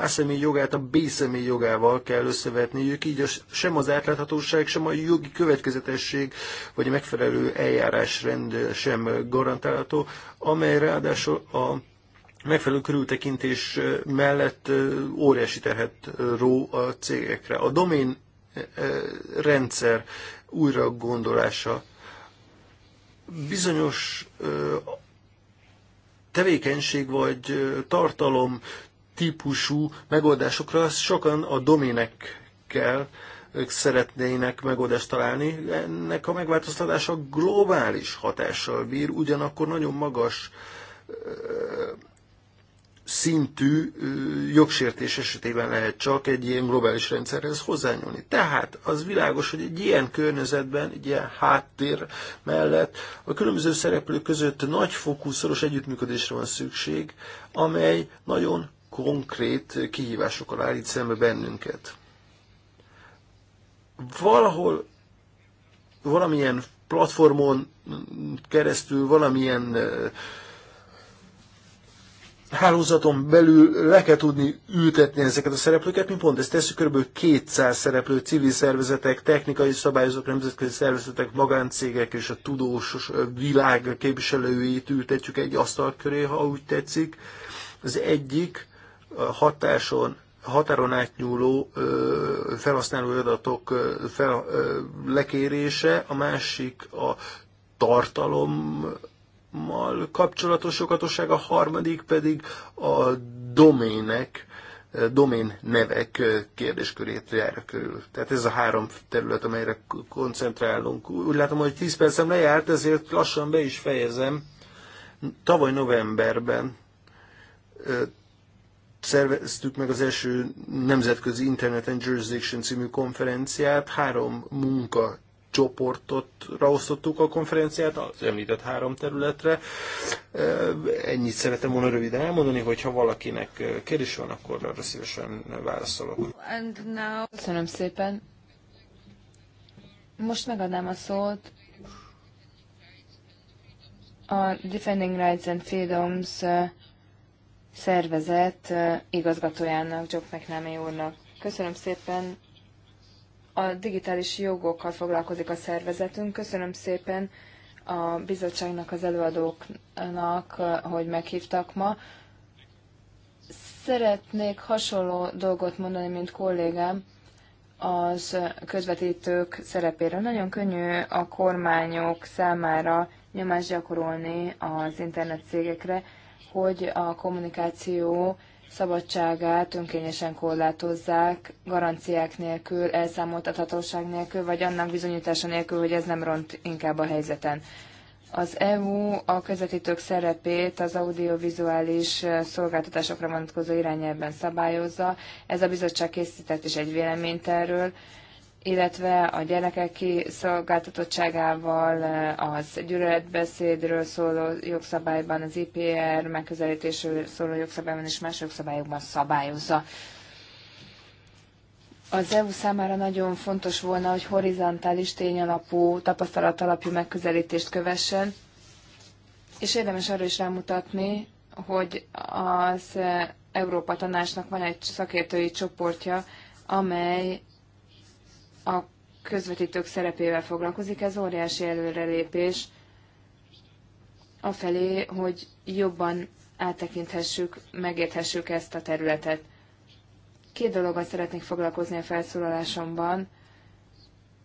Speaker 5: A személy jogát a B személy jogával kell összevetni, ők így sem az átláthatóság, sem a jogi következetesség, vagy a megfelelő eljárásrend sem garantálható, amely ráadásul a megfelelő körültekintés mellett óriási terhet ró a cégekre. A domain rendszer újra gondolása bizonyos tevékenység vagy tartalom típusú megoldásokra sokan a doménekkel ők szeretnének megoldást találni. Ennek a megváltoztatása globális hatással bír, ugyanakkor nagyon magas szintű jogsértés esetében lehet csak egy ilyen globális rendszerhez hozzányúlni. Tehát az világos, hogy egy ilyen környezetben, egy ilyen háttér mellett a különböző szereplők között nagyfokú szoros együttműködésre van szükség, amely nagyon konkrét kihívásokkal állít szembe bennünket. Valahol valamilyen platformon keresztül, valamilyen uh, hálózaton belül le kell tudni ültetni ezeket a szereplőket, mi pont ezt tesszük, kb. 200 szereplő, civil szervezetek, technikai szabályozók, nemzetközi szervezetek, magáncégek és a tudós világ képviselőit ültetjük egy asztal köré, ha úgy tetszik. Az egyik hatáson határon átnyúló felhasználói adatok fel, lekérése, a másik a tartalom mal kapcsolatos okatosság, a harmadik pedig a domének, eh, domén nevek eh, kérdéskörét jár körül. Tehát ez a három terület, amelyre koncentrálunk. Úgy látom, hogy 10 percem lejárt, ezért lassan be is fejezem. Tavaly novemberben eh, szerveztük meg az első nemzetközi Internet and Jurisdiction című konferenciát, három munka csoportotra osztottuk a konferenciát, az említett három területre. Ennyit szeretem volna röviden elmondani, hogyha valakinek kérdés van, akkor arra szívesen válaszolok.
Speaker 1: And now... Köszönöm szépen.
Speaker 3: Most megadnám a szót a Defending Rights and Freedoms szervezet igazgatójának, Job McNamee úrnak. Köszönöm szépen, a digitális jogokkal foglalkozik a szervezetünk. Köszönöm szépen a bizottságnak, az előadóknak, hogy meghívtak ma. Szeretnék hasonló dolgot mondani, mint kollégám az közvetítők szerepéről. Nagyon könnyű a kormányok számára nyomást gyakorolni az internet cégekre, hogy a kommunikáció szabadságát önkényesen korlátozzák, garanciák nélkül, elszámoltathatóság nélkül, vagy annak bizonyítása nélkül, hogy ez nem ront inkább a helyzeten. Az EU a közvetítők szerepét az audiovizuális szolgáltatásokra vonatkozó irányelvben szabályozza. Ez a bizottság készített is egy véleményt erről, illetve a gyerekek kiszolgáltatottságával, eh, az gyűlöletbeszédről szóló jogszabályban, az IPR megközelítésről szóló jogszabályban és más jogszabályokban szabályozza. Az EU számára nagyon fontos volna, hogy horizontális, tényalapú, tapasztalat alapú megközelítést kövessen, és érdemes arra is rámutatni, hogy az eh, Európa Tanácsnak van egy szakértői csoportja, amely a közvetítők szerepével foglalkozik, ez óriási előrelépés afelé, hogy jobban áttekinthessük, megérthessük ezt a területet. Két dologgal szeretnék foglalkozni a felszólalásomban.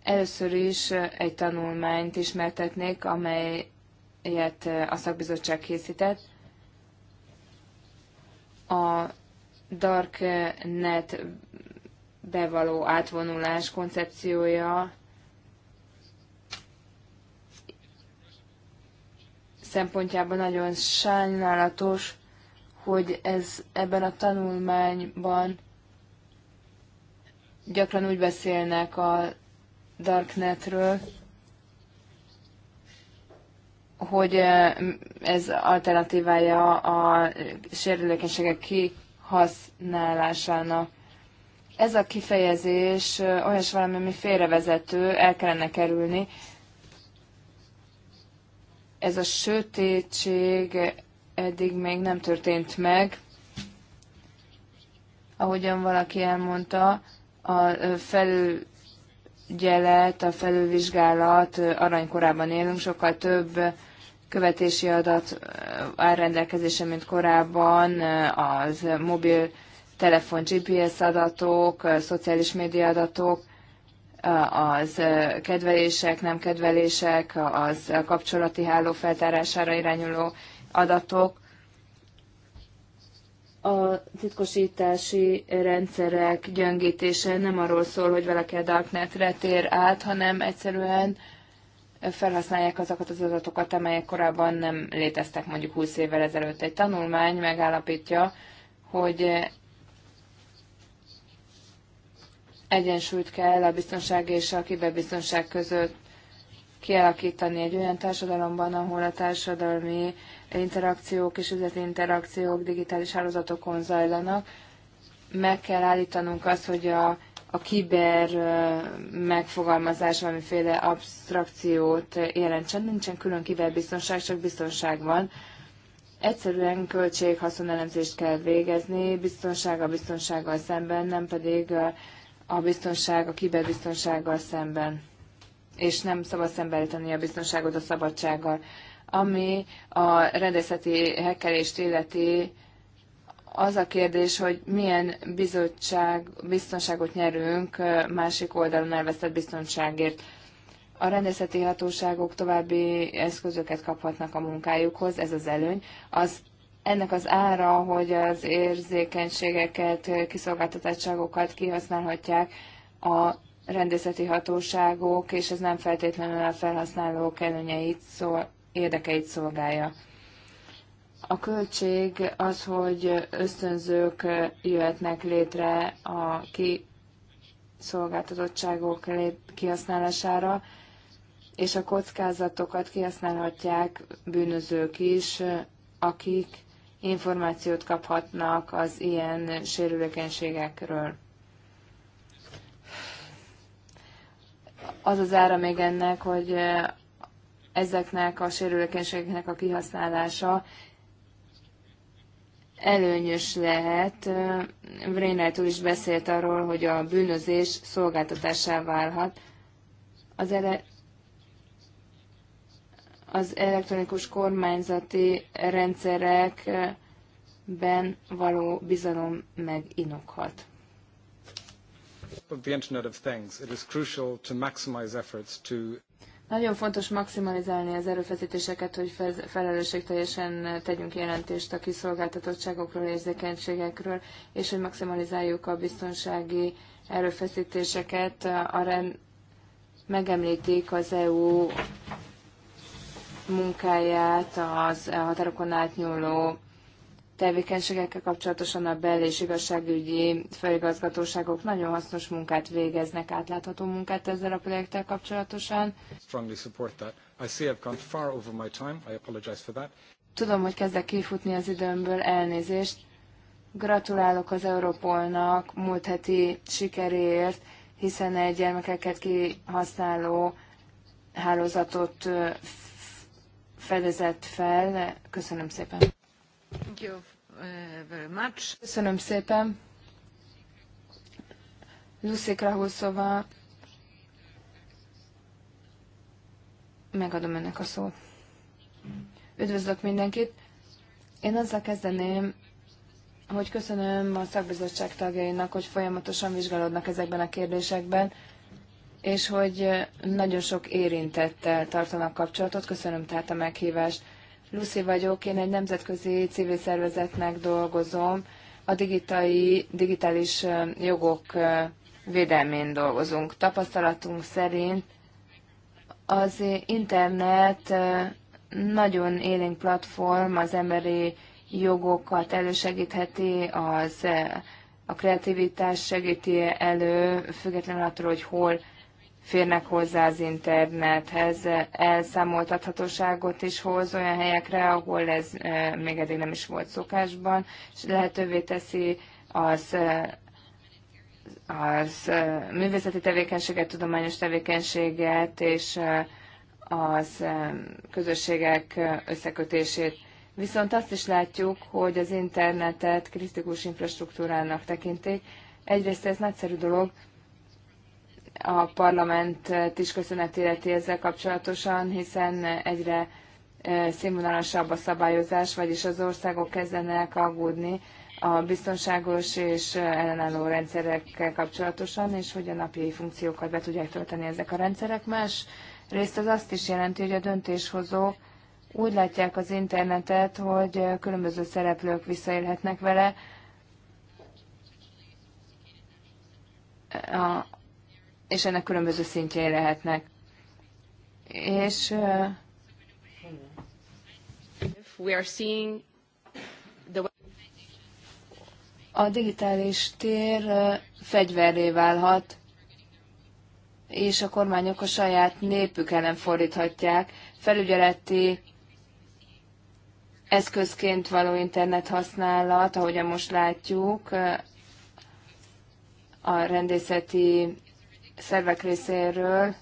Speaker 3: Először is egy tanulmányt ismertetnék, amelyet a szakbizottság készített. A Dark Net bevaló átvonulás koncepciója szempontjában nagyon sajnálatos, hogy ez ebben a tanulmányban gyakran úgy beszélnek a Darknetről, hogy eh, ez alternatívája a sérülékenységek kihasználásának. Ez a kifejezés olyas valami, ami félrevezető, el kellene kerülni. Ez a sötétség eddig még nem történt meg. Ahogyan valaki elmondta, a felügyelet, a felülvizsgálat aranykorában élünk, sokkal több követési adat áll rendelkezésre, mint korábban, az mobil telefon GPS adatok, szociális média adatok, az kedvelések, nem kedvelések, az kapcsolati háló feltárására irányuló adatok, a titkosítási rendszerek gyöngítése nem arról szól, hogy valaki a darknetre tér át, hanem egyszerűen felhasználják azokat az adatokat, amelyek korábban nem léteztek mondjuk 20 évvel ezelőtt. Egy tanulmány megállapítja, hogy egyensúlyt kell a biztonság és a kiberbiztonság között kialakítani egy olyan társadalomban, ahol a társadalmi interakciók és üzleti interakciók digitális hálózatokon zajlanak. Meg kell állítanunk azt, hogy a, a kiber megfogalmazás valamiféle abstrakciót jelentsen. Nincsen külön kiberbiztonság, csak biztonság van. Egyszerűen költség-haszon kell végezni, biztonsága biztonsággal szemben, nem pedig a biztonság a kiberbiztonsággal szemben, és nem szabad szembeállítani a biztonságot a szabadsággal. Ami a rendészeti hekkelést illeti, az a kérdés, hogy milyen bizottság, biztonságot nyerünk másik oldalon elvesztett biztonságért. A rendészeti hatóságok további eszközöket kaphatnak a munkájukhoz, ez az előny. Az ennek az ára, hogy az érzékenységeket, kiszolgáltatottságokat kihasználhatják a rendészeti hatóságok, és ez nem feltétlenül a felhasználók előnyeit, szol, érdekeit szolgálja. A költség az, hogy ösztönzők jöhetnek létre a kiszolgáltatottságok kihasználására, és a kockázatokat kihasználhatják bűnözők is, akik információt kaphatnak az ilyen sérülékenységekről. Az az ára még ennek, hogy eh, ezeknek a sérülékenységeknek a kihasználása előnyös lehet. Vrénájtól eh, is beszélt arról, hogy a bűnözés szolgáltatásá válhat. Az az elektronikus kormányzati rendszerekben való bizalom meginokhat. Nagyon fontos maximalizálni az erőfeszítéseket, hogy felelősségteljesen tegyünk jelentést a kiszolgáltatottságokról, érzékenységekről, és hogy maximalizáljuk a biztonsági erőfeszítéseket. A rend... Megemlítik az EU munkáját az e határokon átnyúló tevékenységekkel kapcsolatosan a bel- és igazságügyi főigazgatóságok nagyon hasznos munkát végeznek, átlátható munkát ezzel a projekttel kapcsolatosan. Tudom, hogy kezdek kifutni az időmből, elnézést. Gratulálok az Europolnak múlt heti sikeréért, hiszen egy gyermekeket kihasználó hálózatot fedezett fel. Köszönöm szépen.
Speaker 1: Thank you uh, very much. Köszönöm
Speaker 3: szépen. Lucy Krahulszova. megadom ennek a szót. Üdvözlök mindenkit! Én azzal kezdeném, hogy köszönöm a szakbizottság tagjainak, hogy folyamatosan vizsgálódnak ezekben a kérdésekben és hogy nagyon sok érintettel tartanak kapcsolatot. Köszönöm tehát a meghívást. Lucy vagyok, én egy nemzetközi civil szervezetnek dolgozom, a digitali, digitális jogok védelmén dolgozunk. Tapasztalatunk szerint az internet nagyon élénk platform, az emberi jogokat elősegítheti, az a kreativitás segíti elő, függetlenül attól, hogy hol férnek hozzá az internethez, elszámoltathatóságot is hoz olyan helyekre, ahol ez még eddig nem is volt szokásban, és lehetővé teszi az az művészeti tevékenységet, tudományos tevékenységet és az közösségek összekötését. Viszont azt is látjuk, hogy az internetet kritikus infrastruktúrának tekintik. Egyrészt ez nagyszerű dolog, a parlament eh, is köszönet ezzel kapcsolatosan, hiszen egyre eh, színvonalasabb a szabályozás, vagyis az országok kezdenek aggódni a biztonságos és eh, ellenálló rendszerekkel kapcsolatosan, és hogy a napi funkciókat be tudják tölteni ezek a rendszerek. Más részt az azt is jelenti, hogy a döntéshozók úgy látják az internetet, hogy különböző szereplők visszaélhetnek vele, a és ennek különböző szintjei lehetnek. És uh, a digitális tér fegyverré válhat, és a kormányok a saját népük ellen fordíthatják, felügyeleti eszközként való internet használat, ahogyan most látjuk, a rendészeti szervek részéről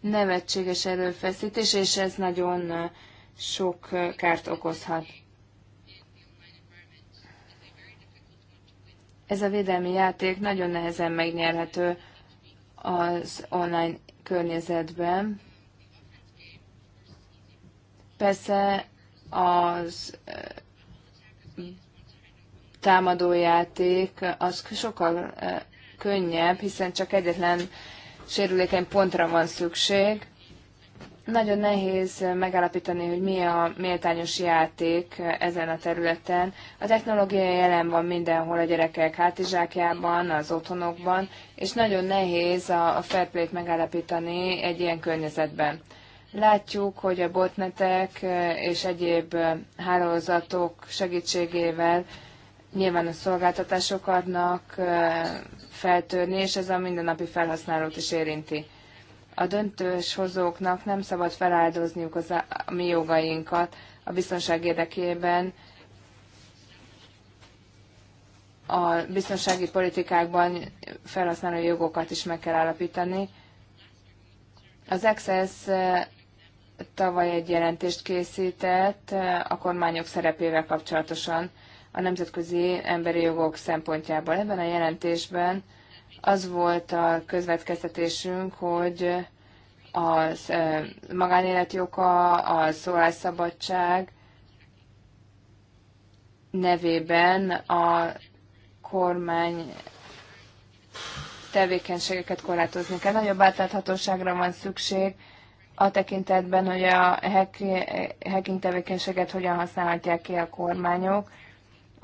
Speaker 3: nevetséges erőfeszítés, és ez nagyon sok kárt okozhat. Ez a védelmi játék nagyon nehezen megnyerhető az online környezetben. Persze az támadójáték az sokkal könnyebb, hiszen csak egyetlen sérülékeny pontra van szükség. Nagyon nehéz megállapítani, hogy mi a méltányos játék ezen a területen. A technológia jelen van mindenhol a gyerekek hátizsákjában, az otthonokban, és nagyon nehéz a fair play-t megállapítani egy ilyen környezetben. Látjuk, hogy a botnetek és egyéb hálózatok segítségével nyilván a szolgáltatások adnak feltörni, és ez a mindennapi felhasználót is érinti. A hozóknak nem szabad feláldozniuk az a mi jogainkat a biztonság érdekében, a biztonsági politikákban felhasználó jogokat is meg kell állapítani. Az Access tavaly egy jelentést készített a kormányok szerepével kapcsolatosan a nemzetközi emberi jogok szempontjából. Ebben a jelentésben az volt a közvetkeztetésünk, hogy a joga, a szólásszabadság nevében a kormány tevékenységeket korlátozni kell. Nagyobb átláthatóságra van szükség a tekintetben, hogy a hacking tevékenységet hogyan használhatják ki a kormányok,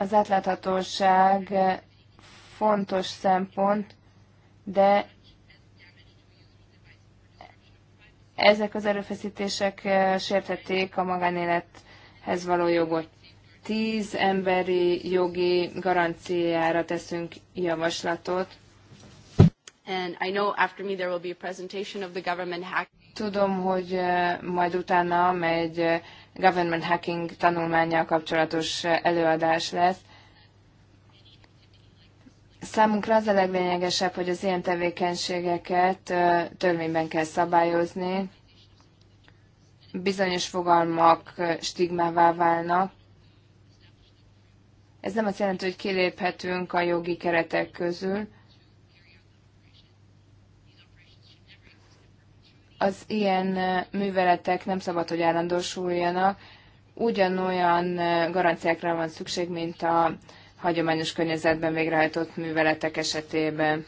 Speaker 3: az átláthatóság fontos szempont, de ezek az erőfeszítések eh, sértették a magánélethez való jogot. Tíz emberi jogi garanciára teszünk javaslatot.
Speaker 2: And I know after me there will be a presentation of the government hack.
Speaker 3: Tudom, hogy eh, majd utána megy eh, government hacking tanulmányjal kapcsolatos eh, előadás lesz. Számunkra az a leglényegesebb, hogy az ilyen tevékenységeket eh, törvényben kell szabályozni, bizonyos fogalmak eh, stigmává válnak. Ez nem azt jelenti, hogy kiléphetünk a jogi keretek közül, az ilyen műveletek nem szabad, hogy állandósuljanak, ugyanolyan garanciákra van szükség, mint a hagyományos környezetben végrehajtott műveletek esetében.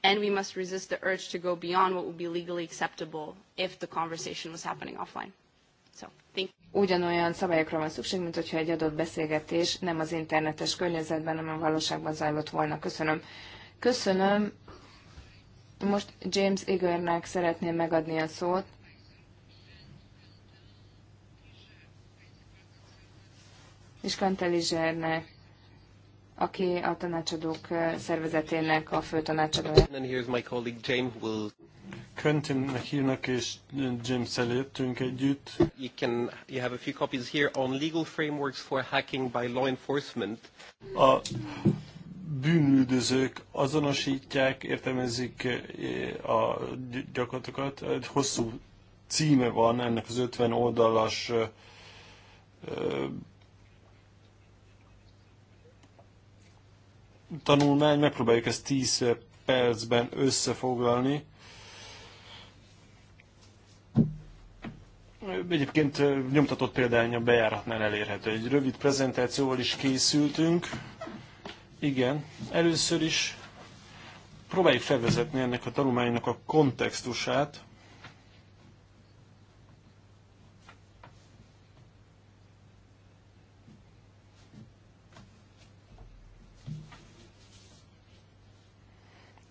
Speaker 2: And we must resist the urge to go beyond what would be legally acceptable if the conversation was happening offline. So, thank
Speaker 3: Ugyanolyan szabályokra van szükség, mint hogyha egy adott beszélgetés nem az internetes környezetben, hanem a valóságban zajlott volna. Köszönöm. Köszönöm most James Igernek szeretném megadni a szót. És Kanteli Zsernek aki a tanácsadók szervezetének a főtanácsadója.
Speaker 5: tanácsadója. here's my James és James előttünk együtt. You can you have a few copies here on legal frameworks for hacking by law enforcement. A bűnüldözők azonosítják, értelmezik eh, a gyakorlatokat. Egy hosszú címe van ennek az 50 oldalas eh, eh, tanulmány, megpróbáljuk ezt 10 percben összefoglalni. Egyébként nyomtatott példánya bejáratnál elérhető. Egy rövid prezentációval is készültünk. Igen, először is próbáljuk felvezetni ennek a tanulmánynak a kontextusát.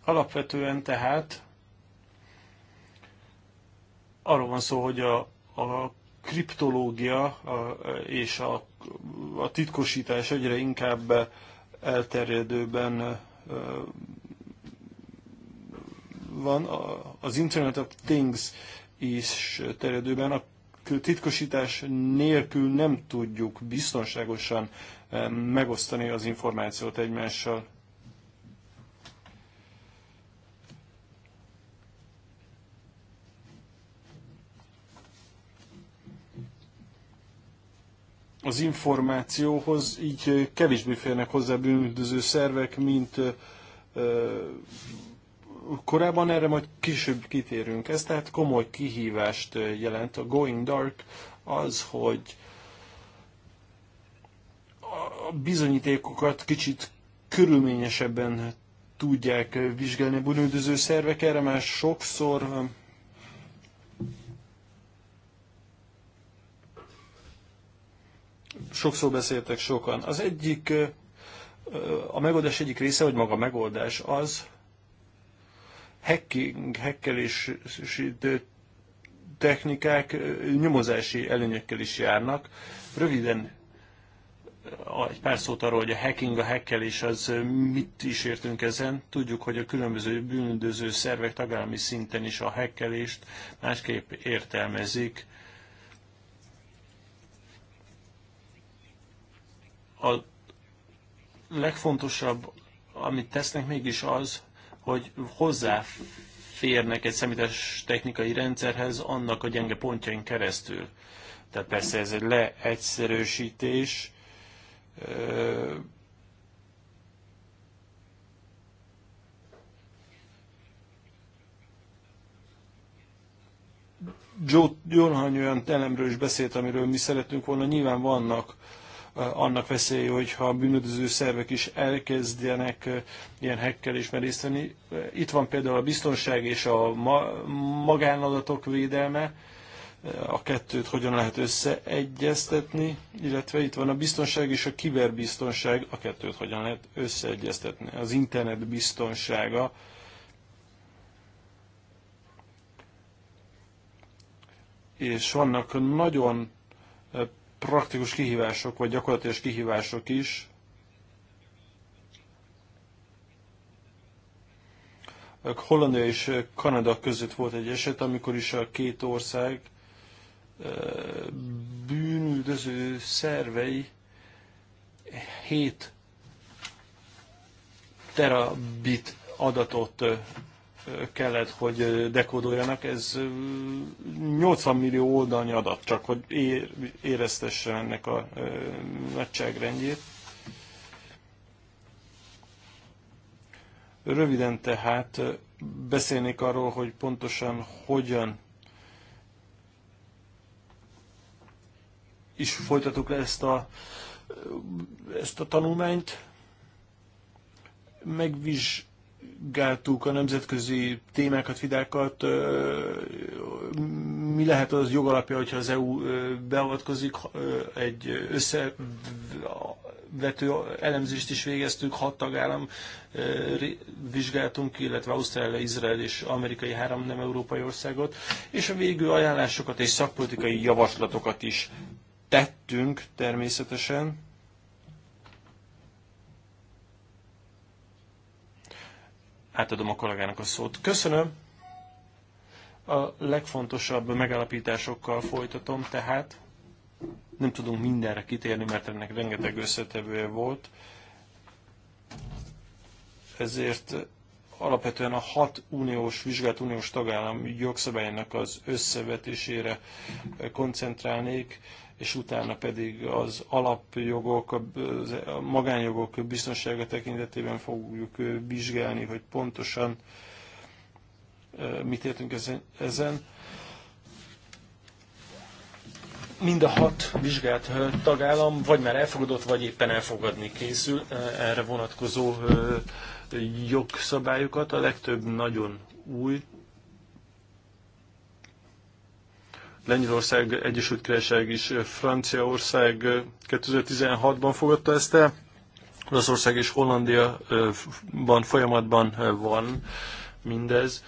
Speaker 5: Alapvetően tehát arról van szó, hogy a, a kriptológia a, és a, a titkosítás egyre inkább elterjedőben van, az Internet of Things is terjedőben, a titkosítás nélkül nem tudjuk biztonságosan megosztani az információt egymással. az információhoz, így kevésbé férnek hozzá bűnöző szervek, mint korábban erre majd később kitérünk. Ez tehát komoly kihívást jelent. A Going Dark az, hogy a bizonyítékokat kicsit körülményesebben tudják vizsgálni a bűnöldöző szervek, erre már sokszor sokszor beszéltek sokan. Az egyik, a megoldás egyik része, vagy maga a megoldás az, hacking, hackelési technikák nyomozási előnyökkel is járnak. Röviden egy pár szót arról, hogy a hacking, a hackelés az mit is értünk ezen. Tudjuk, hogy a különböző bűnöző szervek tagállami szinten is a hackelést másképp értelmezik. a legfontosabb, amit tesznek mégis az, hogy hozzáférnek egy szemítes technikai rendszerhez annak a gyenge pontjain keresztül. Tehát persze ez egy leegyszerűsítés, Joe Jorhany olyan telemről is beszélt, amiről mi szeretünk volna. Nyilván vannak annak veszélye, hogyha a bűnöző szervek is elkezdjenek ilyen hekkelésben részt Itt van például a biztonság és a ma magánadatok védelme, a kettőt hogyan lehet összeegyeztetni, illetve itt van a biztonság és a kiberbiztonság, a kettőt hogyan lehet összeegyeztetni. Az internet biztonsága, és vannak nagyon praktikus kihívások, vagy gyakorlatilag kihívások is. Hollandia és Kanada között volt egy eset, amikor is a két ország eh, bűnüldöző szervei 7 terabit adatot eh, kellett, hogy dekódoljanak. Ez 80 millió oldalnyi adat, csak hogy éreztesse ennek a nagyságrendjét. Röviden tehát beszélnék arról, hogy pontosan hogyan is folytatuk le ezt a, ezt a tanulmányt. Megvizsgáljuk vizsgáltuk a nemzetközi témákat, vidákat, mi lehet az jogalapja, hogyha az EU beavatkozik, egy összevető elemzést is végeztük, hat tagállam vizsgáltunk, illetve Ausztrália, Izrael és amerikai három nem európai országot, és a végül ajánlásokat és szakpolitikai javaslatokat is tettünk természetesen átadom a kollégának a szót. Köszönöm. A legfontosabb megállapításokkal folytatom, tehát nem tudunk mindenre kitérni, mert ennek rengeteg összetevője volt. Ezért alapvetően a hat uniós, vizsgált uniós tagállam jogszabálynak az összevetésére koncentrálnék és utána pedig az alapjogok, a e- magánjogok biztonsága tekintetében fogjuk vizsgálni, hogy pontosan mit értünk ezen. Mind a hat vizsgált tagállam vagy már elfogadott, vagy éppen elfogadni készül erre vonatkozó jogszabályokat. A legtöbb nagyon új Lengyelország, Egyesült Királyság is, Franciaország 2016-ban fogadta ezt el. Olaszország és Hollandiaban folyamatban van mindez.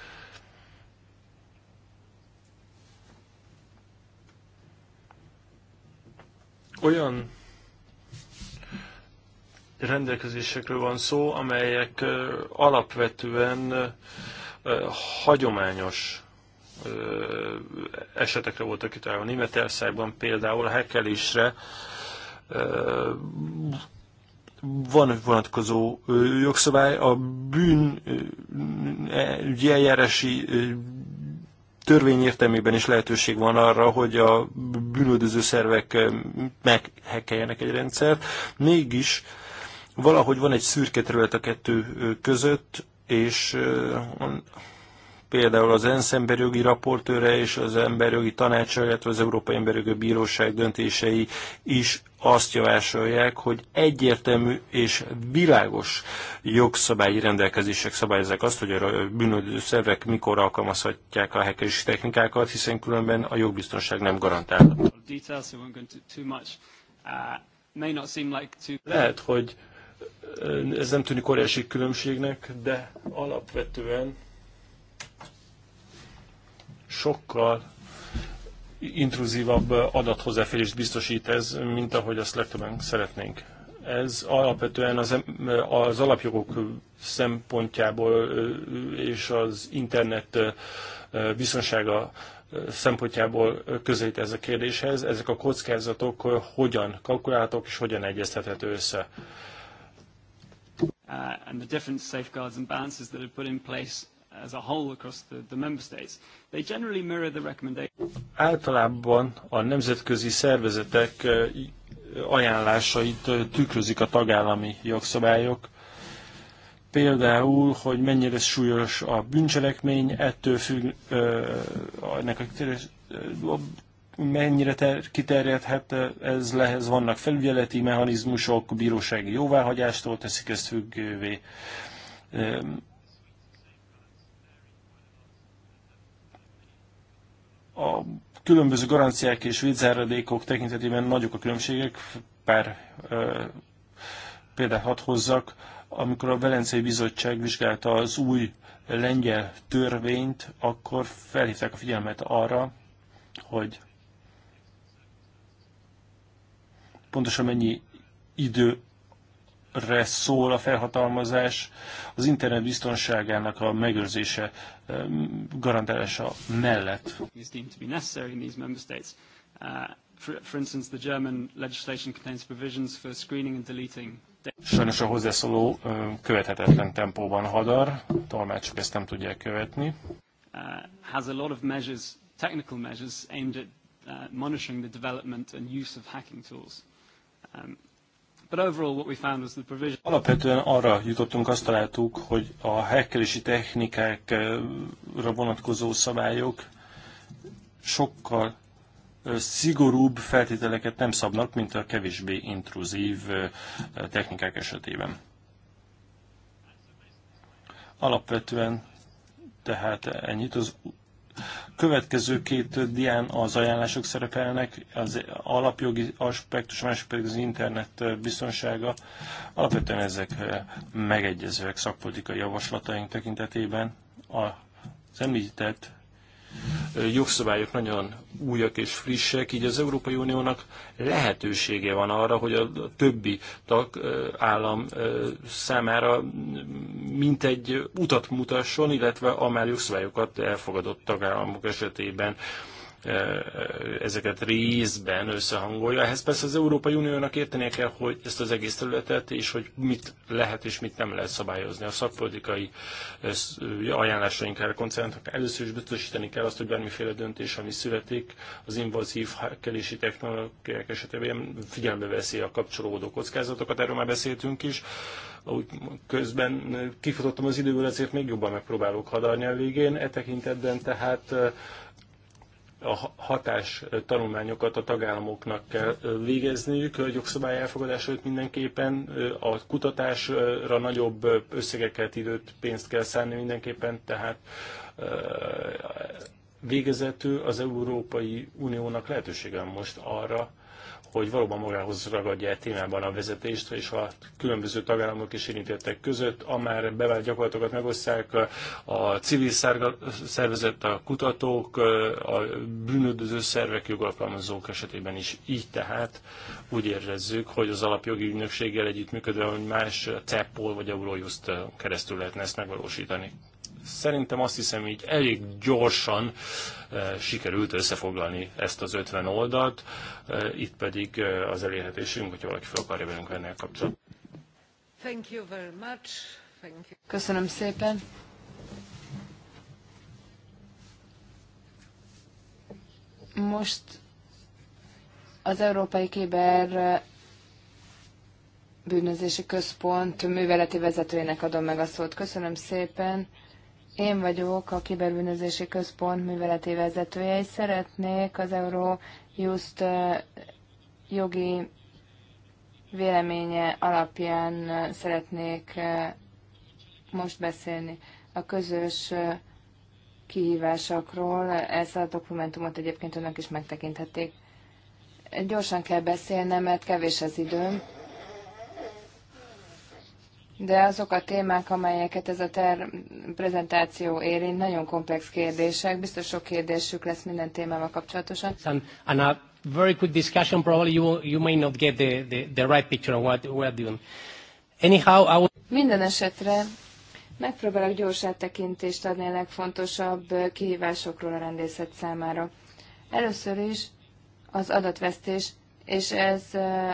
Speaker 5: Olyan rendelkezésekről van szó, amelyek alapvetően hagyományos esetekre voltak kitalálva. Németországban például a hekelésre van vonatkozó jogszabály, a bűn e, eljárási törvény értelmében is lehetőség van arra, hogy a bűnöldöző szervek meghekkeljenek egy rendszert. Mégis valahogy van egy szürke terület a kettő között, és például az ENSZ emberjogi raportőre és az emberjogi tanácsa, illetve az Európai Emberjogi Bíróság döntései is azt javásolják, hogy egyértelmű és világos jogszabályi rendelkezések szabályozzák azt, hogy a bűnöző szervek mikor alkalmazhatják a hekerési technikákat, hiszen különben a jogbiztonság nem garantálható. Lehet, hogy ez nem tűnik óriási különbségnek, de alapvetően sokkal intruzívabb adathozáférést biztosít ez, mint ahogy azt legtöbben szeretnénk. Ez alapvetően az, az alapjogok szempontjából és az internet biztonsága szempontjából közelít ez a kérdéshez. Ezek a kockázatok hogyan kalkulálhatók és hogyan egyeztethető össze? Uh, and the different safeguards and balances that are put in place as a whole across the, the member states. They generally mirror the recommendations. Általában a nemzetközi szervezetek ajánlásait tükrözik a tagállami jogszabályok. Például, hogy mennyire súlyos a bűncselekmény, ettől függ, ennek a mennyire ter, kiterjedhet ez lehez, vannak felügyeleti mechanizmusok, bírósági jóváhagyástól teszik ezt függővé. A különböző garanciák és védzáradékok tekintetében nagyok a különbségek, pár ö, példát hadd hozzak, amikor a Velencei Bizottság vizsgálta az új lengyel törvényt, akkor felhívták a figyelmet arra, hogy pontosan mennyi idő re szól a felhatalmazás, az internet biztonságának a megőrzése, garantálása mellett. Sajnos a hozzászóló követhetetlen tempóban hadar, tolmácsok ezt nem tudják követni. Uh, has a lot of measures, technical measures aimed at uh, monitoring the development and use of hacking tools. Um, Alapvetően arra jutottunk, azt találtuk, hogy a hekkelési technikákra vonatkozó szabályok sokkal szigorúbb feltételeket nem szabnak, mint a kevésbé intruzív technikák esetében. Alapvetően tehát ennyit az Következő két dián az ajánlások szerepelnek, az alapjogi aspektus, a másik pedig az internet biztonsága. Alapvetően ezek eh, megegyezőek szakpolitikai javaslataink tekintetében. Az említett jogszabályok nagyon újak és frissek, így az Európai Uniónak lehetősége van arra, hogy a többi tag állam számára mint egy utat mutasson, illetve a már jogszabályokat elfogadott tagállamok esetében ezeket részben összehangolja. Ehhez persze az Európai Uniónak értenie kell, hogy ezt az egész területet, és hogy mit lehet és mit nem lehet szabályozni. A szakpolitikai ajánlásainkra koncentrálnak. Először is biztosítani kell azt, hogy bármiféle döntés, ami születik, az invazív kelési technológiák esetében figyelembe veszi a kapcsolódó kockázatokat, erről már beszéltünk is ahogy közben kifutottam az időből, ezért még jobban megpróbálok hadarni a végén. E tekintetben tehát a hatás tanulmányokat a tagállamoknak kell végezniük, a jogszabály elfogadása mindenképpen a kutatásra nagyobb összegeket, időt, pénzt kell szánni mindenképpen, tehát végezetül az Európai Uniónak lehetősége most arra, hogy valóban magához ragadja a e témában a vezetést, és a különböző tagállamok is érintettek között amár bevált gyakorlatokat megosztják a civil szervezet, a kutatók, a bűnöldöző szervek, jogalkalmazók esetében is. Így tehát úgy érezzük, hogy az alapjogi ügynökséggel együttműködve, hogy más CEPOL vagy Eurojust keresztül lehetne ezt megvalósítani. Szerintem azt hiszem így elég gyorsan eh, sikerült összefoglalni ezt az 50 oldalt, eh, itt pedig eh, az elérhetésünk, hogyha valaki fel akarja velünk venni a kapcsolatot.
Speaker 1: Thank you very much. Thank you. Köszönöm szépen.
Speaker 3: Most az Európai Kiber bűnözési központ műveleti vezetőjének adom meg a szót. Köszönöm szépen. Én vagyok a Kiberbűnözési Központ műveleti vezetője, és szeretnék az Eurojust jogi véleménye alapján szeretnék most beszélni a közös kihívásokról. Ezt a dokumentumot egyébként önök is megtekinthették. Gyorsan kell beszélnem, mert kevés az időm de azok a témák, amelyeket ez a ter prezentáció érint, nagyon komplex kérdések. Biztos sok kérdésük lesz minden témával kapcsolatosan.
Speaker 4: And, and a very quick discussion, probably you, you may not get the, the, the right picture of what we're doing.
Speaker 3: Anyhow, I will... Minden esetre megpróbálok gyors áttekintést adni a legfontosabb kihívásokról a rendészet számára. Először is az adatvesztés és ez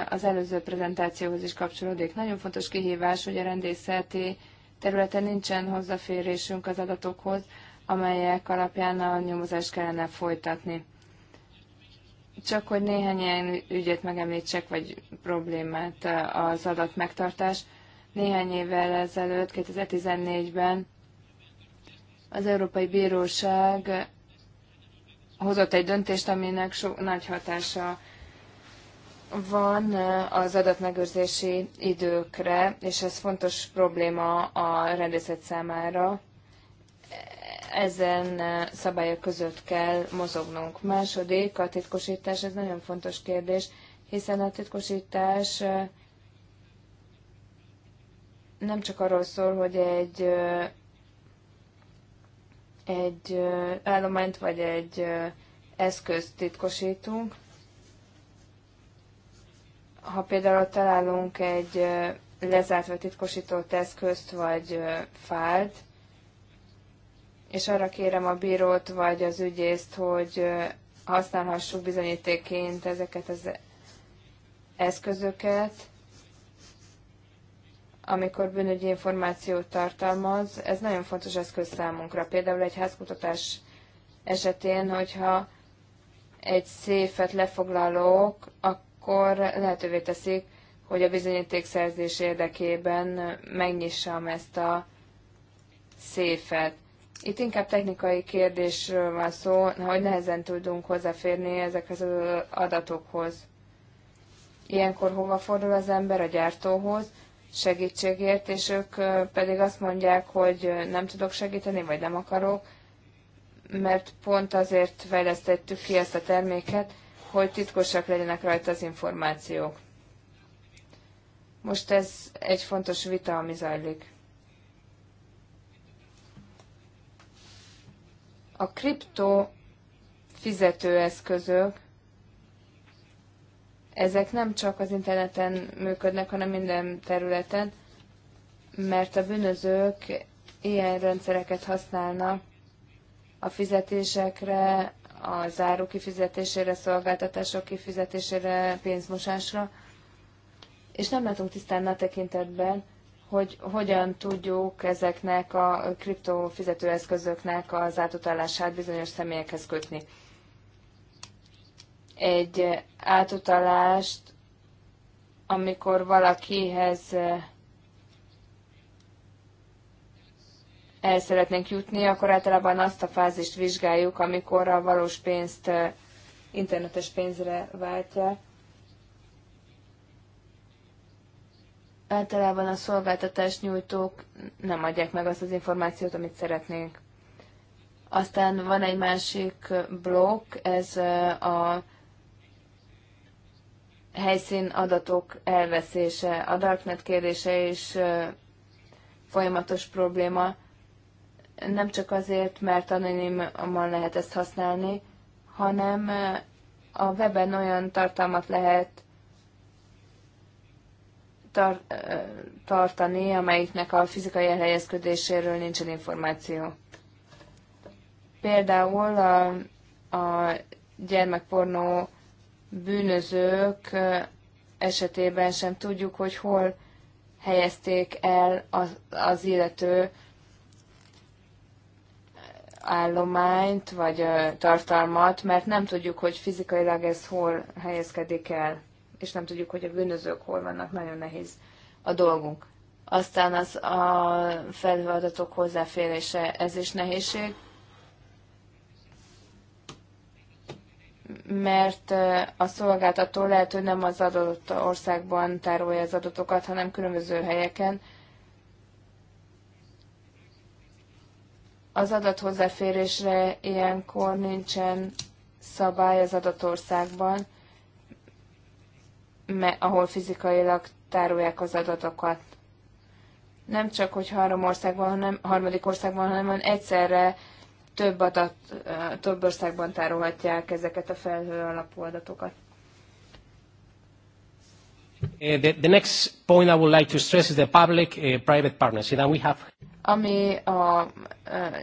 Speaker 3: az előző prezentációhoz is kapcsolódik. Nagyon fontos kihívás, hogy a rendészeti területen nincsen hozzáférésünk az adatokhoz, amelyek alapján a nyomozást kellene folytatni. Csak hogy néhány ilyen ügyet megemlítsek, vagy problémát az adat megtartás. Néhány évvel ezelőtt, 2014-ben az Európai Bíróság hozott egy döntést, aminek so, nagy hatása van az adatmegőrzési időkre, és ez fontos probléma a rendezet számára. Ezen szabályok között kell mozognunk. Második, a titkosítás, ez nagyon fontos kérdés, hiszen a titkosítás nem csak arról szól, hogy egy egy állományt vagy egy eszközt titkosítunk, ha például találunk egy lezárt vagy titkosított eszközt vagy fájlt, és arra kérem a bírót vagy az ügyészt, hogy használhassuk bizonyítéként ezeket az eszközöket, amikor bűnügyi információt tartalmaz, ez nagyon fontos eszköz számunkra. Például egy házkutatás esetén, hogyha egy széfet lefoglalók, akkor akkor lehetővé teszik, hogy a bizonyítékszerzés érdekében megnyissam ezt a széfet. Itt inkább technikai kérdésről van szó, hogy nehezen tudunk hozzáférni ezekhez az adatokhoz. Ilyenkor hova fordul az ember a gyártóhoz segítségért, és ők pedig azt mondják, hogy nem tudok segíteni, vagy nem akarok, mert pont azért fejlesztettük ki ezt a terméket, hogy titkosak legyenek rajta az információk. Most ez egy fontos vita, ami zajlik. A kripto fizetőeszközök, ezek nem csak az interneten működnek, hanem minden területen, mert a bűnözők ilyen rendszereket használnak a fizetésekre, a záró kifizetésére, szolgáltatások kifizetésére, pénzmosásra, és nem látunk tisztán a tekintetben, hogy hogyan tudjuk ezeknek a kriptofizetőeszközöknek az átutalását bizonyos személyekhez kötni. Egy átutalást, amikor valakihez el szeretnénk jutni, akkor általában azt a fázist vizsgáljuk, amikor a valós pénzt internetes pénzre váltja. Általában a szolgáltatás nyújtók nem adják meg azt az információt, amit szeretnénk. Aztán van egy másik blokk, ez a helyszín adatok elveszése. A darknet kérdése is folyamatos probléma nem csak azért, mert anonimban lehet ezt használni, hanem a weben olyan tartalmat lehet tar- tartani, amelyiknek a fizikai elhelyezkedéséről nincsen információ. Például a, a gyermekpornó bűnözők esetében sem tudjuk, hogy hol helyezték el az, az illető állományt vagy tartalmat, mert nem tudjuk, hogy fizikailag ez hol helyezkedik el, és nem tudjuk, hogy a bűnözők hol vannak, nagyon nehéz a dolgunk. Aztán az a felhőadatok hozzáférése, ez is nehézség, mert a szolgáltató lehet, hogy nem az adott országban tárolja az adatokat, hanem különböző helyeken, Az adathozzáférésre ilyenkor nincsen szabály az adatországban, ahol fizikailag tárolják az adatokat. Nem csak, hogy három országban, hanem harmadik országban, hanem egyszerre több adat, több országban tárolhatják ezeket a felhő alapú adatokat.
Speaker 4: Uh, the, next point I would like to stress is the public-private uh, partnership, we have...
Speaker 3: Ami a uh,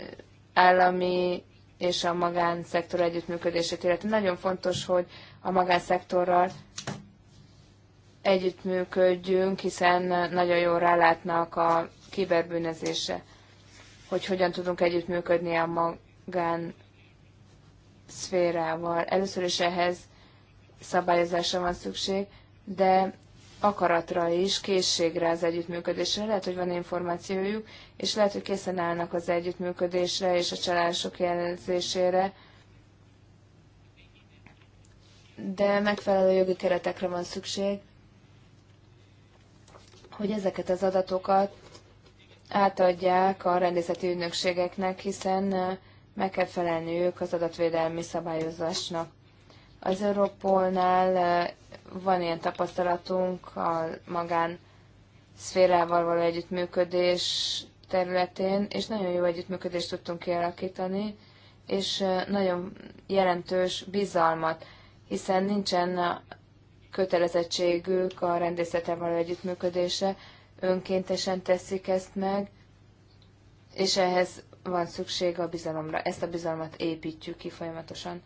Speaker 3: állami és a magánszektor együttműködését illeti. Nagyon fontos, hogy a magánszektorral együttműködjünk, hiszen nagyon jól rálátnak a kiberbűnözése, hogy hogyan tudunk együttműködni a magán szférával. Először is ehhez szabályozásra van szükség, de akaratra is, készségre az együttműködésre. Lehet, hogy van információjuk, és lehet, hogy készen állnak az együttműködésre és a csalások jelzésére, de megfelelő jogi keretekre van szükség, hogy ezeket az adatokat átadják a rendészeti ügynökségeknek, hiszen meg kell felelniük az adatvédelmi szabályozásnak. Az Europolnál van ilyen tapasztalatunk a magán szférával való együttműködés területén, és nagyon jó együttműködést tudtunk kialakítani, és nagyon jelentős bizalmat, hiszen nincsen kötelezettségük a rendészete való együttműködése, önkéntesen teszik ezt meg, és ehhez van szükség a bizalomra. Ezt a bizalmat építjük ki folyamatosan.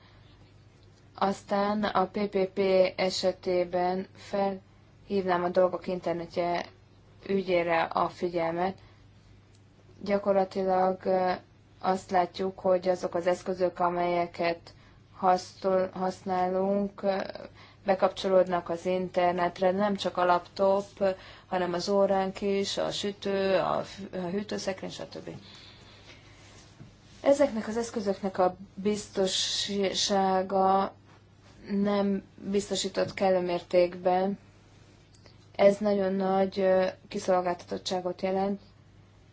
Speaker 3: Aztán a PPP esetében felhívnám a dolgok internetje ügyére a figyelmet. Gyakorlatilag azt látjuk, hogy azok az eszközök, amelyeket használunk, bekapcsolódnak az internetre, nem csak a laptop, hanem az óránk is, a sütő, a hűtőszekrény, stb. Ezeknek az eszközöknek a biztossága nem biztosított kellő mértékben. Ez nagyon nagy kiszolgáltatottságot jelent,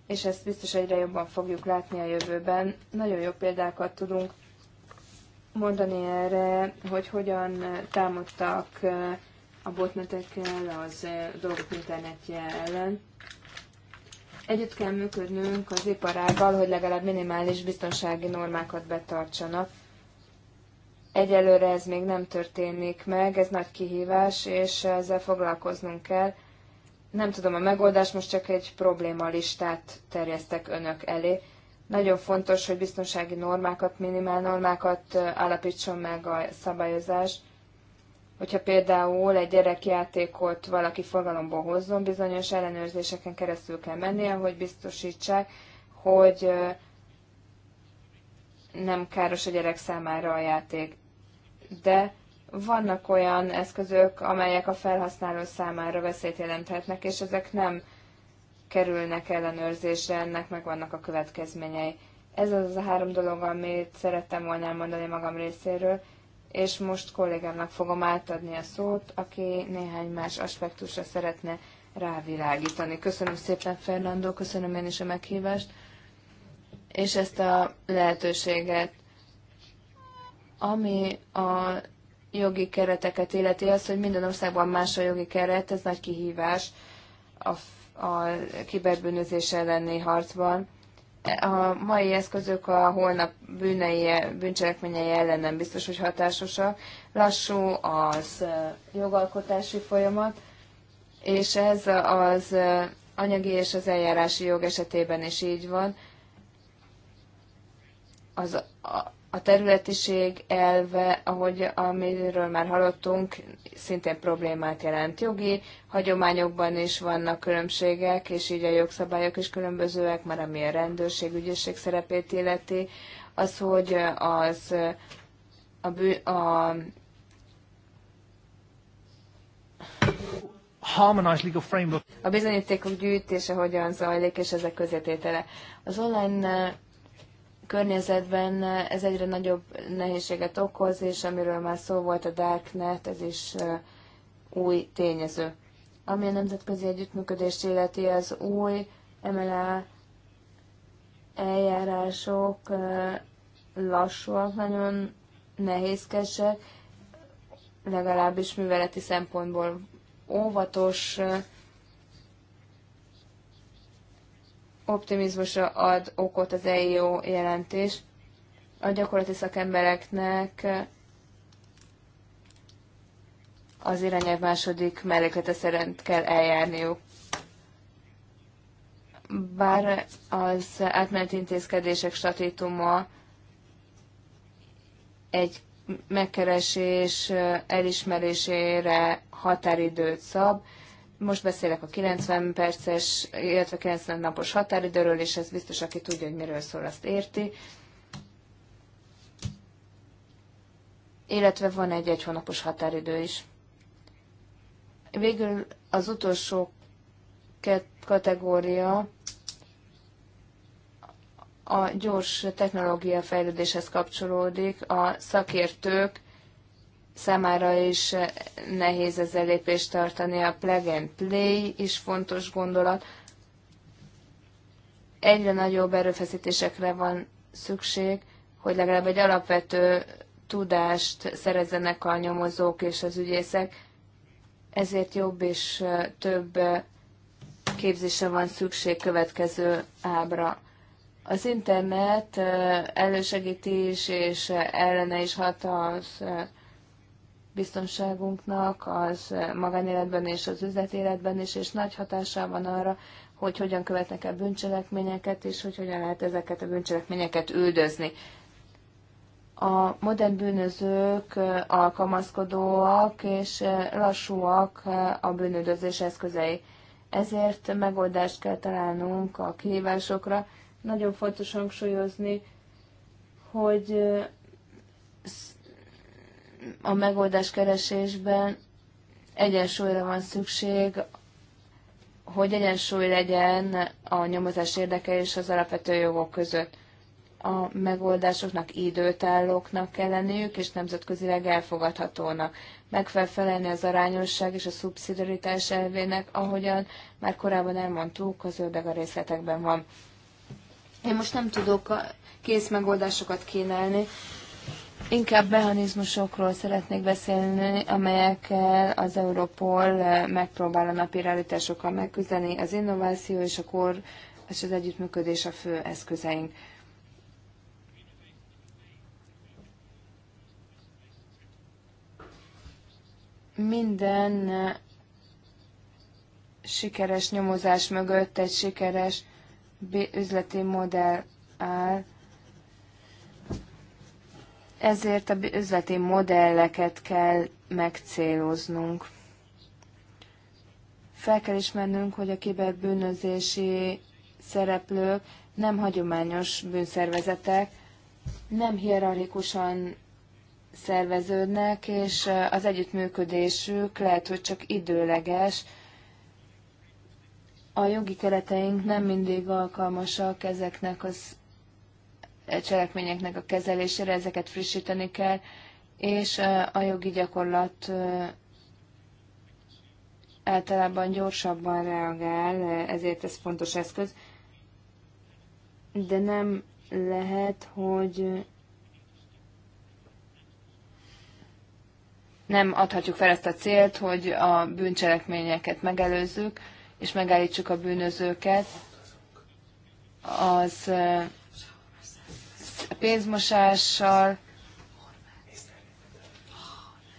Speaker 3: és ezt biztos egyre jobban fogjuk látni a jövőben. Nagyon jó példákat tudunk mondani erre, hogy hogyan támadtak a botnetekkel, az dolgok internetje ellen. Együtt kell működnünk az iparággal, hogy legalább minimális biztonsági normákat betartsanak, Egyelőre ez még nem történik meg, ez nagy kihívás, és ezzel foglalkoznunk kell. Nem tudom a megoldás most csak egy probléma listát terjesztek önök elé. Nagyon fontos, hogy biztonsági normákat, minimál normákat állapítson meg a szabályozás. Hogyha például egy gyerekjátékot valaki forgalomból hozzon, bizonyos ellenőrzéseken keresztül kell mennie, hogy biztosítsák, hogy nem káros a gyerek számára a játék de vannak olyan eszközök, amelyek a felhasználó számára veszélyt jelenthetnek, és ezek nem kerülnek ellenőrzésre, ennek meg vannak a következményei. Ez az a három dolog, amit szerettem volna elmondani magam részéről, és most kollégámnak fogom átadni a szót, aki néhány más aspektusra szeretne rávilágítani. Köszönöm szépen, Fernando, köszönöm én is a meghívást, és ezt a lehetőséget ami a jogi kereteket illeti, az, hogy minden országban más a jogi keret, ez nagy kihívás a, a kiberbűnözés elleni harcban. A mai eszközök a holnap bűnei, bűncselekményei ellen nem biztos, hogy hatásosak. Lassú az jogalkotási folyamat, és ez az anyagi és az eljárási jog esetében is így van. Az a területiség elve, ahogy amiről már hallottunk, szintén problémát jelent jogi, hagyományokban is vannak különbségek, és így a jogszabályok is különbözőek, már ami a rendőrség, ügyesség szerepét illeti, az, hogy az a, bű, a
Speaker 1: harmonized legal framework.
Speaker 3: A bizonyítékok gyűjtése hogyan zajlik, és ezek közététele. Az online környezetben ez egyre nagyobb nehézséget okoz, és amiről már szó volt a Darknet, ez is új tényező. Ami a nemzetközi együttműködést illeti, az új MLA eljárások lassúak, nagyon nehézkesek, legalábbis műveleti szempontból óvatos optimizmusra ad okot az EIO jelentés. A gyakorlati szakembereknek az irányelv második melléklete szerint kell eljárniuk. Bár az átmeneti intézkedések statítuma egy megkeresés elismerésére határidőt szab, most beszélek a 90 perces, illetve 90 napos határidőről, és ez biztos, aki tudja, hogy miről szól, azt érti. Illetve van egy egy hónapos határidő is. Végül az utolsó kategória a gyors technológia fejlődéshez kapcsolódik. A szakértők számára is nehéz az lépést tartani. A plug and play is fontos gondolat. Egyre nagyobb erőfeszítésekre van szükség, hogy legalább egy alapvető tudást szerezzenek a nyomozók és az ügyészek, ezért jobb és több képzésre van szükség következő ábra. Az internet elősegíti is és ellene is hat az biztonságunknak, az magánéletben és az üzletéletben is, és nagy hatással van arra, hogy hogyan követnek el bűncselekményeket, és hogy hogyan lehet ezeket a bűncselekményeket üldözni. A modern bűnözők alkalmazkodóak és lassúak a bűnüldözés eszközei. Ezért megoldást kell találnunk a kihívásokra. Nagyon fontos hangsúlyozni, hogy a megoldás keresésben egyensúlyra van szükség, hogy egyensúly legyen a nyomozás érdeke és az alapvető jogok között. A megoldásoknak időtállóknak kell lenniük, és nemzetközileg elfogadhatónak. Meg kell felelni az arányosság és a szubszidiaritás elvének, ahogyan már korábban elmondtuk, az ördög a részletekben van. Én most nem tudok kész megoldásokat kínálni, Inkább mechanizmusokról szeretnék beszélni, amelyekkel az Europol eh, megpróbál a napi realitásokkal megküzdeni. Az innováció és a kor és az együttműködés a fő eszközeink. Minden eh, sikeres nyomozás mögött egy sikeres üzleti modell áll, ezért a üzleti modelleket kell megcéloznunk. Fel kell ismernünk, hogy a kiberbűnözési szereplők nem hagyományos bűnszervezetek, nem hierarchikusan szerveződnek, és az együttműködésük lehet, hogy csak időleges. A jogi kereteink nem mindig alkalmasak ezeknek az cselekményeknek a kezelésére, ezeket frissíteni kell, és a jogi gyakorlat általában gyorsabban reagál, ezért ez fontos eszköz, de nem lehet, hogy nem adhatjuk fel ezt a célt, hogy a bűncselekményeket megelőzzük, és megállítsuk a bűnözőket, az pénzmosással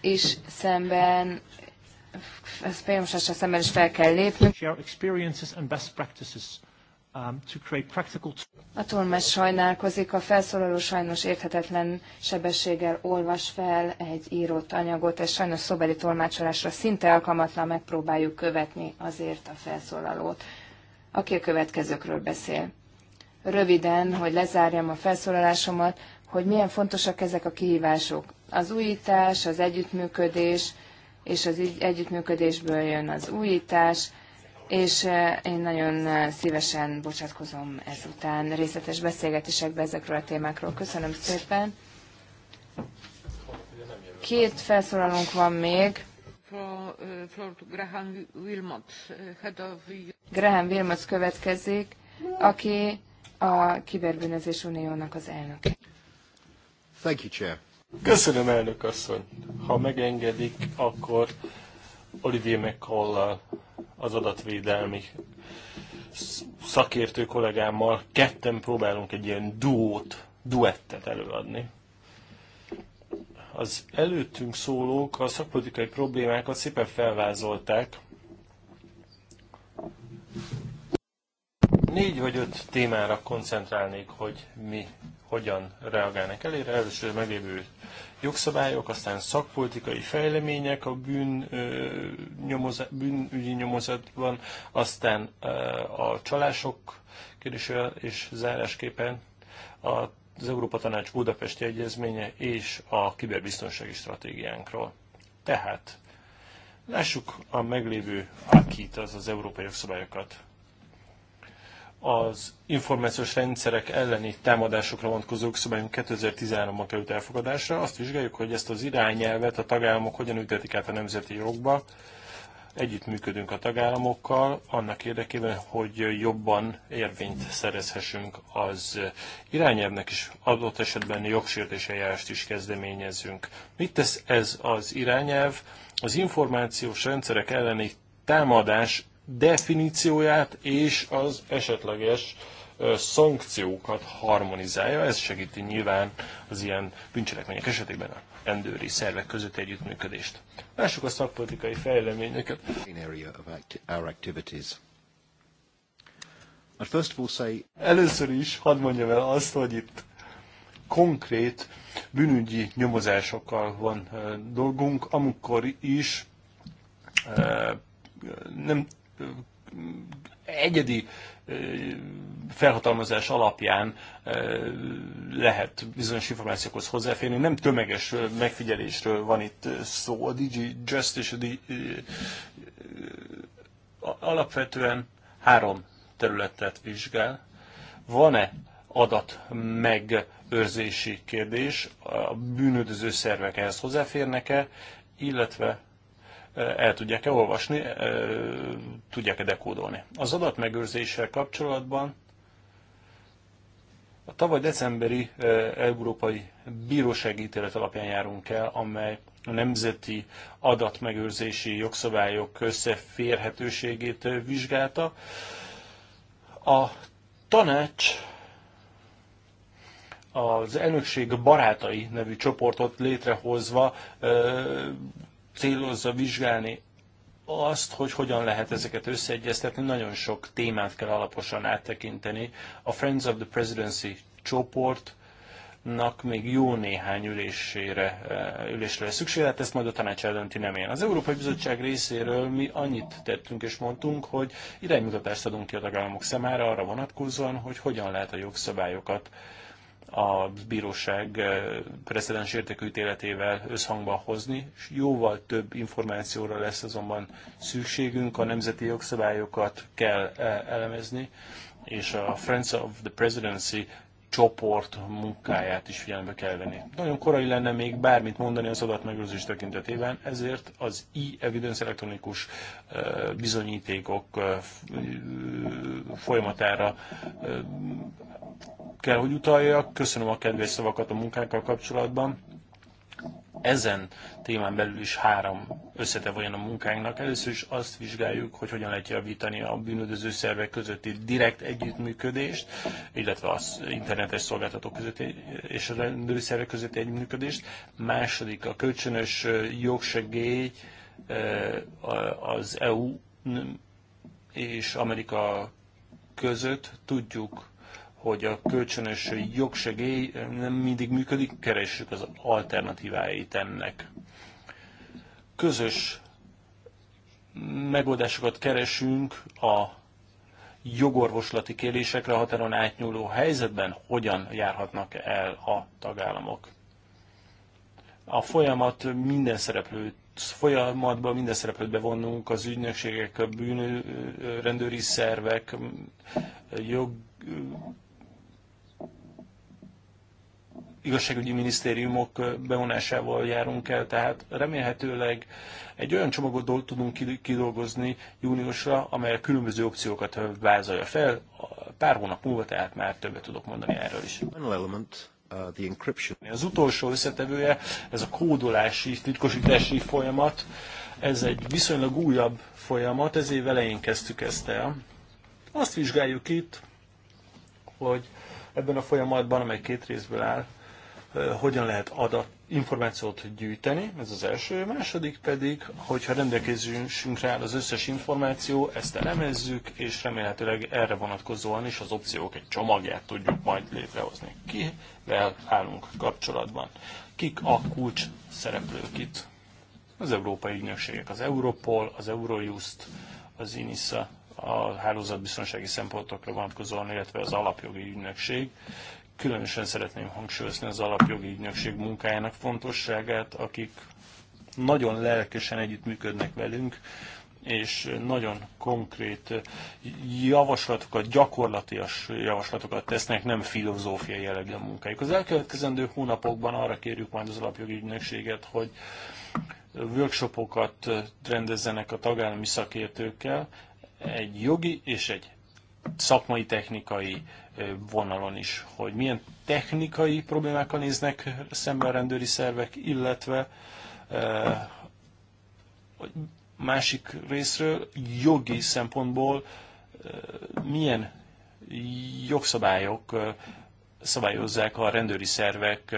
Speaker 3: is szemben ez pénzmosással
Speaker 5: szemben is fel kell lépnünk. Um,
Speaker 3: a tolmács sajnálkozik, a felszólaló sajnos érthetetlen sebességgel olvas fel egy írott anyagot, és sajnos szobeli tolmácsolásra szinte alkalmatlan megpróbáljuk követni azért a felszólalót, aki a következőkről beszél röviden, hogy lezárjam a felszólalásomat, hogy milyen fontosak ezek a kihívások. Az újítás, az együttműködés, és az együttműködésből jön az újítás, és eh, én nagyon eh, szívesen bocsátkozom ezután részletes beszélgetésekbe ezekről a témákról. Köszönöm szépen. Két felszólalónk van még.
Speaker 1: Eh,
Speaker 3: Graham Wilmot következik, aki a Kiberbűnözés Uniónak az elnöke.
Speaker 5: Thank you, Chair. Köszönöm, elnök asszony. Ha megengedik, akkor Olivier mccall az adatvédelmi szakértő kollégámmal ketten próbálunk egy ilyen duót, duettet előadni. Az előttünk szólók a szakpolitikai problémákat szépen felvázolták, Négy vagy öt témára koncentrálnék, hogy mi hogyan reagálnak elére. Először meglévő jogszabályok, aztán szakpolitikai fejlemények a bűn, ö, nyomozat, bűnügyi nyomozatban, aztán ö, a csalások kérdésével és zárásképpen az Európa Tanács Budapesti Egyezménye és a kiberbiztonsági stratégiánkról. Tehát lássuk a meglévő akit, az az európai jogszabályokat az információs rendszerek elleni támadásokra vonatkozó szabályunk 2013-ban került elfogadásra. Azt vizsgáljuk, hogy ezt az irányelvet a tagállamok hogyan ültetik át a nemzeti jogba. Együttműködünk a tagállamokkal annak érdekében, hogy jobban érvényt szerezhessünk az irányelvnek is, adott esetben jogsértés eljárást is kezdeményezünk. Mit tesz ez az irányelv? Az információs rendszerek elleni támadás definícióját és az esetleges szankciókat harmonizálja. Ez segíti nyilván az ilyen bűncselekmények esetében a rendőri szervek között együttműködést. Lássuk a szakpolitikai fejleményeket. Először is hadd mondjam el azt, hogy itt konkrét bűnügyi nyomozásokkal van dolgunk, amikor is nem egyedi felhatalmazás alapján lehet bizonyos információkhoz hozzáférni. Nem tömeges megfigyelésről van itt szó. A DG Just és a DG... alapvetően három területet vizsgál. Van-e adat megőrzési kérdés, a bűnöző szervek ehhez hozzáférnek-e, illetve el tudják-e olvasni, e, tudják-e dekódolni. Az adatmegőrzéssel kapcsolatban a tavaly decemberi e, Európai Bírósági ítélet alapján járunk el, amely a nemzeti adatmegőrzési jogszabályok összeférhetőségét vizsgálta. A tanács az elnökség barátai nevű csoportot létrehozva e, célozza vizsgálni azt, hogy hogyan lehet ezeket összeegyeztetni, nagyon sok témát kell alaposan áttekinteni. A Friends of the Presidency csoportnak még jó néhány ülésére, eh, ülésre lesz szükség, hát ezt majd a tanács eldönti nem én. Az Európai Bizottság részéről mi annyit tettünk és mondtunk, hogy iránymutatást adunk ki a tagállamok számára arra vonatkozóan, hogy hogyan lehet a jogszabályokat a bíróság eh, precedens értékű ítéletével összhangba hozni. Jóval több információra lesz azonban szükségünk, a nemzeti jogszabályokat kell eh, elemezni, és a Friends of the Presidency csoport munkáját is figyelembe kell venni. Nagyon korai lenne még bármit mondani az adatmegőrzés tekintetében, ezért az e-evidence elektronikus eh, bizonyítékok folyamatára kell, hogy utaljak. Köszönöm a kedves szavakat a munkánkkal kapcsolatban. Ezen témán belül is három összetevő olyan a munkánknak. Először is azt vizsgáljuk, hogy hogyan lehet javítani a bűnöldöző szervek közötti direkt együttműködést, illetve az internetes szolgáltatók közötti és a szervek közötti együttműködést. Második a kölcsönös jogsegély az EU és Amerika között tudjuk, hogy a kölcsönös jogsegély nem mindig működik, keressük az alternatíváit ennek. Közös megoldásokat keresünk a jogorvoslati kérésekre a határon átnyúló helyzetben, hogyan járhatnak el a tagállamok. A folyamat minden szereplőt folyamatban minden szereplőt bevonunk, az ügynökségek, a rendőri szervek, jog, igazságügyi minisztériumok bevonásával járunk el, tehát remélhetőleg egy olyan csomagot tudunk kidolgozni júniusra, amely a különböző opciókat vázolja fel. Pár hónap múlva tehát már többet tudok mondani erről is. Uh, Az utolsó összetevője, ez a kódolási, titkosítási folyamat, ez egy viszonylag újabb folyamat, ez év elején kezdtük ezt el. Azt vizsgáljuk itt, hogy ebben a folyamatban, amely két részből áll, hogyan lehet adat, információt gyűjteni, ez az első. A második pedig, hogyha rendelkezésünkre áll az összes információ, ezt elemezzük, és remélhetőleg erre vonatkozóan is az opciók egy csomagját tudjuk majd létrehozni. Kivel állunk kapcsolatban? Kik a kulcs szereplők itt? Az európai ügynökségek, az Europol, az Eurojust, az INISA, a hálózatbiztonsági szempontokra vonatkozóan, illetve az alapjogi ügynökség. Különösen szeretném hangsúlyozni az alapjogi ügynökség munkájának fontosságát, akik nagyon lelkesen együttműködnek velünk, és nagyon konkrét javaslatokat, gyakorlatias javaslatokat tesznek, nem filozófiai jellegű a munkájuk. Az elkövetkezendő hónapokban arra kérjük majd az alapjogi ügynökséget, hogy workshopokat rendezzenek a tagállami szakértőkkel, egy jogi és egy szakmai, technikai vonalon is, hogy milyen technikai problémákkal néznek szemben a rendőri szervek, illetve másik részről jogi szempontból milyen jogszabályok szabályozzák a rendőri szervek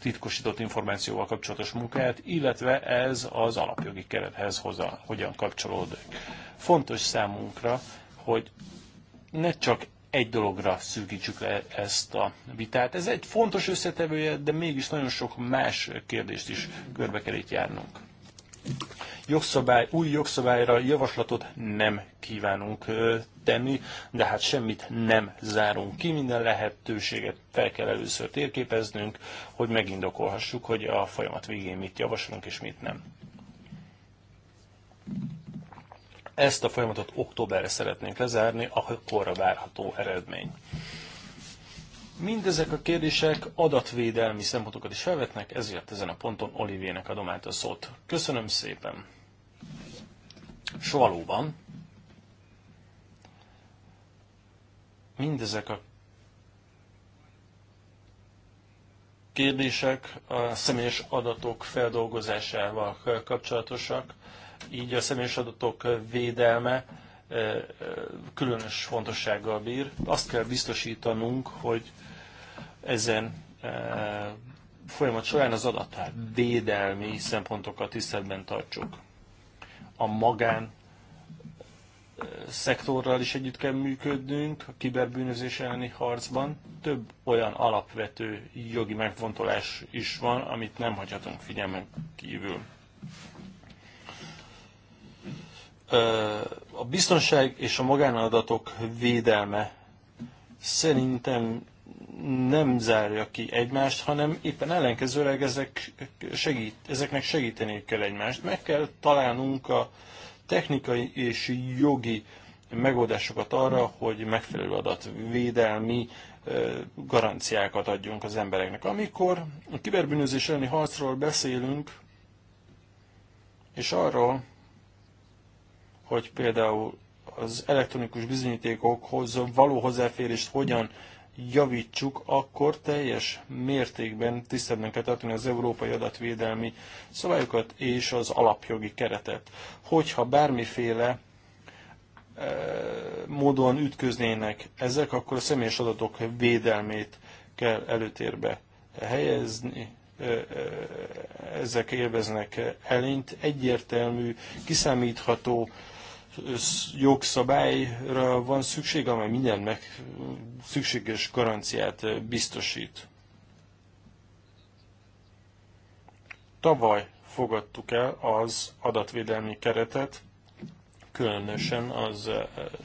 Speaker 5: titkosított információval kapcsolatos munkáját, illetve ez az alapjogi kerethez hozzá, hogyan kapcsolódik. Fontos számunkra, hogy ne csak egy dologra szűkítsük le ezt a vitát. Ez egy fontos összetevője, de mégis nagyon sok más kérdést is körbe kell itt járnunk. Jogszabály, új jogszabályra javaslatot nem kívánunk tenni, de hát semmit nem zárunk ki, minden lehetőséget fel kell először térképeznünk, hogy megindokolhassuk, hogy a folyamat végén mit javaslunk és mit nem. Ezt a folyamatot októberre szeretnénk lezárni, akkorra várható eredmény. Mindezek a kérdések adatvédelmi szempontokat is felvetnek, ezért ezen a ponton Olivének adom át a szót. Köszönöm szépen! S valóban, mindezek a kérdések a személyes adatok feldolgozásával kapcsolatosak így a személyes adatok védelme eh, eh, különös fontossággal bír. Azt kell biztosítanunk, hogy ezen eh, folyamat során az adatár védelmi szempontokat tiszteletben tartsuk. A magán szektorral is együtt kell működnünk a kiberbűnözés elleni harcban. Több olyan alapvető jogi megfontolás is van, amit nem hagyhatunk figyelmen kívül a biztonság és a magánadatok védelme szerintem nem zárja ki egymást, hanem éppen ellenkezőleg ezek segít, ezeknek segíteni kell egymást. Meg kell találnunk a technikai és jogi megoldásokat arra, hogy megfelelő adatvédelmi garanciákat adjunk az embereknek. Amikor a kiberbűnözés elleni harcról beszélünk, és arról, hogy például az elektronikus bizonyítékokhoz való hozzáférést hogyan javítsuk, akkor teljes mértékben tiszteletben kell tartani az európai adatvédelmi szabályokat és az alapjogi keretet. Hogyha bármiféle e, módon ütköznének ezek, akkor a személyes adatok védelmét kell előtérbe helyezni, e, e, ezek élveznek elényt, egyértelmű, kiszámítható jogszabályra van szükség, amely minden meg szükséges garanciát biztosít. Tavaly fogadtuk el az adatvédelmi keretet, különösen az,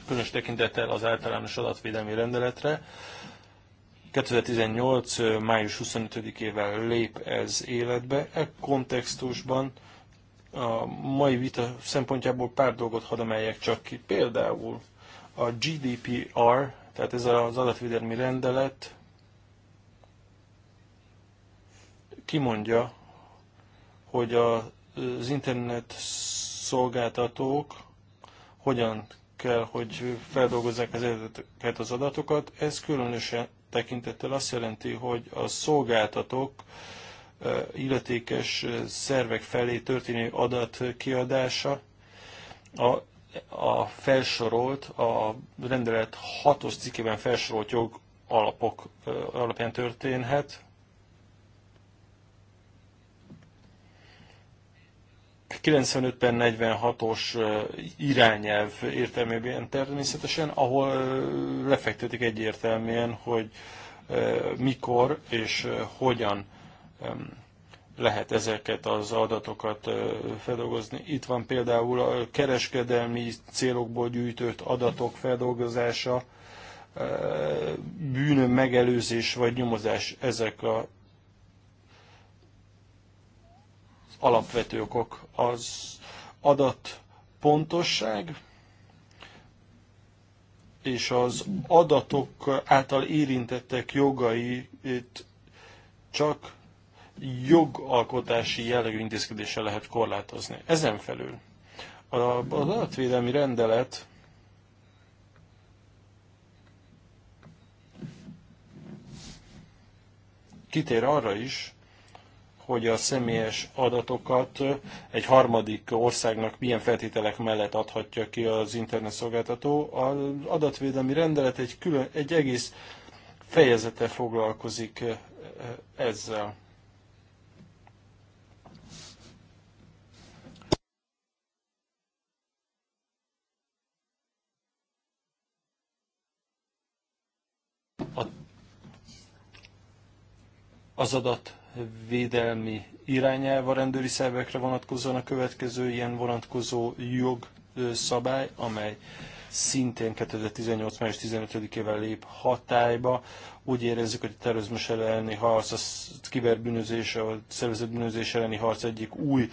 Speaker 5: különös tekintettel az általános adatvédelmi rendeletre. 2018. május 25-ével lép ez életbe. E kontextusban a mai vita szempontjából pár dolgot hadd emeljek csak ki. Például a GDPR, tehát ez az adatvédelmi rendelet kimondja, hogy az internet szolgáltatók hogyan kell, hogy feldolgozzák ezeket az adatokat. Ez különösen tekintettel azt jelenti, hogy a szolgáltatók illetékes szervek felé történő adat kiadása a, a felsorolt, a rendelet hatos cikkében felsorolt jog alapok alapján történhet. A 95-46-os irányelv értelmében természetesen, ahol lefektetik egyértelműen, hogy mikor és hogyan lehet ezeket az adatokat feldolgozni. Itt van például a kereskedelmi célokból gyűjtött adatok feldolgozása, bűnön megelőzés vagy nyomozás, ezek a alapvető okok. Az adat pontosság és az adatok által érintettek jogait csak jogalkotási jellegű intézkedéssel lehet korlátozni. Ezen felül az adatvédelmi rendelet kitér arra is, hogy a személyes adatokat egy harmadik országnak milyen feltételek mellett adhatja ki az szolgáltató. Az adatvédelmi rendelet egy, külön, egy egész
Speaker 2: fejezete
Speaker 5: foglalkozik eh, ezzel. a, az adatvédelmi irányelv a rendőri szervekre vonatkozóan a következő ilyen vonatkozó jogszabály, amely szintén 2018. május 15-ével lép hatályba. Úgy érezzük, hogy a terrorizmus elleni harc, a kiberbűnözés, a szervezetbűnözés bűnözés elleni harc egyik új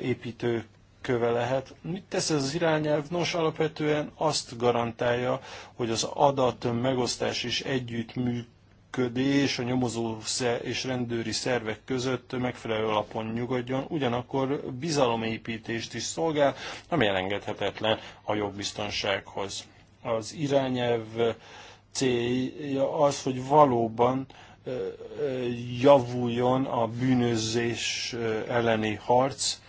Speaker 5: építő köve lehet. Mit tesz ez az irányelv? Nos, alapvetően azt garantálja, hogy az adat megosztás és együttműködés a nyomozó és rendőri szervek között megfelelő alapon nyugodjon, ugyanakkor bizalomépítést is szolgál, ami elengedhetetlen a jogbiztonsághoz. Az irányelv célja az, hogy valóban javuljon a bűnözés elleni harc,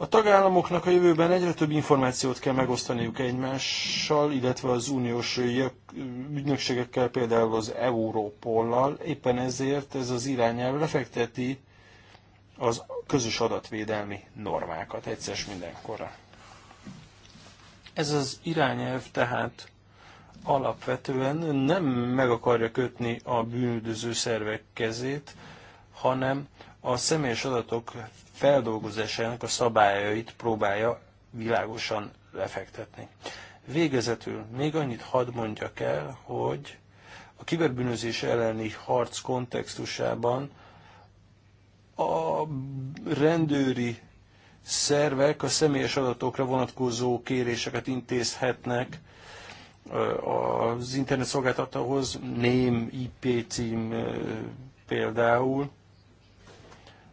Speaker 5: a tagállamoknak a jövőben egyre több információt kell megosztaniuk egymással, illetve az uniós ügynökségekkel, például az Európollal. Éppen ezért ez az irányelv lefekteti az közös adatvédelmi normákat egyszer mindenkorra. Ez az irányelv tehát alapvetően nem meg akarja kötni a bűnüldöző szervek kezét, hanem a személyes adatok feldolgozásának a szabályait próbálja világosan lefektetni. Végezetül még annyit hadd mondjak el, hogy a kiberbűnözés elleni harc kontextusában a rendőri szervek a személyes adatokra vonatkozó kéréseket intézhetnek az internet szolgáltatóhoz, ném, IP cím például,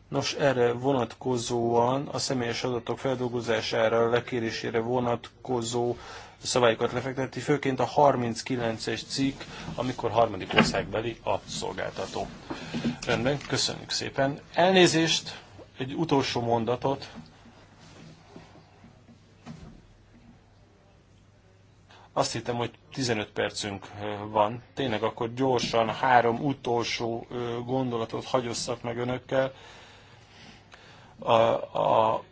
Speaker 5: Nos, erre vonatkozóan a személyes adatok feldolgozására, lekérésére vonatkozó szabályokat lefekteti, főként a 39-es cikk, amikor harmadik országbeli a szolgáltató. Rendben, köszönjük szépen. Elnézést, egy utolsó mondatot. Azt hittem, hogy 15 percünk eh, van. Tényleg akkor gyorsan három utolsó eh, gondolatot hagyosszak meg önökkel a, a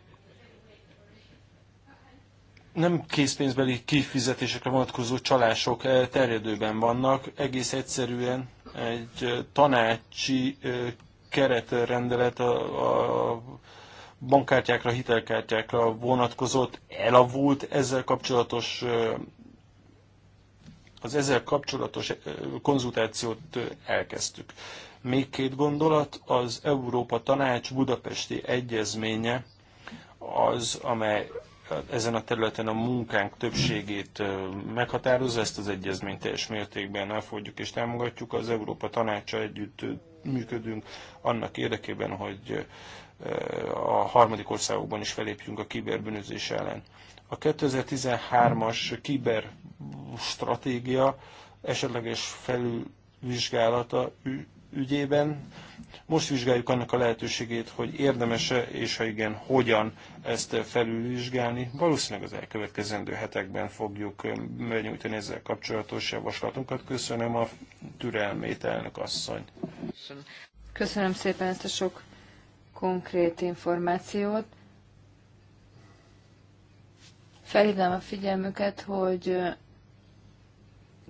Speaker 5: nem készpénzbeli kifizetésekre vonatkozó csalások eh, terjedőben vannak, egész egyszerűen egy eh, tanácsi eh, keretrendelet a, a bankkártyákra, hitelkártyákra vonatkozott, elavult ezzel kapcsolatos az ezzel kapcsolatos konzultációt elkezdtük. Még két gondolat, az Európa Tanács Budapesti Egyezménye az, amely ezen a területen a munkánk többségét meghatározza, ezt az egyezményt teljes mértékben elfogadjuk és támogatjuk. Az Európa Tanácsa együtt működünk annak érdekében, hogy a harmadik országokban is felépjünk a kiberbűnözés ellen. A 2013-as kiberstratégia esetleges felülvizsgálata ügyében. Most vizsgáljuk annak a lehetőségét, hogy érdemese, és ha igen, hogyan ezt felülvizsgálni. Valószínűleg az elkövetkezendő hetekben fogjuk megnyújtani um, ezzel kapcsolatos javaslatunkat. Köszönöm a türelmét, elnök asszony.
Speaker 3: Köszönöm szépen ezt a sok konkrét információt. Felhívnám a figyelmüket, hogy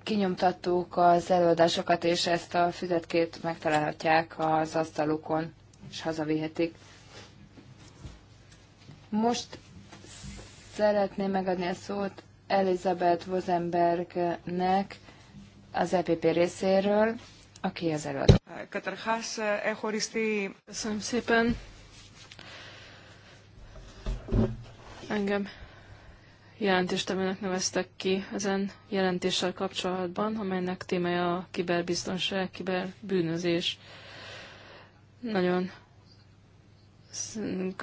Speaker 3: kinyomtattuk az előadásokat, és ezt a füzetkét megtalálhatják az asztalukon, és hazavihetik. Most szeretném megadni a szót Elizabeth Vozenbergnek az EPP részéről, aki az előadó.
Speaker 1: Eh,
Speaker 2: Köszönöm szépen. Engem jelentéstevőnek neveztek ki ezen jelentéssel kapcsolatban, amelynek témája a kiberbiztonság, kiberbűnözés. Nagyon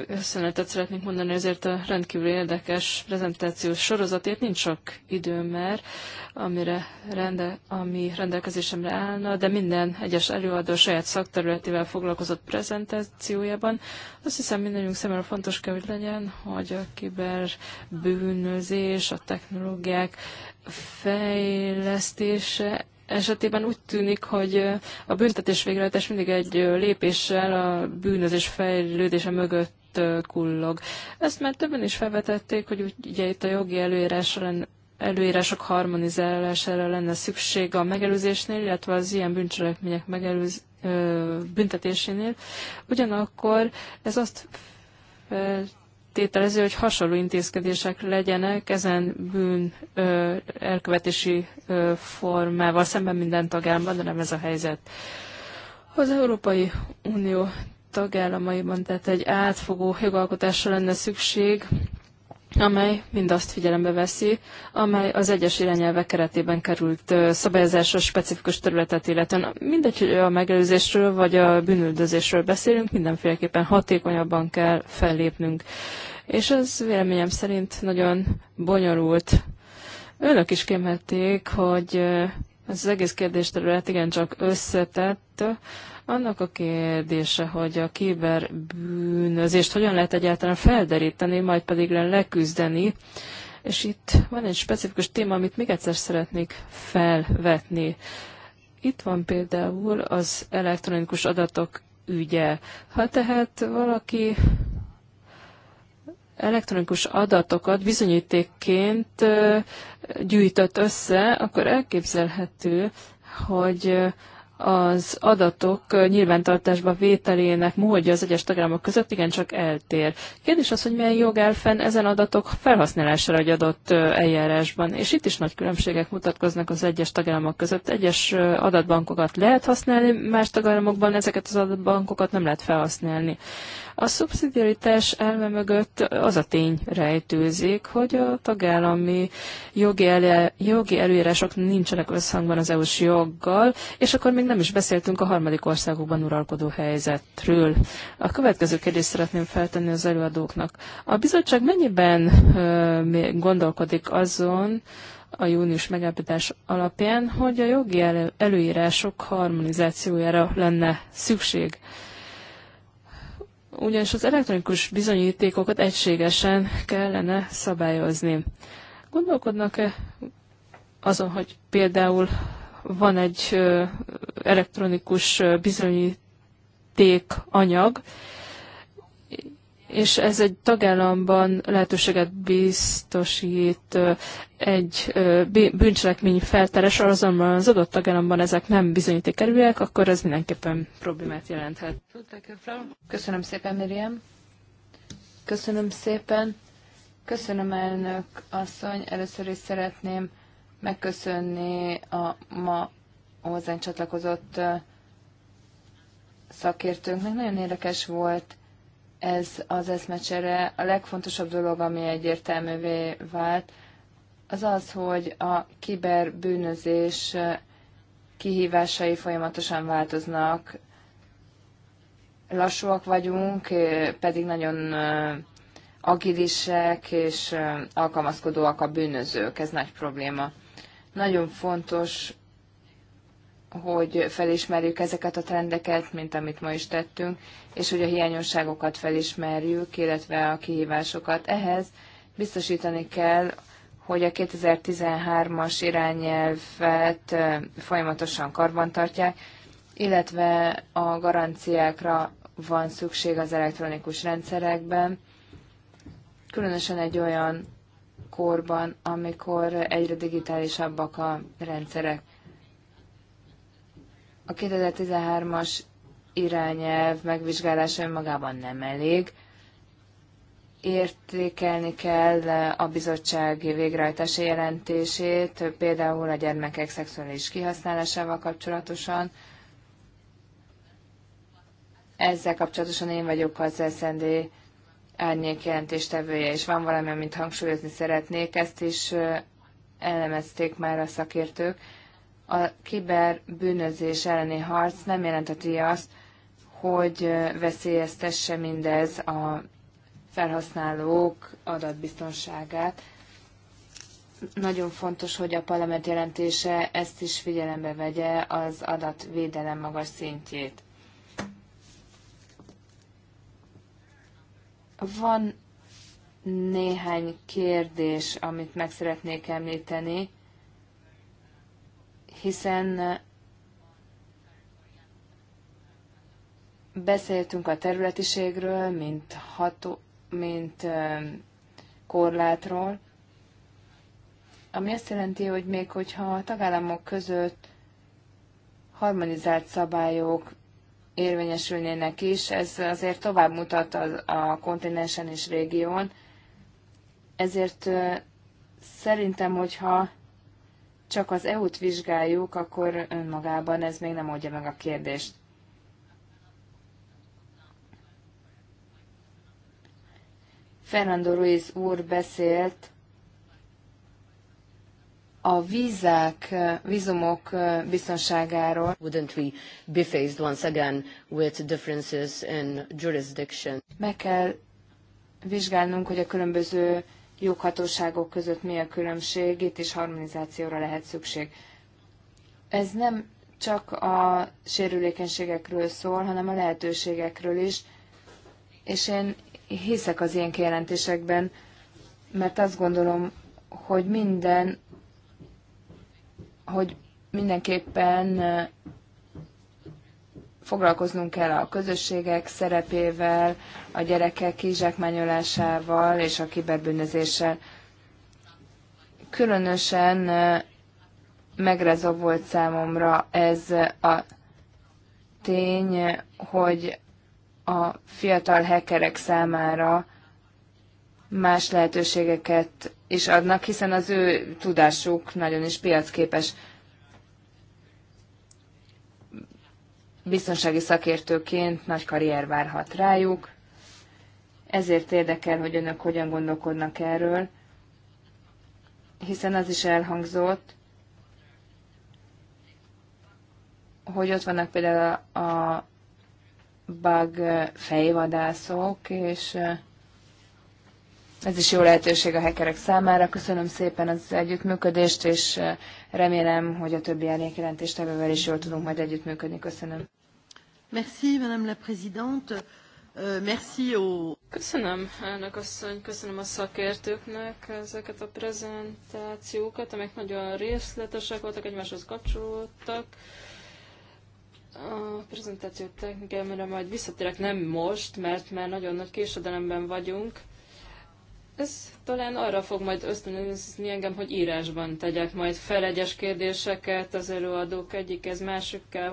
Speaker 2: köszönetet szeretnék mondani ezért a rendkívül érdekes prezentációs sorozatért. Nincs sok időm már, amire rende, ami rendelkezésemre állna, de minden egyes előadó saját szakterületével foglalkozott prezentációjában. Azt hiszem mindenünk számára fontos kell, hogy legyen, hogy a kiberbűnözés, a technológiák fejlesztése esetében úgy tűnik, hogy a büntetés végrehajtás mindig egy lépéssel a bűnözés fejlődése mögött kullog. Ezt már többen is felvetették, hogy ugye itt a jogi előírásra előírások harmonizálására lenne szükség a megelőzésnél, illetve az ilyen bűncselekmények megelőz, ö, büntetésénél. Ugyanakkor ez azt fel feltételező, hogy hasonló intézkedések legyenek ezen bűn ö, elkövetési ö, formával szemben minden tagállamban, de nem ez a helyzet. Az Európai Unió tagállamaiban, tehát egy átfogó jogalkotásra lenne szükség, amely mindazt figyelembe veszi, amely az egyes irányelvek keretében került szabályozásra specifikus területet illetően. Mindegy, hogy a megelőzésről vagy a bűnüldözésről beszélünk, mindenféleképpen hatékonyabban kell fellépnünk. És ez véleményem szerint nagyon bonyolult. Önök is kémelték, hogy ez az egész kérdésterület igencsak összetett, annak a kérdése, hogy a kiberbűnözést hogyan lehet egyáltalán felderíteni, majd pedig leküzdeni, és itt van egy specifikus téma, amit még egyszer szeretnék felvetni. Itt van például az elektronikus adatok ügye. Ha tehát valaki elektronikus adatokat bizonyítékként gyűjtött össze, akkor elképzelhető, hogy az adatok nyilvántartásba vételének módja az egyes tagállamok között igencsak eltér. Kérdés az, hogy milyen jog áll fenn ezen adatok felhasználására egy adott eljárásban, és itt is nagy különbségek mutatkoznak az egyes tagállamok között. Egyes adatbankokat lehet használni, más tagállamokban ezeket az adatbankokat nem lehet felhasználni. A szubszidiaritás elme mögött az a tény rejtőzik, hogy a tagállami jogi, elő, jogi előírások nincsenek összhangban az EU-s joggal, és akkor még nem is beszéltünk a harmadik országokban uralkodó helyzetről. A következő kérdést szeretném feltenni az előadóknak. A bizottság mennyiben gondolkodik azon, a június megállapítás alapján, hogy a jogi elő, előírások harmonizációjára lenne szükség ugyanis az elektronikus bizonyítékokat egységesen kellene szabályozni. Gondolkodnak-e azon, hogy például van egy elektronikus bizonyíték anyag, és ez egy tagállamban lehetőséget biztosít egy bűncselekmény felteres azonban az adott tagállamban ezek nem bizonyíték erőek, akkor ez mindenképpen problémát jelenthet.
Speaker 3: Köszönöm szépen, Miriam. Köszönöm szépen. Köszönöm, elnök asszony. Először is szeretném megköszönni a ma hozzánk csatlakozott szakértőnknek. Nagyon érdekes volt ez az eszmecsere. A legfontosabb dolog, ami egyértelművé vált, az az, hogy a kiberbűnözés kihívásai folyamatosan változnak. Lassúak vagyunk, eh, pedig nagyon eh, agilisek és eh, alkalmazkodóak a bűnözők. Ez nagy probléma. Nagyon fontos hogy felismerjük ezeket a trendeket, mint amit ma is tettünk, és hogy a hiányosságokat felismerjük, illetve a kihívásokat. Ehhez biztosítani kell, hogy a 2013-as irányelvet folyamatosan karbantartják, illetve a garanciákra van szükség az elektronikus rendszerekben, különösen egy olyan korban, amikor egyre digitálisabbak a rendszerek. A 2013-as irányelv megvizsgálása önmagában nem elég. Értékelni kell a bizottság végrehajtási jelentését, például a gyermekek szexuális kihasználásával kapcsolatosan. Ezzel kapcsolatosan én vagyok az SZND árnyék jelentéstevője, és van valami, amit hangsúlyozni szeretnék, ezt is elemezték már a szakértők a kiberbűnözés elleni harc nem jelenteti azt, hogy veszélyeztesse mindez a felhasználók adatbiztonságát. Nagyon fontos, hogy a parlament jelentése ezt is figyelembe vegye az adatvédelem magas szintjét. Van néhány kérdés, amit meg szeretnék említeni hiszen beszéltünk a területiségről, mint, ható, mint korlátról, ami azt jelenti, hogy még hogyha a tagállamok között harmonizált szabályok érvényesülnének is, ez azért tovább mutat a, a kontinensen és régión, ezért szerintem, hogyha csak az EU-t vizsgáljuk, akkor önmagában ez még nem oldja meg a kérdést. Fernando Ruiz úr beszélt a vízák, vízumok biztonságáról. Wouldn't we be faced once again with differences in jurisdiction? Meg kell vizsgálnunk, hogy a különböző joghatóságok között mi a különbség, itt is harmonizációra lehet szükség. Ez nem csak a sérülékenységekről szól, hanem a lehetőségekről is, és én hiszek az ilyen kijelentésekben, mert azt gondolom, hogy minden, hogy mindenképpen foglalkoznunk kell a közösségek szerepével, a gyerekek kizsákmányolásával és a kiberbűnözéssel. Különösen megrezó volt számomra ez a tény, hogy a fiatal hekerek számára más lehetőségeket is adnak, hiszen az ő tudásuk nagyon is piacképes. biztonsági szakértőként nagy karrier várhat rájuk. Ezért érdekel, hogy önök hogyan gondolkodnak erről, hiszen az is elhangzott, hogy ott vannak például a bug fejvadászok, és ez is jó lehetőség a hekerek számára. Köszönöm szépen az együttműködést, és eh, remélem, hogy a többi árnyékjelentéstevővel is jól tudunk majd együttműködni. Köszönöm.
Speaker 2: Merci, Madame la Présidente. Euh, merci au... Köszönöm, elnök asszony, köszönöm a szakértőknek ezeket a prezentációkat, amelyek nagyon részletesek voltak, egymáshoz kapcsolódtak. A prezentáció technikájára majd visszatérek, nem most, mert már nagyon nagy késedelemben vagyunk. Ez talán arra fog majd ösztönözni engem, hogy írásban tegyek majd fel egyes kérdéseket az előadók egyikhez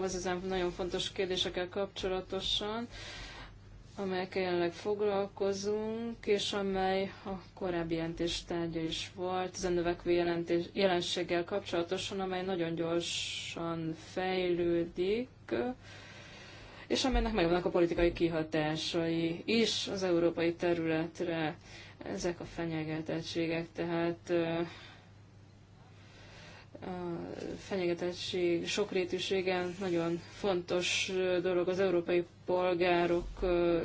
Speaker 2: az ezen nagyon fontos kérdésekkel kapcsolatosan, amelyekkel jelenleg foglalkozunk, és amely a korábbi jelentés tárgya is volt, az a növekvő jelentés, jelenséggel kapcsolatosan, amely nagyon gyorsan fejlődik, és amelynek megvannak a politikai kihatásai is az európai területre. Ezek a fenyegetettségek, tehát a fenyegetettség sokrétűségen nagyon fontos dolog az európai polgárok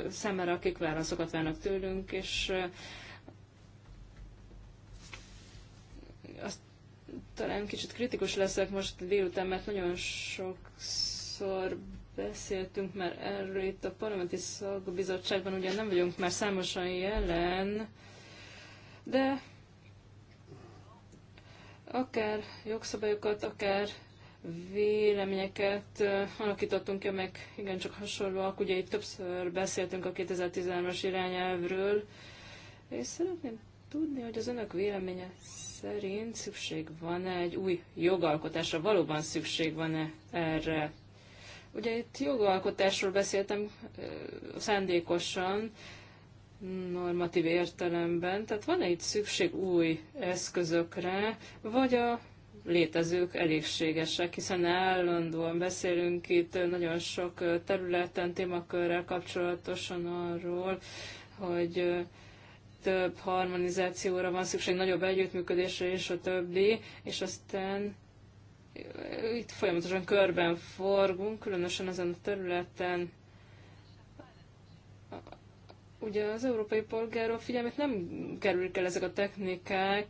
Speaker 2: szemére, akik válaszokat várnak tőlünk, és azt talán kicsit kritikus leszek most délután, mert nagyon sokszor beszéltünk már erről itt a parlamenti szakbizottságban, ugye nem vagyunk már számosan jelen, de akár jogszabályokat, akár véleményeket alakítottunk ki, amelyek igencsak hasonlóak. Ugye itt többször beszéltünk a 2013-as irányelvről, és szeretném tudni, hogy az önök véleménye szerint szükség van-e egy új jogalkotásra, valóban szükség van-e erre? Ugye itt jogalkotásról beszéltem szándékosan, normatív értelemben. Tehát van egy itt szükség új eszközökre, vagy a létezők elégségesek, hiszen állandóan beszélünk itt nagyon sok területen, témakörrel kapcsolatosan arról, hogy több harmonizációra van szükség, nagyobb együttműködésre és a többi, és aztán itt folyamatosan körben forgunk, különösen ezen a területen ugye az európai polgárok figyelmét nem kerülik el ezek a technikák.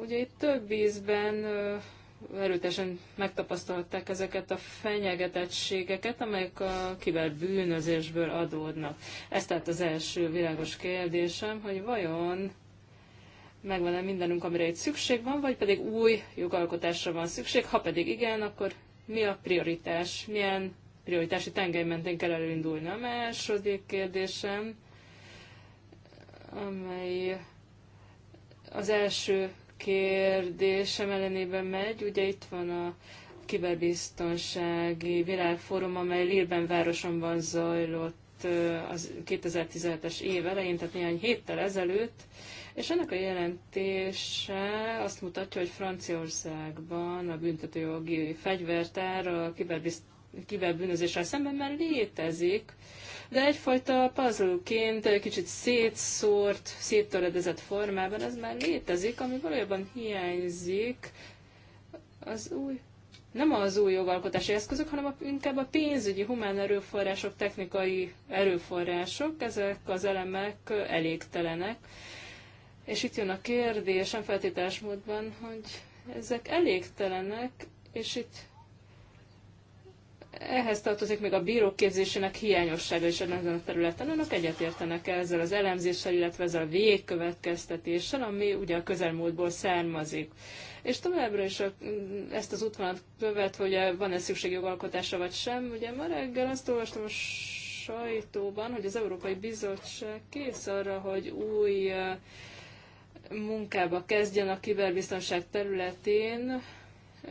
Speaker 2: Ugye itt több ízben erőtesen megtapasztalták ezeket a fenyegetettségeket, amelyek a kiberbűnözésből adódnak. Ez tehát az első világos kérdésem, hogy vajon megvan-e mindenünk, amire itt szükség van, vagy pedig új jogalkotásra van szükség, ha pedig igen, akkor mi a prioritás, milyen prioritási tengely mentén kell elindulni. A második kérdésem, amely az első kérdésem ellenében megy, ugye itt van a kiberbiztonsági világfórum, amely Lilben városomban zajlott az 2017-es év elején, tehát néhány héttel ezelőtt, és ennek a jelentése azt mutatja, hogy Franciaországban a büntetőjogi fegyvertár a kiberbiztonsági kiberbűnözéssel szemben mert létezik, de egyfajta puzzleként, kicsit szétszórt, széttöredezett formában ez már létezik, ami valójában hiányzik az új nem az új jogalkotási eszközök, hanem a, inkább a pénzügyi, humán erőforrások, technikai erőforrások, ezek az elemek elégtelenek. És itt jön a kérdés, nem feltételes módban, hogy ezek elégtelenek, és itt ehhez tartozik még a bírók képzésének hiányossága is ezen a területen. Önök egyetértenek -e ezzel az elemzéssel, illetve ezzel a végkövetkeztetéssel, ami ugye a közelmúltból származik. És továbbra is a, ezt az útvonalat követ, hogy van-e szükség jogalkotásra vagy sem. Ugye ma reggel azt olvastam a sajtóban, hogy az Európai Bizottság kész arra, hogy új uh, munkába kezdjen a kiberbiztonság területén.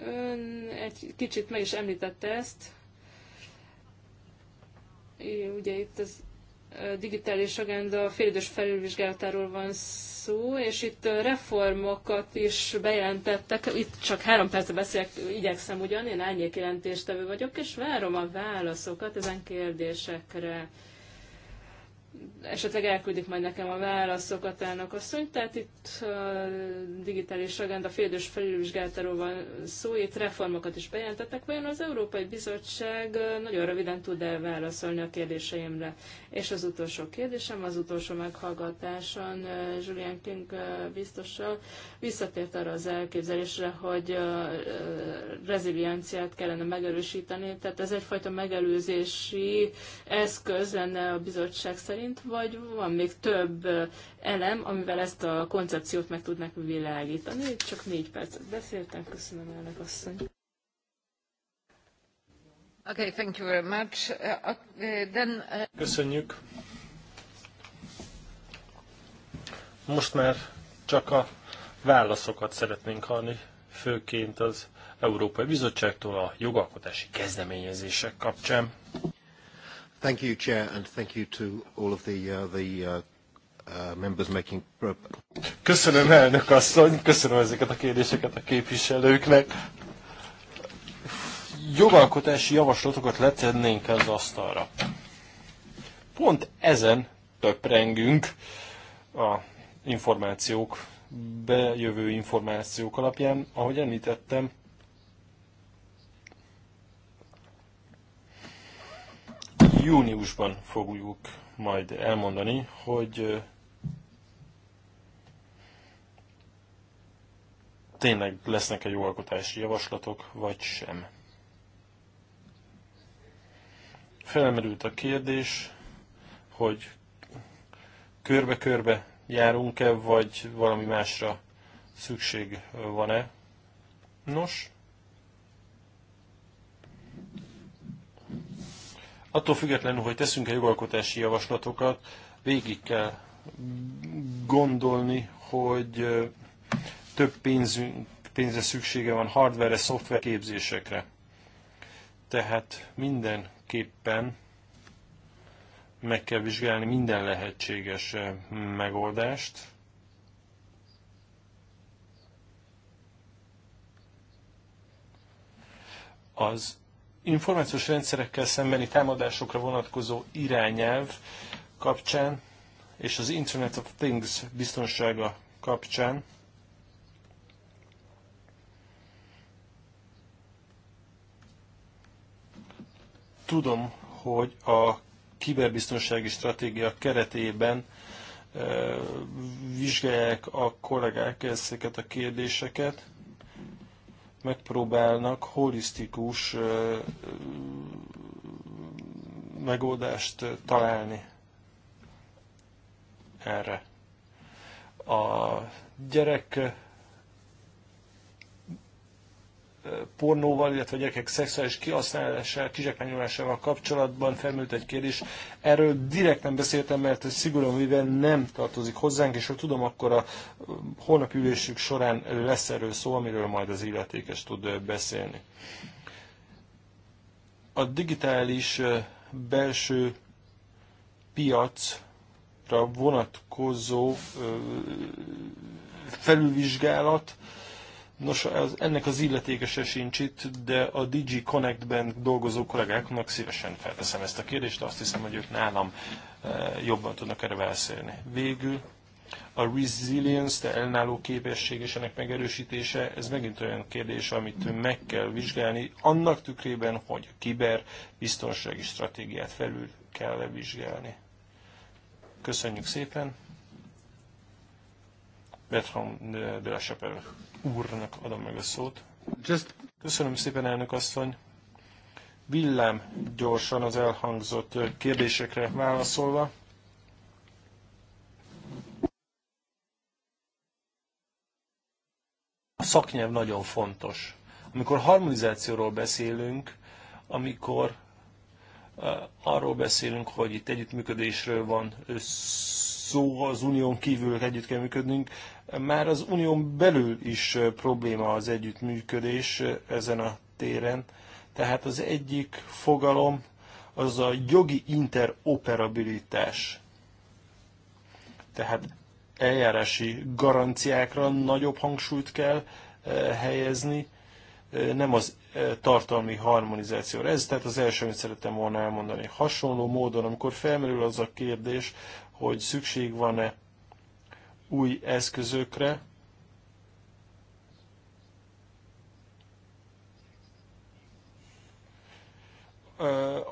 Speaker 2: Ön egy kicsit meg is említette ezt, Ugye itt az digitális agenda félidős felülvizsgálatáról van szó, és itt reformokat is bejelentettek. Itt csak három percre beszélek, igyekszem ugyan, én árnyék jelentéstevő vagyok, és várom a válaszokat ezen kérdésekre esetleg elküldik majd nekem a válaszokat elnök asszony. Tehát itt a digitális agenda félidős felülvizsgálatáról van szó, itt reformokat is bejelentettek. Vajon az Európai Bizottság nagyon röviden tud -e válaszolni a kérdéseimre? És az utolsó kérdésem, az utolsó meghallgatáson Julian King biztossal visszatért arra az elképzelésre, hogy a rezilienciát kellene megerősíteni, tehát ez egyfajta megelőzési eszköz lenne a bizottság szerint, szerint, vagy van még több elem, amivel ezt a koncepciót meg tudnak világítani? Csak négy percet beszéltem, köszönöm elnök asszony. Okay, thank you very much.
Speaker 1: Uh, uh then, uh...
Speaker 5: Köszönjük. Most már csak a válaszokat szeretnénk hallni, főként az Európai Bizottságtól a jogalkotási kezdeményezések kapcsán.
Speaker 1: Thank you, Chair, and thank you to all of the, uh, the uh, uh members making...
Speaker 5: Köszönöm, elnök asszony, köszönöm ezeket a kérdéseket a képviselőknek. Jogalkotási javaslatokat letennénk az asztalra. Pont ezen töprengünk a információk, bejövő információk alapján, ahogy említettem, júniusban fogjuk majd elmondani, hogy tényleg lesznek-e jó alkotási javaslatok, vagy sem. Felmerült a kérdés, hogy körbe-körbe járunk-e, vagy valami másra szükség van-e. Nos, Attól függetlenül, hogy teszünk-e jogalkotási javaslatokat, végig kell gondolni, hogy több pénzünk, pénzre szüksége van hardware-re, szoftver képzésekre. Tehát mindenképpen meg kell vizsgálni minden lehetséges megoldást. Az információs rendszerekkel szembeni támadásokra vonatkozó irányelv kapcsán és az Internet of Things biztonsága kapcsán tudom, hogy a kiberbiztonsági stratégia keretében eh, vizsgálják a kollégák ezeket a kérdéseket megpróbálnak holisztikus megoldást találni erre. A gyerek pornóval, illetve a gyerekek szexuális kihasználásával, kizsákmányolásával kapcsolatban felmerült egy kérdés. Erről direkt nem beszéltem, mert ez szigorúan mivel nem tartozik hozzánk, és ha tudom, akkor a holnap ülésük során lesz erről szó, amiről majd az illetékes tud beszélni. A digitális belső piacra vonatkozó felülvizsgálat Nos, az, ennek az illetékese sincs itt, de a Digi Connect-ben dolgozó kollégáknak szívesen felteszem ezt a kérdést, de azt hiszem, hogy ők nálam eh, jobban tudnak erre beszélni. Végül a resilience, de ellenálló képesség és ennek megerősítése, ez megint olyan kérdés, amit meg kell vizsgálni, annak tükrében, hogy a kiber biztonsági stratégiát felül kell levizsgálni. Köszönjük szépen! Bertrand eh, de la Chapelle úrnak adom meg a szót. Just... Köszönöm szépen, elnök asszony. Villám gyorsan az elhangzott kérdésekre válaszolva. A szaknyelv nagyon fontos. Amikor harmonizációról beszélünk, amikor eh, arról beszélünk, hogy itt együttműködésről van szó, szóval az unión kívül együtt kell működnünk. Már az unión belül is probléma az együttműködés ezen a téren. Tehát az egyik fogalom az a jogi interoperabilitás. Tehát eljárási garanciákra nagyobb hangsúlyt kell helyezni, nem az tartalmi harmonizációra. Ez tehát az első, amit szerettem volna elmondani. Hasonló módon, amikor felmerül az a kérdés, hogy szükség van-e új eszközökre,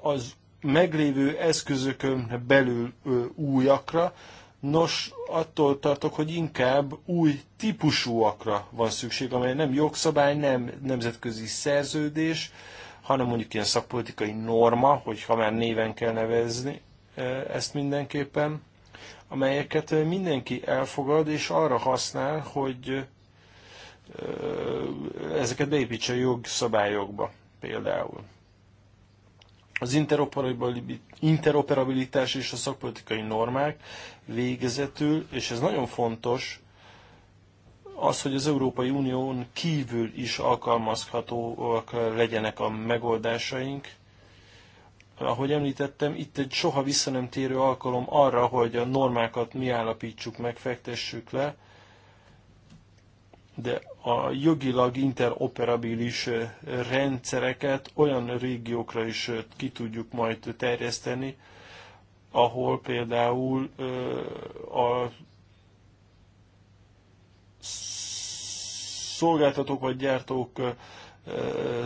Speaker 5: az meglévő eszközökön belül újakra, Nos, attól tartok, hogy inkább új típusúakra van szükség, amely nem jogszabály, nem nemzetközi szerződés, hanem mondjuk ilyen szakpolitikai norma, hogyha már néven kell nevezni ezt mindenképpen amelyeket mindenki elfogad és arra használ, hogy ezeket beépítse a jogszabályokba például. Az interoperabilitás és a szakpolitikai normák végezetül, és ez nagyon fontos, az, hogy az Európai Unión kívül is alkalmazhatóak legyenek a megoldásaink, ahogy említettem, itt egy soha vissza nem térő alkalom arra, hogy a normákat mi állapítsuk meg, le, de a jogilag interoperabilis rendszereket olyan régiókra is ki tudjuk majd terjeszteni, ahol például a szolgáltatók vagy gyártók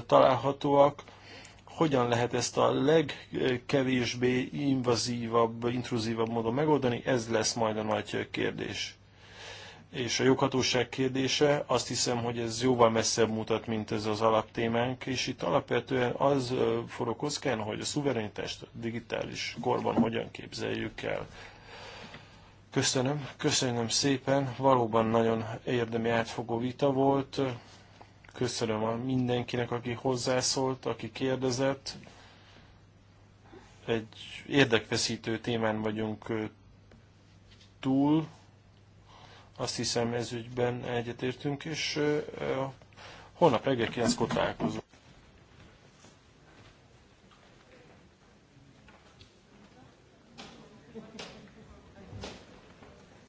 Speaker 5: találhatóak, hogyan lehet ezt a legkevésbé invazívabb, intruzívabb módon megoldani, ez lesz majd a nagy kérdés. És a joghatóság kérdése, azt hiszem, hogy ez jóval messzebb mutat, mint ez az alaptémánk, és itt alapvetően az forró kockán, hogy a szuverenitást a digitális korban hogyan képzeljük el. Köszönöm, köszönöm szépen, valóban nagyon érdemi átfogó vita volt. Köszönöm a mindenkinek, aki hozzászólt, aki kérdezett. Egy érdekveszítő témán vagyunk túl. Azt hiszem ez ügyben egyetértünk, és holnap reggel 9-kor találkozunk.